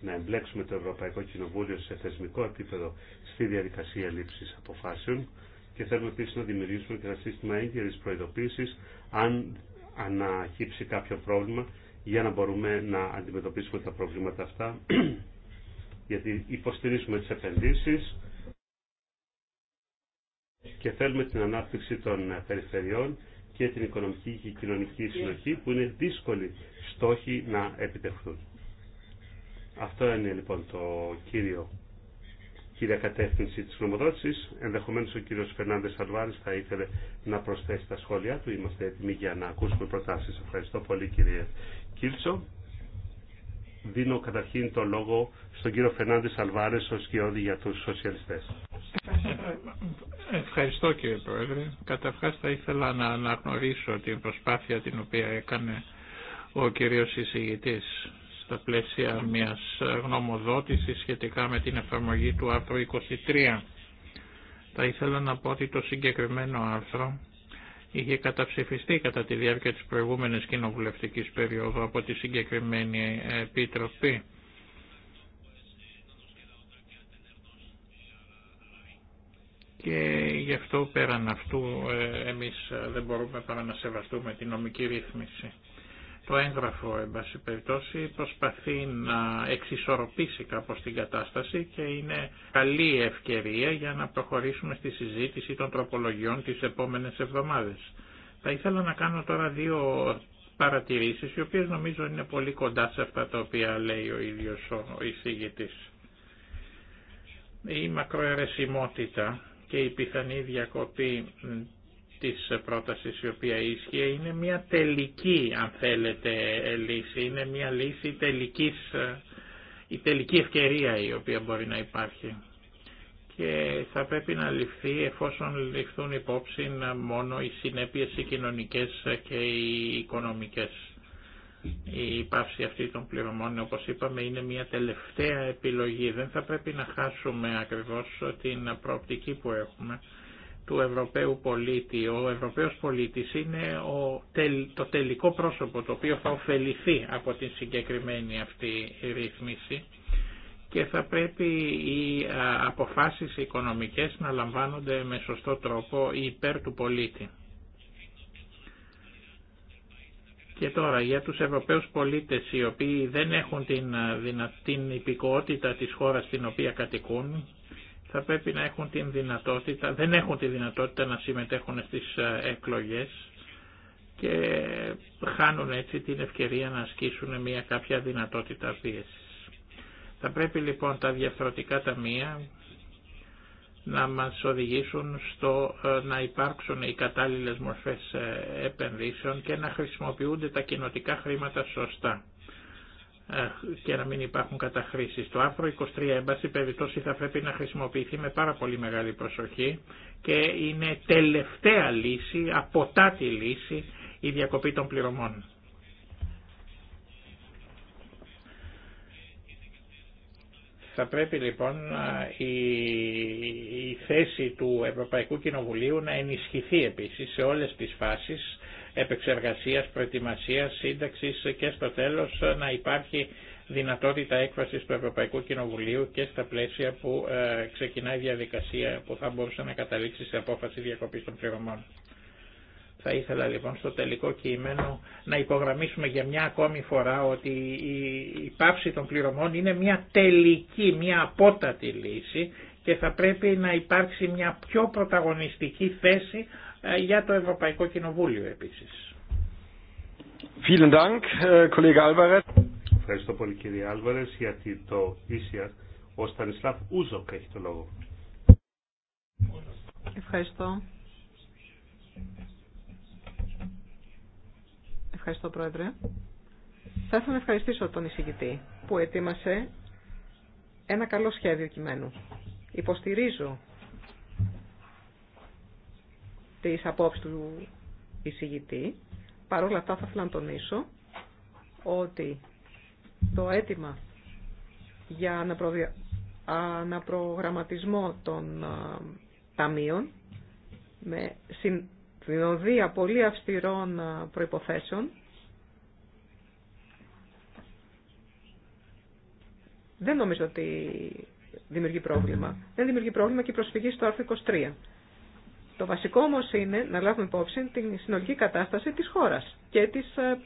να εμπλέξουμε το Ευρωπαϊκό Κοινοβούλιο σε θεσμικό επίπεδο στη διαδικασία λήψη αποφάσεων και θέλουμε επίση να δημιουργήσουμε και ένα σύστημα έγκαιρη προειδοποίηση αν ανακύψει κάποιο πρόβλημα για να μπορούμε να αντιμετωπίσουμε τα προβλήματα αυτά γιατί υποστηρίζουμε τις επενδύσεις και θέλουμε την ανάπτυξη των ε, περιφερειών και την οικονομική και κοινωνική συνοχή που είναι δύσκολοι στόχοι να επιτευχθούν. Αυτό είναι λοιπόν το κύριο κύρια κατεύθυνση της νομοδότησης. Ενδεχομένως ο κύριος Φερνάνδες Αλβάρης θα ήθελε να προσθέσει τα σχόλιά του. Είμαστε έτοιμοι για να ακούσουμε προτάσεις. Ευχαριστώ πολύ κύριε Κίλτσο δίνω καταρχήν το λόγο στον κύριο Φερνάντε Αλβάρε, ω κοιόδη για του σοσιαλιστέ. Ευχαριστώ κύριε Πρόεδρε. Καταρχά θα ήθελα να αναγνωρίσω την προσπάθεια την οποία έκανε ο κύριος εισηγητής στα πλαίσια μιας γνωμοδότησης σχετικά με την εφαρμογή του άρθρου 23. Θα ήθελα να πω ότι το συγκεκριμένο άρθρο είχε καταψηφιστεί κατά τη διάρκεια της προηγούμενης κοινοβουλευτικής περίοδου από τη συγκεκριμένη Επιτροπή. Και γι' αυτό πέραν αυτού ε, εμείς ε, δεν μπορούμε παρά να σεβαστούμε τη νομική ρύθμιση. Το έγγραφο, εν πάση περιπτώσει, προσπαθεί να εξισορροπήσει κάπως την κατάσταση και είναι καλή ευκαιρία για να προχωρήσουμε στη συζήτηση των τροπολογιών τις επόμενες εβδομάδες. Θα ήθελα να κάνω τώρα δύο παρατηρήσεις, οι οποίες νομίζω είναι πολύ κοντά σε αυτά τα οποία λέει ο ίδιος ο εισηγητής. Η μακροαιρεσιμότητα και η πιθανή διακοπή της πρότασης η οποία ίσχυε είναι μια τελική αν θέλετε λύση, είναι μια λύση τελικής, η τελική ευκαιρία η οποία μπορεί να υπάρχει και θα πρέπει να ληφθεί εφόσον ληφθούν υπόψη μόνο οι συνέπειες οι κοινωνικές και οι οικονομικές. Η πάυση αυτή των πληρωμών, όπως είπαμε, είναι μια τελευταία επιλογή. Δεν θα πρέπει να χάσουμε ακριβώς την προοπτική που έχουμε του Ευρωπαίου πολίτη. Ο Ευρωπαίος πολίτης είναι το τελικό πρόσωπο το οποίο θα ωφεληθεί από την συγκεκριμένη αυτή ρύθμιση και θα πρέπει οι αποφάσεις οικονομικές να λαμβάνονται με σωστό τρόπο υπέρ του πολίτη. Και τώρα για τους Ευρωπαίους πολίτες οι οποίοι δεν έχουν την, την υπηκότητα της χώρας στην οποία κατοικούν θα πρέπει να έχουν την δυνατότητα, δεν έχουν τη δυνατότητα να συμμετέχουν στις ε, εκλογές και χάνουν έτσι την ευκαιρία να ασκήσουν μια κάποια δυνατότητα πίεσης. Θα πρέπει λοιπόν τα διαφορετικά ταμεία να μας οδηγήσουν στο ε, να υπάρξουν οι κατάλληλες μορφές ε, επενδύσεων και να χρησιμοποιούνται τα κοινοτικά χρήματα σωστά. Ε, και να μην υπάρχουν καταχρήσεις. Το άρθρο 23 έμπαση περιπτώσει θα πρέπει να χρησιμοποιηθεί με πάρα πολύ μεγάλη προσοχή και είναι τελευταία λύση, αποτάτη λύση η διακοπή των πληρωμών. Θα πρέπει λοιπόν η, θέση του Ευρωπαϊκού Κοινοβουλίου να ενισχυθεί επίσης σε όλες τις φάσεις επεξεργασίας, προετοιμασίας, σύνταξης και στο τέλος να υπάρχει δυνατότητα έκφρασης του Ευρωπαϊκού Κοινοβουλίου και στα πλαίσια που ε, ξεκινάει η διαδικασία που θα μπορούσε να καταλήξει σε απόφαση διακοπής των πληρωμών. Θα ήθελα λοιπόν στο τελικό κείμενο να υπογραμμίσουμε για μια ακόμη φορά ότι η πάυση των πληρωμών είναι μια τελική, μια απότατη λύση και θα πρέπει να υπάρξει μια πιο πρωταγωνιστική θέση ε, για το Ευρωπαϊκό Κοινοβούλιο επίσης. Ε, Ευχαριστώ πολύ κύριε Άλβαρες γιατί το ίσια ο Στανισλάβ Ούζοκ έχει το λόγο. Ευχαριστώ. Ευχαριστώ Πρόεδρε. Θα ήθελα να ευχαριστήσω τον εισηγητή που ετοίμασε ένα καλό σχέδιο κειμένου. Υποστηρίζω τις απόψεις του εισηγητή. Παρ' όλα αυτά θα ήθελα να τονίσω ότι το αίτημα για αναπρογραμματισμό των ταμείων με συνοδεία πολύ αυστηρών προϋποθέσεων δεν νομίζω ότι δημιουργεί πρόβλημα. Δεν δημιουργεί πρόβλημα και η προσφυγή στο άρθρο 23. Το βασικό όμω είναι να λάβουμε υπόψη την συνολική κατάσταση της χώρας και, της, ε,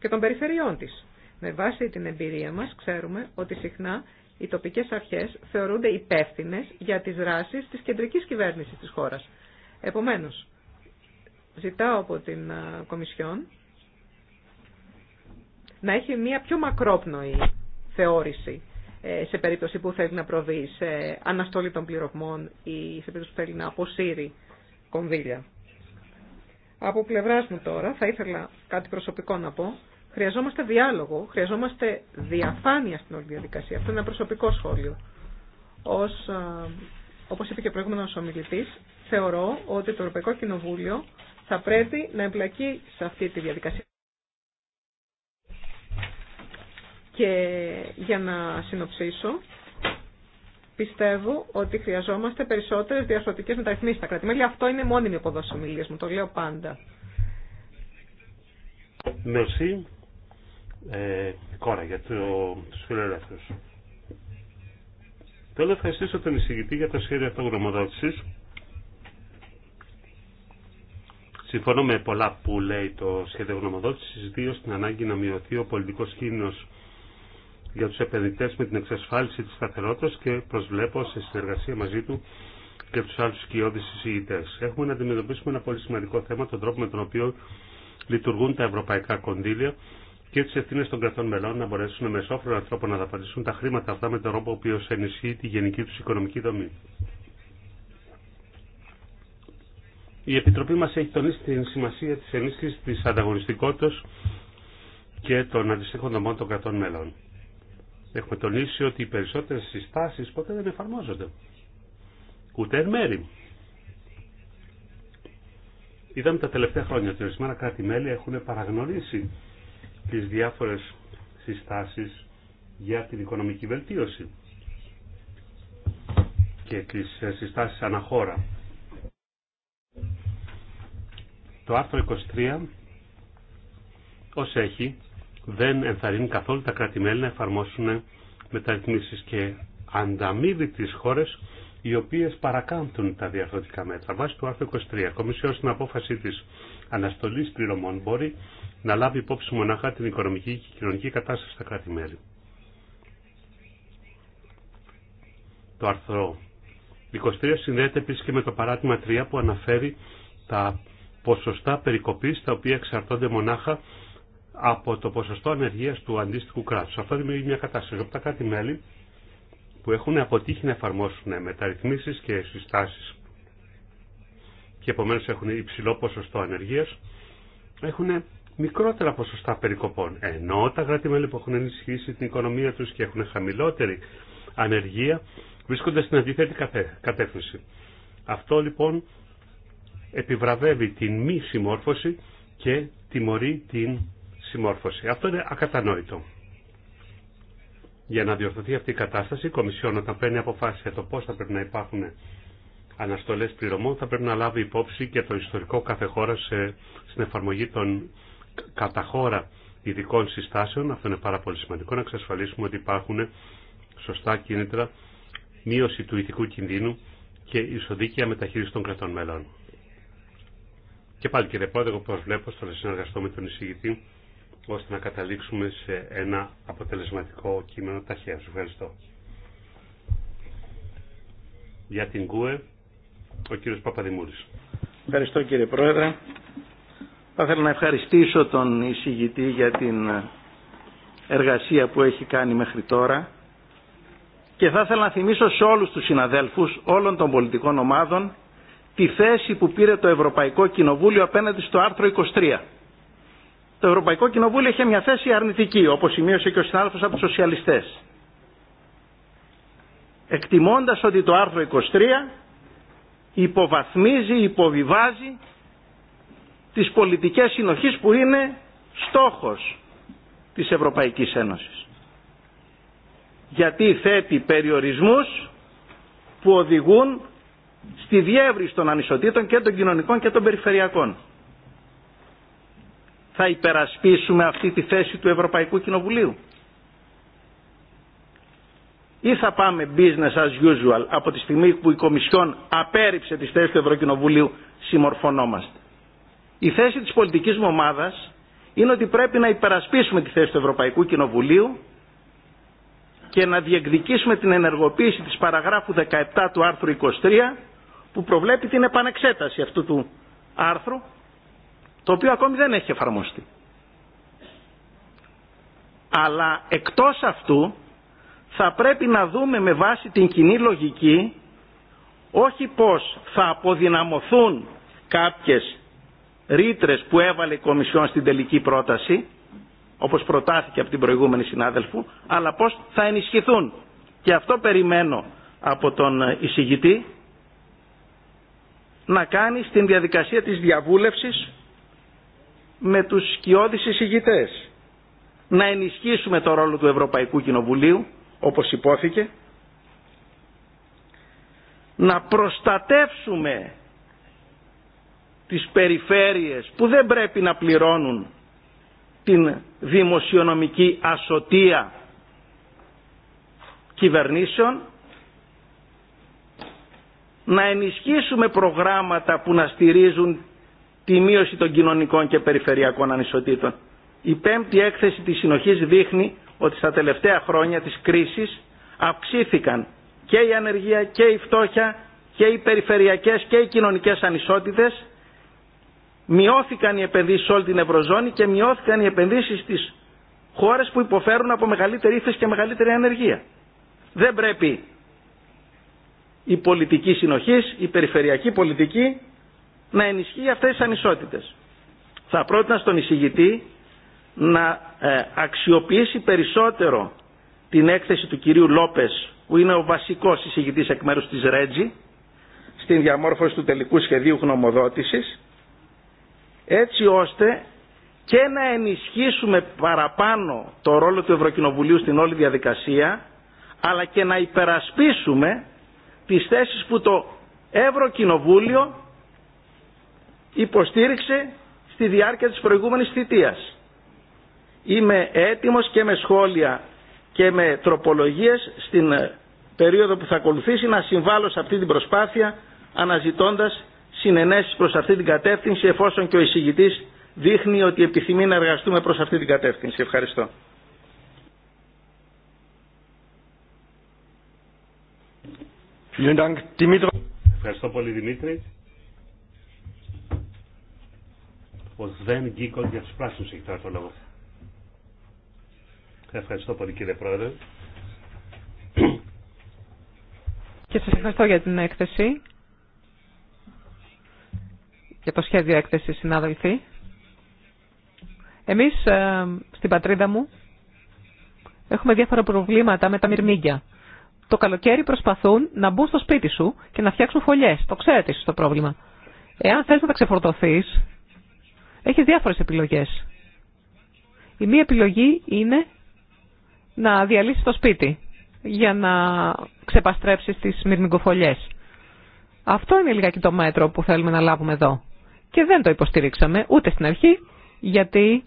και των περιφερειών της. Με βάση την εμπειρία μας ξέρουμε ότι συχνά οι τοπικές αρχές θεωρούνται υπεύθυνε για τις δράσει της κεντρικής κυβέρνησης της χώρας. Επομένως, ζητάω από την ε, Κομισιόν να έχει μια πιο μακρόπνοη θεώρηση ε, σε περίπτωση που θέλει να προβεί σε αναστολή των πληρωμών ή σε περίπτωση που θέλει να αποσύρει κονδύλια. Από πλευρά μου τώρα θα ήθελα κάτι προσωπικό να πω. Χρειαζόμαστε διάλογο, χρειαζόμαστε διαφάνεια στην όλη διαδικασία. Αυτό είναι ένα προσωπικό σχόλιο. Ως, όπως είπε και ο ομιλητής, θεωρώ ότι το Ευρωπαϊκό Κοινοβούλιο θα πρέπει να εμπλακεί σε αυτή τη διαδικασία. Και για να συνοψίσω, πιστεύω ότι χρειαζόμαστε περισσότερες διαφορετικές μεταρρυθμίσεις στα κράτη-μέλη. Αυτό είναι μόνιμη από ομιλίας μου, το λέω πάντα. Μερσή, ε, κόρα για το, τους φιλελεύθερους. Θέλω να ευχαριστήσω τον εισηγητή για το σχέδιο αυτογνωμοδότησης. Συμφωνώ με πολλά που λέει το σχέδιο γνωμοδότησης, ιδίω την ανάγκη να μειωθεί ο πολιτικός κίνδυνος για τους επενδυτές με την εξασφάλιση της σταθερότητας και προσβλέπω σε συνεργασία μαζί του και τους άλλους σκιώδεις συζητητές. Έχουμε να αντιμετωπίσουμε ένα πολύ σημαντικό θέμα, τον τρόπο με τον οποίο λειτουργούν τα ευρωπαϊκά κονδύλια και τι ευθύνε των κρατών μελών να μπορέσουν με σόφρονα τρόπο να δαπανίσουν τα χρήματα αυτά με τον τρόπο ο οποίος ενισχύει τη γενική του οικονομική δομή. Η Επιτροπή μας έχει τονίσει την σημασία της ενίσχυση τη ανταγωνιστικότητα και των αντιστοίχων δομών των κρατών μελών. Έχουμε τονίσει ότι οι περισσότερες συστάσεις ποτέ δεν εφαρμόζονται. Ούτε εν μέρη. Είδαμε τα τελευταία χρόνια ότι ορισμένα κράτη-μέλη έχουν παραγνωρίσει τις διάφορες συστάσεις για την οικονομική βελτίωση και τις συστάσεις αναχώρα. Το άρθρο 23 ως έχει δεν ενθαρρύνουν καθόλου τα κράτη-μέλη να εφαρμόσουν μεταρρυθμίσει και ανταμείβει τι χώρε, οι οποίε παρακάμπτουν τα διαρθρωτικά μέτρα. Βάσει του άρθρου 23, η Κομισιόν στην απόφαση τη αναστολή πληρωμών μπορεί να λάβει υπόψη μονάχα την οικονομική και κοινωνική κατάσταση στα κράτη-μέλη. Το άρθρο 23 συνδέεται επίση και με το παράδειγμα 3 που αναφέρει τα ποσοστά περικοπής τα οποία εξαρτώνται μονάχα από το ποσοστό ανεργία του αντίστοιχου κράτου. Αυτό δημιουργεί μια κατάσταση όπου τα κράτη-μέλη που έχουν αποτύχει να εφαρμόσουν μεταρρυθμίσει και συστάσει. και επομένω έχουν υψηλό ποσοστό ανεργία, έχουν μικρότερα ποσοστά περικοπών. Ενώ τα κράτη-μέλη που έχουν ενισχύσει την οικονομία του και έχουν χαμηλότερη ανεργία βρίσκονται στην αντίθετη κατεύθυνση. Αυτό λοιπόν επιβραβεύει την μη συμμόρφωση και τιμωρεί την συμμόρφωση. Αυτό είναι ακατανόητο. Για να διορθωθεί αυτή η κατάσταση, η Κομισιόν όταν παίρνει αποφάσει για το πώ θα πρέπει να υπάρχουν αναστολέ πληρωμών, θα πρέπει να λάβει υπόψη και το ιστορικό κάθε χώρα στην εφαρμογή των καταχώρα χώρα ειδικών συστάσεων. Αυτό είναι πάρα πολύ σημαντικό, να εξασφαλίσουμε ότι υπάρχουν σωστά κίνητρα μείωση του ηθικού κινδύνου και ισοδίκαια μεταχείριση των κρατών μελών. Και πάλι κύριε Πρόεδρε, πώ βλέπω, στο να συνεργαστώ με τον εισηγητή ώστε να καταλήξουμε σε ένα αποτελεσματικό κείμενο ταχεία. Σας ευχαριστώ. Για την ΚΟΕ, ο κύριος Παπαδημούλης. Ευχαριστώ κύριε Πρόεδρε. Θα ήθελα να ευχαριστήσω τον εισηγητή για την εργασία που έχει κάνει μέχρι τώρα και θα ήθελα να θυμίσω σε όλους τους συναδέλφους όλων των πολιτικών ομάδων τη θέση που πήρε το Ευρωπαϊκό Κοινοβούλιο απέναντι στο άρθρο 23 το Ευρωπαϊκό Κοινοβούλιο είχε μια θέση αρνητική, όπως σημείωσε και ο συνάδελφο από τους σοσιαλιστές. Εκτιμώντας ότι το άρθρο 23 υποβαθμίζει, υποβιβάζει τις πολιτικές συνοχής που είναι στόχος της Ευρωπαϊκής Ένωσης. Γιατί θέτει περιορισμούς που οδηγούν στη διεύρυνση των ανισοτήτων και των κοινωνικών και των περιφερειακών θα υπερασπίσουμε αυτή τη θέση του Ευρωπαϊκού Κοινοβουλίου. Ή θα πάμε business as usual από τη στιγμή που η Κομισιόν απέρριψε τη θέση του Ευρωκοινοβουλίου συμμορφωνόμαστε. Η θέση της πολιτικής μου ομάδας είναι ότι πρέπει να υπερασπίσουμε τη θέση του Ευρωπαϊκού Κοινοβουλίου και να διεκδικήσουμε την ενεργοποίηση της παραγράφου 17 του άρθρου 23 που προβλέπει την επανεξέταση αυτού του άρθρου το οποίο ακόμη δεν έχει εφαρμοστεί. Αλλά εκτός αυτού θα πρέπει να δούμε με βάση την κοινή λογική όχι πως θα αποδυναμωθούν κάποιες ρήτρε που έβαλε η Κομισιόν στην τελική πρόταση, όπως προτάθηκε από την προηγούμενη συνάδελφου, αλλά πως θα ενισχυθούν. Και αυτό περιμένω από τον εισηγητή να κάνει στην διαδικασία της διαβούλευσης με τους σκιώδεις εισηγητές. Να ενισχύσουμε το ρόλο του Ευρωπαϊκού Κοινοβουλίου, όπως υπόθηκε. Να προστατεύσουμε τις περιφέρειες που δεν πρέπει να πληρώνουν την δημοσιονομική ασωτεία κυβερνήσεων να ενισχύσουμε προγράμματα που να στηρίζουν τη μείωση των κοινωνικών και περιφερειακών ανισοτήτων. Η πέμπτη έκθεση της συνοχής δείχνει ότι στα τελευταία χρόνια της κρίσης αυξήθηκαν και η ανεργία και η φτώχεια και οι περιφερειακές και οι κοινωνικές ανισότητες, μειώθηκαν οι επενδύσεις σε όλη την Ευρωζώνη και μειώθηκαν οι επενδύσεις στις χώρες που υποφέρουν από μεγαλύτερη ύφεση και μεγαλύτερη ανεργία. Δεν πρέπει η πολιτική συνοχής, η περιφερειακή πολιτική να ενισχύει αυτές τις ανισότητες. Θα πρότεινα στον εισηγητή να ε, αξιοποιήσει περισσότερο την έκθεση του κυρίου Λόπες που είναι ο βασικός εισηγητής εκ μέρους της Ρέτζη στην διαμόρφωση του τελικού σχεδίου γνωμοδότησης έτσι ώστε και να ενισχύσουμε παραπάνω το ρόλο του Ευρωκοινοβουλίου στην όλη διαδικασία αλλά και να υπερασπίσουμε τις θέσεις που το Ευρωκοινοβούλιο υποστήριξε στη διάρκεια της προηγούμενης θητείας. Είμαι έτοιμος και με σχόλια και με τροπολογίες στην ε, περίοδο που θα ακολουθήσει να συμβάλλω σε αυτή την προσπάθεια αναζητώντας συνενέσεις προς αυτή την κατεύθυνση εφόσον και ο εισηγητής δείχνει ότι επιθυμεί να εργαστούμε προς αυτή την κατεύθυνση. Ευχαριστώ. Ευχαριστώ πολύ Δημήτρη. Ο Σβέν Γκίκολ για του πράσινου έχει τώρα το λόγο. Ευχαριστώ πολύ κύριε Πρόεδρε. Και σας ευχαριστώ για την έκθεση. Για το σχέδιο έκθεση συνάδελφοι. Εμείς ε, στην πατρίδα μου έχουμε διάφορα προβλήματα με τα μυρμήγκια. Το καλοκαίρι προσπαθούν να μπουν στο σπίτι σου και να φτιάξουν φωλιές. Το ξέρετε εσείς το πρόβλημα. Εάν θες να τα ξεφορτωθείς, έχει διάφορες επιλογές. Η μία επιλογή είναι να διαλύσει το σπίτι για να ξεπαστρέψει τις μυρμικοφολιές. Αυτό είναι λιγάκι το μέτρο που θέλουμε να λάβουμε εδώ. Και δεν το υποστηρίξαμε ούτε στην αρχή, γιατί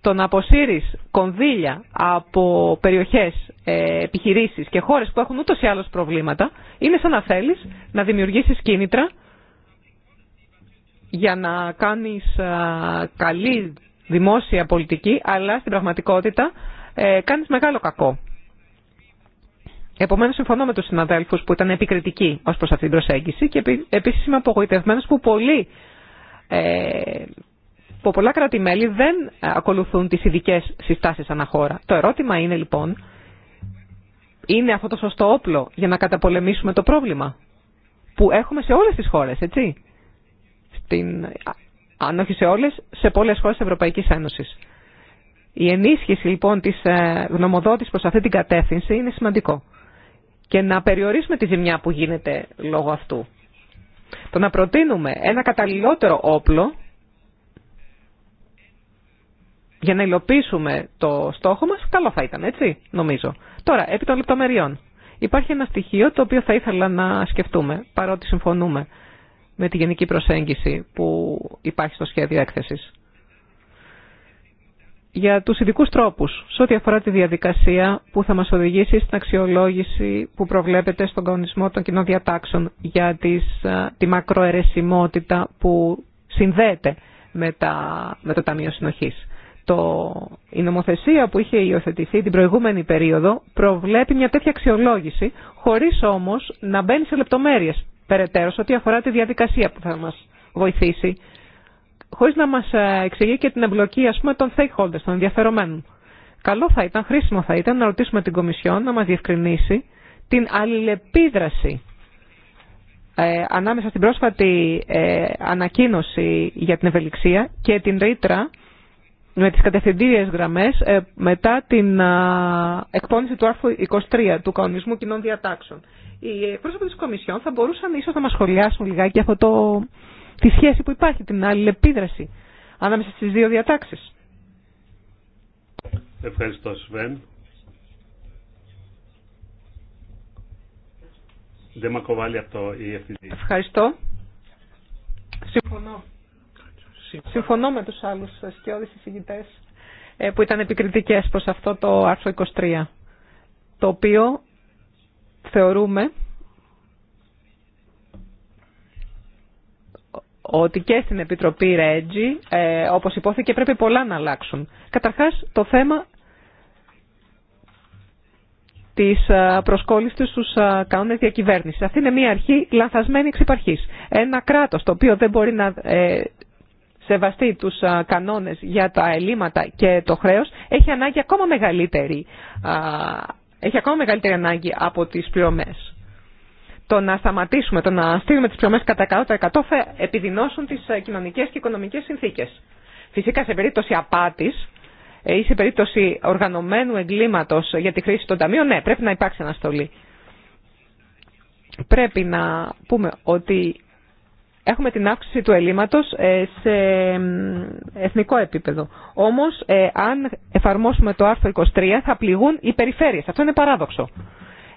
το να αποσύρεις κονδύλια από περιοχές, ε, επιχειρήσεις και χώρες που έχουν ούτως ή άλλως προβλήματα, είναι σαν να θέλεις να δημιουργήσεις κίνητρα για να κάνεις καλή δημόσια πολιτική, αλλά στην πραγματικότητα ε, κάνεις μεγάλο κακό. Επομένως, συμφωνώ με τους συναδέλφους που ήταν επικριτικοί ως προς αυτή την προσέγγιση και επίσης είμαι απογοητευμένος που πολλοί ε, που πολλά κράτη-μέλη δεν ακολουθούν τις ειδικέ συστάσεις χώρα. Το ερώτημα είναι λοιπόν, είναι αυτό το σωστό όπλο για να καταπολεμήσουμε το πρόβλημα που έχουμε σε όλες τις χώρες, έτσι την, αν όχι σε όλες, σε πολλές χώρες της Ευρωπαϊκής Ένωσης. Η ενίσχυση λοιπόν της ε, γνωμοδότησης προς αυτή την κατεύθυνση είναι σημαντικό. Και να περιορίσουμε τη ζημιά που γίνεται λόγω αυτού. Το να προτείνουμε ένα καταλληλότερο όπλο για να υλοποιήσουμε το στόχο μας, καλό θα ήταν, έτσι, νομίζω. Τώρα, επί των λεπτομεριών. Υπάρχει ένα στοιχείο το οποίο θα ήθελα να σκεφτούμε, παρότι συμφωνούμε με τη γενική προσέγγιση που υπάρχει στο σχέδιο έκθεσης. Για τους ειδικού τρόπους, σε ό,τι αφορά τη διαδικασία που θα μας οδηγήσει στην αξιολόγηση που προβλέπεται στον κανονισμό των κοινών διατάξεων για τις, τη μακροαιρεσιμότητα που συνδέεται με, τα, με το Ταμείο Συνοχής. Το, η νομοθεσία που είχε υιοθετηθεί την προηγούμενη περίοδο προβλέπει μια τέτοια αξιολόγηση χωρίς όμως να μπαίνει σε λεπτομέρειες περαιτέρω ό,τι αφορά τη διαδικασία που θα μας βοηθήσει, χωρίς να μας ε, εξηγεί και την εμπλοκή ας πούμε, των stakeholders, των ενδιαφερομένων. Καλό θα ήταν, χρήσιμο θα ήταν να ρωτήσουμε την Κομισιόν να μας διευκρινίσει την αλληλεπίδραση ε, ανάμεσα στην πρόσφατη ε, ανακοίνωση για την ευελιξία και την ρήτρα με τις κατευθυντήριες γραμμές ε, μετά την ε, εκπόνηση του άρθρου 23 του Κανονισμού Κοινών Διατάξεων. Οι πρόσωποι της Κομισιόν θα μπορούσαν ίσως να μας σχολιάσουν λιγάκι αυτό το... τη σχέση που υπάρχει, την αλληλεπίδραση ανάμεσα στις δύο διατάξεις. Ευχαριστώ Σβέν. Δεν ακοβάλει αυτό η ευθυντή. Ευχαριστώ. Συμφωνώ. Συμφωνώ με τους άλλους σκιώδεις εισηγητές ε, που ήταν επικριτικές προς αυτό το άρθρο 23, το οποίο θεωρούμε ότι και στην Επιτροπή Ρέτζη, ε, όπως υπόθηκε, πρέπει πολλά να αλλάξουν. Καταρχάς, το θέμα της ε, προσκόλλησης στους ε, κανόνες διακυβέρνησης. Αυτή είναι μια αρχή λανθασμένη εξυπαρχής. Ένα κράτος το οποίο δεν μπορεί να ε, σεβαστεί τους ε, κανόνες για τα ελλείμματα και το χρέος, έχει ανάγκη ακόμα μεγαλύτερη έχει ακόμα μεγαλύτερη ανάγκη από τις πληρωμές. Το να σταματήσουμε, το να στείλουμε τις πληρωμές κατά 100% θα επιδεινώσουν τις ε, κοινωνικές και οικονομικές συνθήκες. Φυσικά σε περίπτωση απάτης ε, ή σε περίπτωση οργανωμένου εγκλήματος για τη χρήση των ταμείων, ναι, πρέπει να υπάρξει αναστολή. Πρέπει να πούμε ότι Έχουμε την αύξηση του ελλείμματος ε, σε εθνικό επίπεδο. Όμως, ε, αν εφαρμόσουμε το άρθρο 23, θα πληγούν οι περιφέρειες. Αυτό είναι παράδοξο.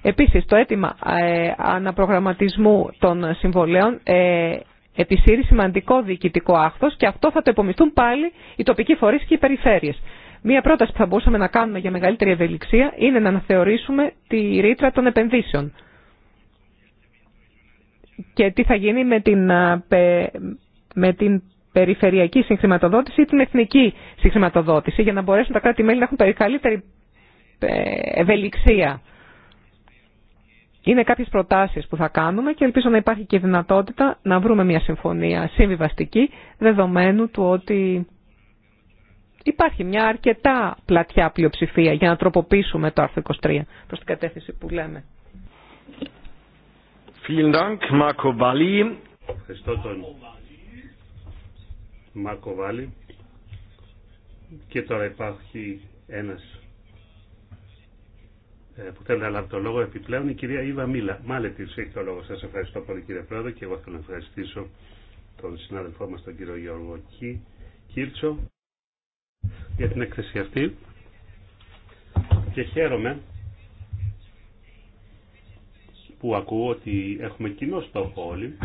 Επίσης, το αίτημα ε, αναπρογραμματισμού των συμβολέων επισύρει σημαντικό διοικητικό άχθος και αυτό θα το επομιστούν πάλι οι τοπικοί φορείς και οι περιφέρειες. Μία πρόταση που θα μπορούσαμε να κάνουμε για μεγαλύτερη ευελιξία είναι να αναθεωρήσουμε τη ρήτρα των επενδύσεων και τι θα γίνει με την, με την περιφερειακή συγχρηματοδότηση ή την εθνική συγχρηματοδότηση για να μπορέσουν τα κράτη-μέλη να έχουν καλύτερη ε, ευελιξία. Είναι κάποιες προτάσεις που θα κάνουμε και ελπίζω να υπάρχει και δυνατότητα να βρούμε μια συμφωνία συμβιβαστική δεδομένου του ότι υπάρχει μια αρκετά πλατιά πλειοψηφία για να τροποποιήσουμε το άρθρο 23 προς την κατεύθυνση που λέμε. Μάρκο Βάλι. Ευχαριστώ τον Μάρκο Βάλι. Και τώρα υπάρχει ένας ε, που θέλει να λάβει το λόγο επιπλέον η κυρία Ήβα Μίλα. Μάλετη, έχει το λόγο. Σας ευχαριστώ πολύ κύριε Πρόεδρε και εγώ θέλω να ευχαριστήσω τον συνάδελφό μας τον κύριο Γιώργο Κί, Κίρτσο για την έκθεση αυτή και χαίρομαι που ακούω ότι έχουμε κοινό στόχο όλοι,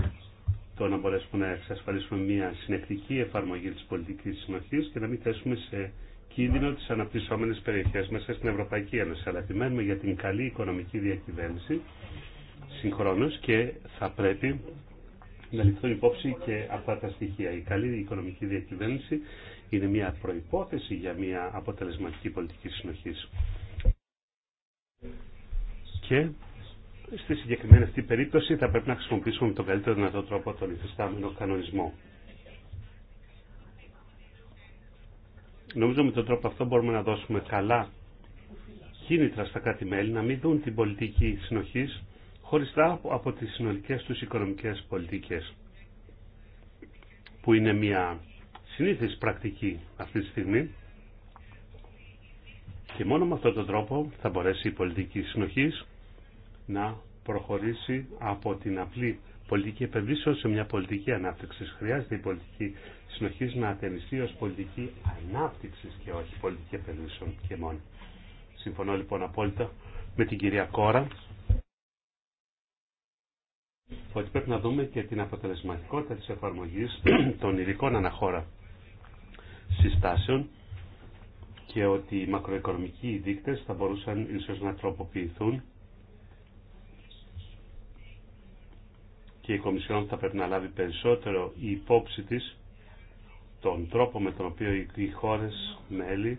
το να μπορέσουμε να εξασφαλίσουμε μια συνεκτική εφαρμογή της πολιτικής συνοχής και να μην θέσουμε σε κίνδυνο τις αναπτυσσόμενες περιοχές μέσα στην Ευρωπαϊκή Ένωση. Αλλά επιμένουμε για την καλή οικονομική διακυβέρνηση συγχρόνως και θα πρέπει να ληφθούν υπόψη και αυτά τα στοιχεία. Η καλή οικονομική διακυβέρνηση είναι μια προϋπόθεση για μια αποτελεσματική πολιτική συνοχής. Και Στη συγκεκριμένη αυτή περίπτωση θα πρέπει να χρησιμοποιήσουμε τον καλύτερο δυνατό τρόπο τον υφιστάμενο κανονισμό. Νομίζω με τον τρόπο αυτό μπορούμε να δώσουμε καλά κίνητρα στα κράτη-μέλη να μην δουν την πολιτική συνοχή χωριστά από τις συνολικές τους οικονομικές πολιτικές που είναι μια συνήθις πρακτική αυτή τη στιγμή και μόνο με αυτόν τον τρόπο θα μπορέσει η πολιτική συνοχής να προχωρήσει από την απλή πολιτική επενδύσεω σε μια πολιτική ανάπτυξη. Χρειάζεται η πολιτική συνοχή να ατενιστεί ω πολιτική ανάπτυξη και όχι πολιτική επενδύσεων και μόνο. Συμφωνώ λοιπόν απόλυτα με την κυρία Κόρα ότι πρέπει να δούμε και την αποτελεσματικότητα της εφαρμογής των ειδικών αναχώρα συστάσεων και ότι οι μακροοικονομικοί δείκτες θα μπορούσαν ίσως να τροποποιηθούν και η Κομισιόν θα πρέπει να λάβει περισσότερο η υπόψη της τον τρόπο με τον οποίο οι χώρες μέλη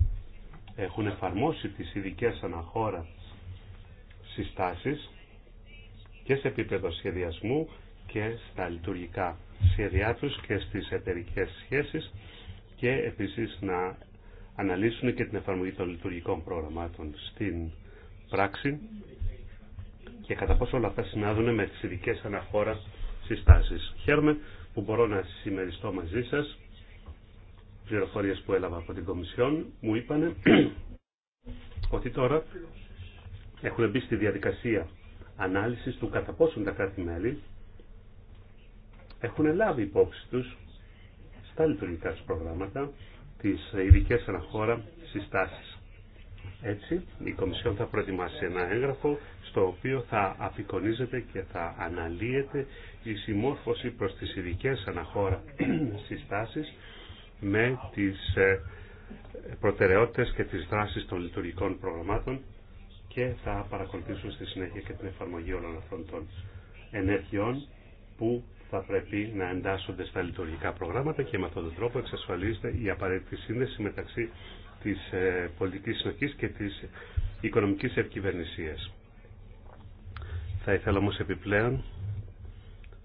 έχουν εφαρμόσει τις ειδικές αναχώρα συστάσεις και σε επίπεδο σχεδιασμού και στα λειτουργικά σχέδιά τους και στις εταιρικέ σχέσεις και επίσης να αναλύσουν και την εφαρμογή των λειτουργικών προγραμμάτων στην πράξη και κατά πόσο όλα αυτά συνάδουν με τις ειδικές αναχώρα συστάσεις. Χαίρομαι που μπορώ να συμμεριστώ μαζί σας. Πληροφορίες που έλαβα από την Κομισιόν μου είπαν ότι τώρα έχουν μπει στη διαδικασία ανάλυσης του κατά πόσον τα κράτη-μέλη έχουν λάβει υπόψη τους στα λειτουργικά τους προγράμματα τις ειδικέ αναχώρα συστάσεις. Έτσι, η Κομισιόν θα προετοιμάσει ένα έγγραφο στο οποίο θα απεικονίζεται και θα αναλύεται η συμμόρφωση προς τις ειδικέ αναχώρα συστάσεις με τις ε, προτεραιότητες και τις δράσεις των λειτουργικών προγραμμάτων και θα παρακολουθήσουν στη συνέχεια και την εφαρμογή όλων αυτών των ενέργειών που θα πρέπει να εντάσσονται στα λειτουργικά προγράμματα και με αυτόν τον τρόπο εξασφαλίζεται η απαραίτητη σύνδεση μεταξύ της ε, πολιτικής συνοχής και της οικονομικής ευκυβερνησίας. Θα ήθελα όμως επιπλέον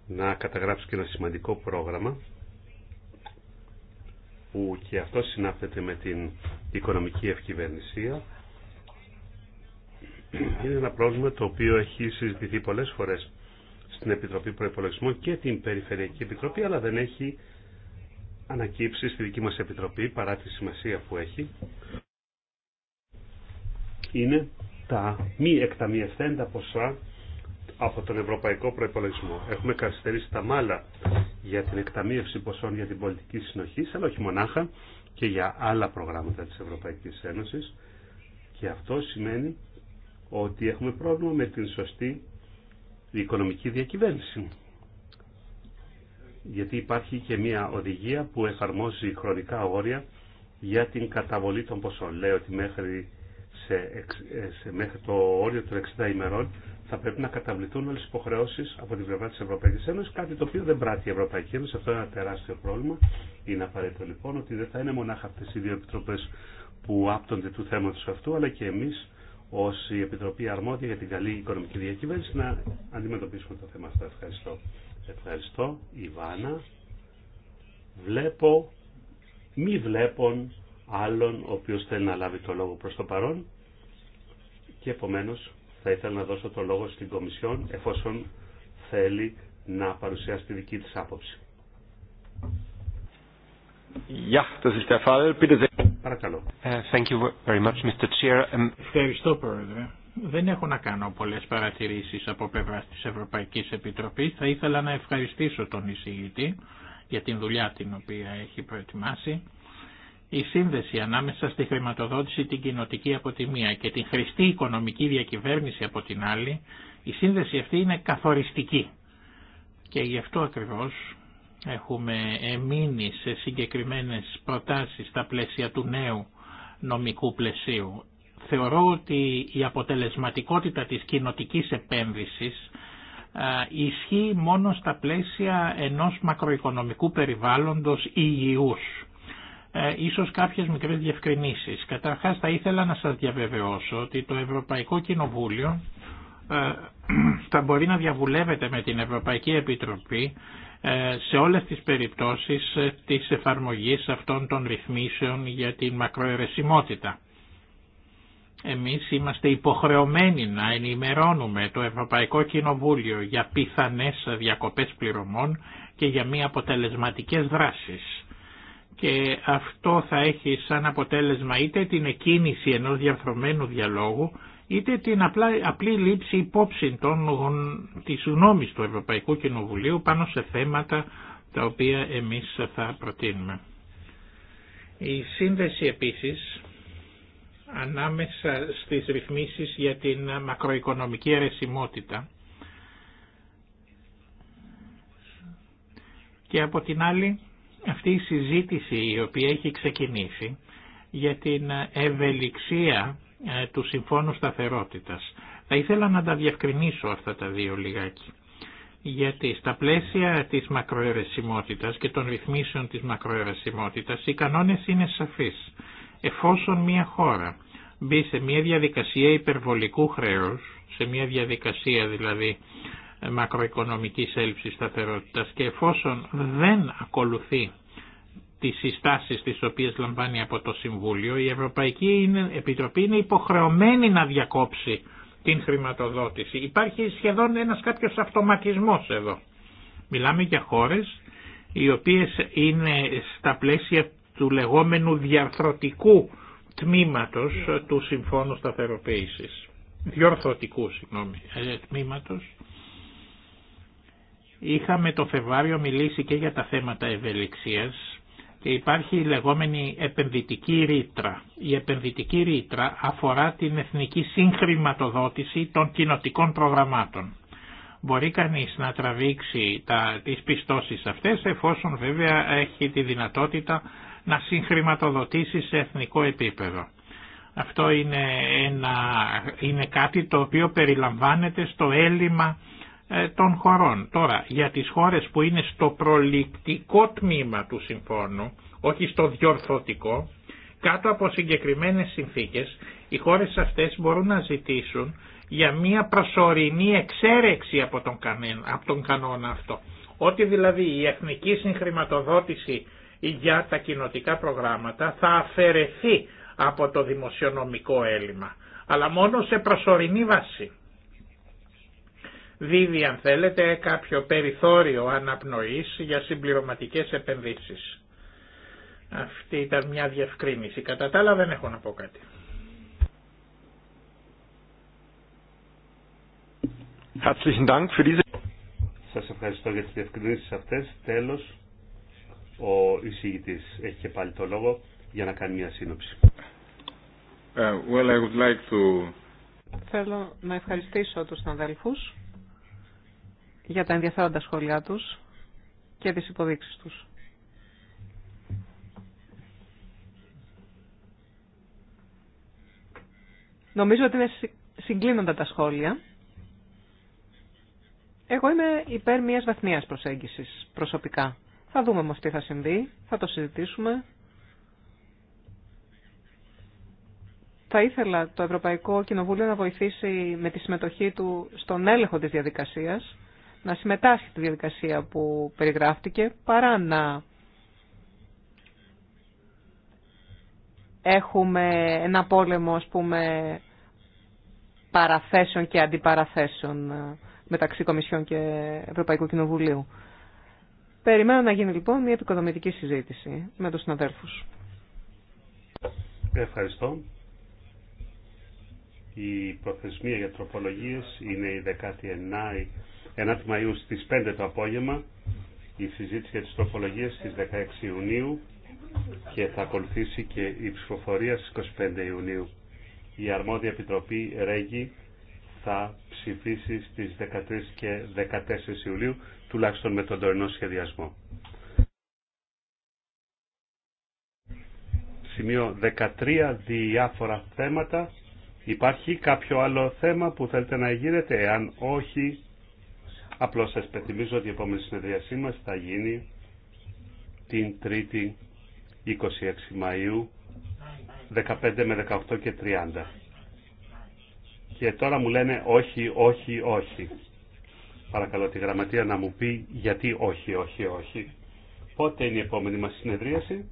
να καταγράψω και ένα σημαντικό πρόγραμμα που και αυτό συνάπτεται με την οικονομική ευκυβερνησία. Είναι ένα πρόβλημα το οποίο έχει συζητηθεί πολλές φορές στην Επιτροπή Προϋπολογισμού και την Περιφερειακή Επιτροπή, αλλά δεν έχει ανακύψει στη δική μας Επιτροπή παρά τη σημασία που έχει. Είναι τα μη εκταμιευθέντα ποσά από τον Ευρωπαϊκό Προπολογισμό. Έχουμε καθυστερήσει τα μάλα για την εκταμείευση ποσών για την πολιτική συνοχή, αλλά όχι μονάχα και για άλλα προγράμματα της Ευρωπαϊκής Ένωσης. Και αυτό σημαίνει ότι έχουμε πρόβλημα με την σωστή οικονομική διακυβέρνηση. Γιατί υπάρχει και μια οδηγία που εφαρμόζει χρονικά όρια για την καταβολή των ποσών. Λέει ότι μέχρι, ε, σε, μέχρι το όριο των 60 ημερών θα πρέπει να καταβληθούν όλε τι υποχρεώσει από την πλευρά τη Ευρωπαϊκή Ένωση, κάτι το οποίο δεν πράττει η Ευρωπαϊκή Ένωση. Αυτό είναι ένα τεράστιο πρόβλημα. Είναι απαραίτητο λοιπόν ότι δεν θα είναι μονάχα αυτέ οι δύο επιτροπέ που άπτονται του θέματο αυτού, αλλά και εμεί ω η Επιτροπή Αρμόδια για την Καλή Οικονομική Διακυβέρνηση να αντιμετωπίσουμε το θέμα αυτό. Ευχαριστώ. Ευχαριστώ, Ιβάνα. Βλέπω, μη βλέπων άλλον ο οποίο θέλει να λάβει το λόγο προς το παρόν και επομένως θα ήθελα να δώσω το λόγο στην Κομισιόν εφόσον θέλει να παρουσιάσει τη δική της άποψη. Ja, das ist der Fall. Bitte ε, Thank you very much, Mr. Ε, Ευχαριστώ, Πρόεδρε. Δεν έχω να κάνω πολλές παρατηρήσεις από πλευρά της Ευρωπαϊκής Επιτροπής. Θα ήθελα να ευχαριστήσω τον εισηγητή για την δουλειά την οποία έχει προετοιμάσει η σύνδεση ανάμεσα στη χρηματοδότηση την κοινοτική από τη μία και την χρηστή οικονομική διακυβέρνηση από την άλλη, η σύνδεση αυτή είναι καθοριστική. Και γι' αυτό ακριβώς έχουμε εμείνει σε συγκεκριμένες προτάσεις στα πλαίσια του νέου νομικού πλαισίου. Θεωρώ ότι η αποτελεσματικότητα της κοινοτικής επένδυσης ισχύει μόνο στα πλαίσια ενός μακροοικονομικού περιβάλλοντος υγιούς ε, ίσως κάποιες μικρές διευκρινήσεις. Καταρχάς θα ήθελα να σας διαβεβαιώσω ότι το Ευρωπαϊκό Κοινοβούλιο ε, θα μπορεί να διαβουλεύεται με την Ευρωπαϊκή Επιτροπή ε, σε όλες τις περιπτώσεις της εφαρμογής αυτών των ρυθμίσεων για την μακροαιρεσιμότητα. Εμείς είμαστε υποχρεωμένοι να ενημερώνουμε το Ευρωπαϊκό Κοινοβούλιο για πιθανές διακοπές πληρωμών και για μη αποτελεσματικές δράσεις και αυτό θα έχει σαν αποτέλεσμα είτε την εκκίνηση ενός διαρθρωμένου διαλόγου είτε την απλή λήψη υπόψη των, της γνώμης του Ευρωπαϊκού Κοινοβουλίου πάνω σε θέματα τα οποία εμείς θα προτείνουμε. Η σύνδεση επίσης ανάμεσα στις ρυθμίσεις για την μακροοικονομική αρεσιμότητα και από την άλλη αυτή η συζήτηση η οποία έχει ξεκινήσει για την ευελιξία ε, του Συμφώνου Σταθερότητας. Θα ήθελα να τα διευκρινίσω αυτά τα δύο λιγάκι. Γιατί στα πλαίσια της μακροαιρεσιμότητας και των ρυθμίσεων της μακροαιρεσιμότητας οι κανόνες είναι σαφείς. Εφόσον μια χώρα μπει σε μια διαδικασία υπερβολικού χρέους, σε μια διαδικασία δηλαδή μακροοικονομικής έλλειψης σταθερότητας και εφόσον δεν ακολουθεί τις συστάσεις τις οποίες λαμβάνει από το Συμβούλιο, η Ευρωπαϊκή Επιτροπή είναι υποχρεωμένη να διακόψει την χρηματοδότηση. Υπάρχει σχεδόν ένας κάποιος αυτοματισμός εδώ. Μιλάμε για χώρες οι οποίες είναι στα πλαίσια του λεγόμενου διαρθρωτικού τμήματος του Συμφώνου Σταθεροποίησης. Διορθωτικού, συγγνώμη, ε, τμήματος Είχαμε το Φεβάριο μιλήσει και για τα θέματα ευελιξίας και υπάρχει η λεγόμενη επενδυτική ρήτρα. Η επενδυτική ρήτρα αφορά την εθνική συγχρηματοδότηση των κοινοτικών προγραμμάτων. Μπορεί κανείς να τραβήξει τα, τις πιστώσεις αυτές εφόσον βέβαια έχει τη δυνατότητα να συγχρηματοδοτήσει σε εθνικό επίπεδο. Αυτό είναι, ένα, είναι κάτι το οποίο περιλαμβάνεται στο έλλειμμα ε, των χωρών. Τώρα, για τις χώρες που είναι στο προληπτικό τμήμα του συμφώνου, όχι στο διορθωτικό, κάτω από συγκεκριμένες συνθήκες, οι χώρες αυτές μπορούν να ζητήσουν για μία προσωρινή εξέρεξη από τον, από τον κανόνα αυτό. Ότι δηλαδή η εθνική συγχρηματοδότηση για τα κοινοτικά προγράμματα θα αφαιρεθεί από το δημοσιονομικό έλλειμμα, αλλά μόνο σε προσωρινή βάση δίδει αν θέλετε κάποιο περιθώριο αναπνοής για συμπληρωματικές επενδύσεις. Αυτή ήταν μια διευκρίνηση. Κατά τα άλλα δεν έχω να πω κάτι. Σας ευχαριστώ για τις διευκρινήσεις αυτές. Τέλος, ο εισηγητής έχει και πάλι το λόγο για να κάνει μια σύνοψη. Ε, well, I would like to... Θέλω να ευχαριστήσω τους αδέλφους για τα ενδιαφέροντα σχόλιά τους και τις υποδείξεις τους. Νομίζω ότι είναι συγκλίνοντα τα σχόλια. Εγώ είμαι υπέρ μιας βαθμίας προσέγγισης προσωπικά. Θα δούμε όμως τι θα συμβεί, θα το συζητήσουμε. Θα ήθελα το Ευρωπαϊκό Κοινοβούλιο να βοηθήσει με τη συμμετοχή του στον έλεγχο της διαδικασίας να συμμετάσχει στη διαδικασία που περιγράφτηκε παρά να έχουμε ένα πόλεμο ας πούμε παραθέσεων και αντιπαραθέσεων ε, μεταξύ Κομισιών και Ευρωπαϊκού Κοινοβουλίου. Περιμένω να γίνει λοιπόν μια επικοδομητική συζήτηση με τους συναδέλφους. Ευχαριστώ. Η προθεσμία για τροπολογίες είναι η 19η 9 η Μαΐου στις 5 το απόγευμα η συζήτηση για τις τροφολογίες στις 16 Ιουνίου και θα ακολουθήσει και η ψηφοφορία στις 25 Ιουνίου. Η αρμόδια επιτροπή Ρέγγι θα ψηφίσει στις 13 και 14 Ιουλίου, τουλάχιστον με τον τωρινό σχεδιασμό. Σημείο 13, διάφορα θέματα. Υπάρχει κάποιο άλλο θέμα που θέλετε να γίνετε, εάν όχι Απλώς σας πεθυμίζω ότι η επόμενη συνεδρίασή μας θα γίνει την 3η 26 Μαΐου 15 με 18 και 30. Και τώρα μου λένε όχι, όχι, όχι. Παρακαλώ τη γραμματεία να μου πει γιατί όχι, όχι, όχι. Πότε είναι η επόμενη μας συνεδρίαση.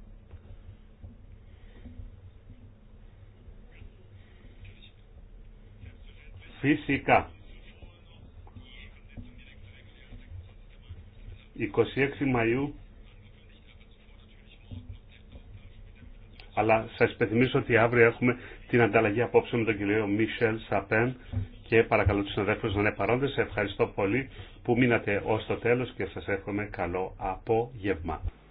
Φυσικά. 26 Μαΐου αλλά σας υπενθυμίσω ότι αύριο έχουμε την ανταλλαγή απόψε με τον κύριο Μίσελ Σαπέν και παρακαλώ τους συναδέλφους να είναι παρόντες. Ευχαριστώ πολύ που μείνατε ως το τέλος και σας εύχομαι καλό απόγευμα.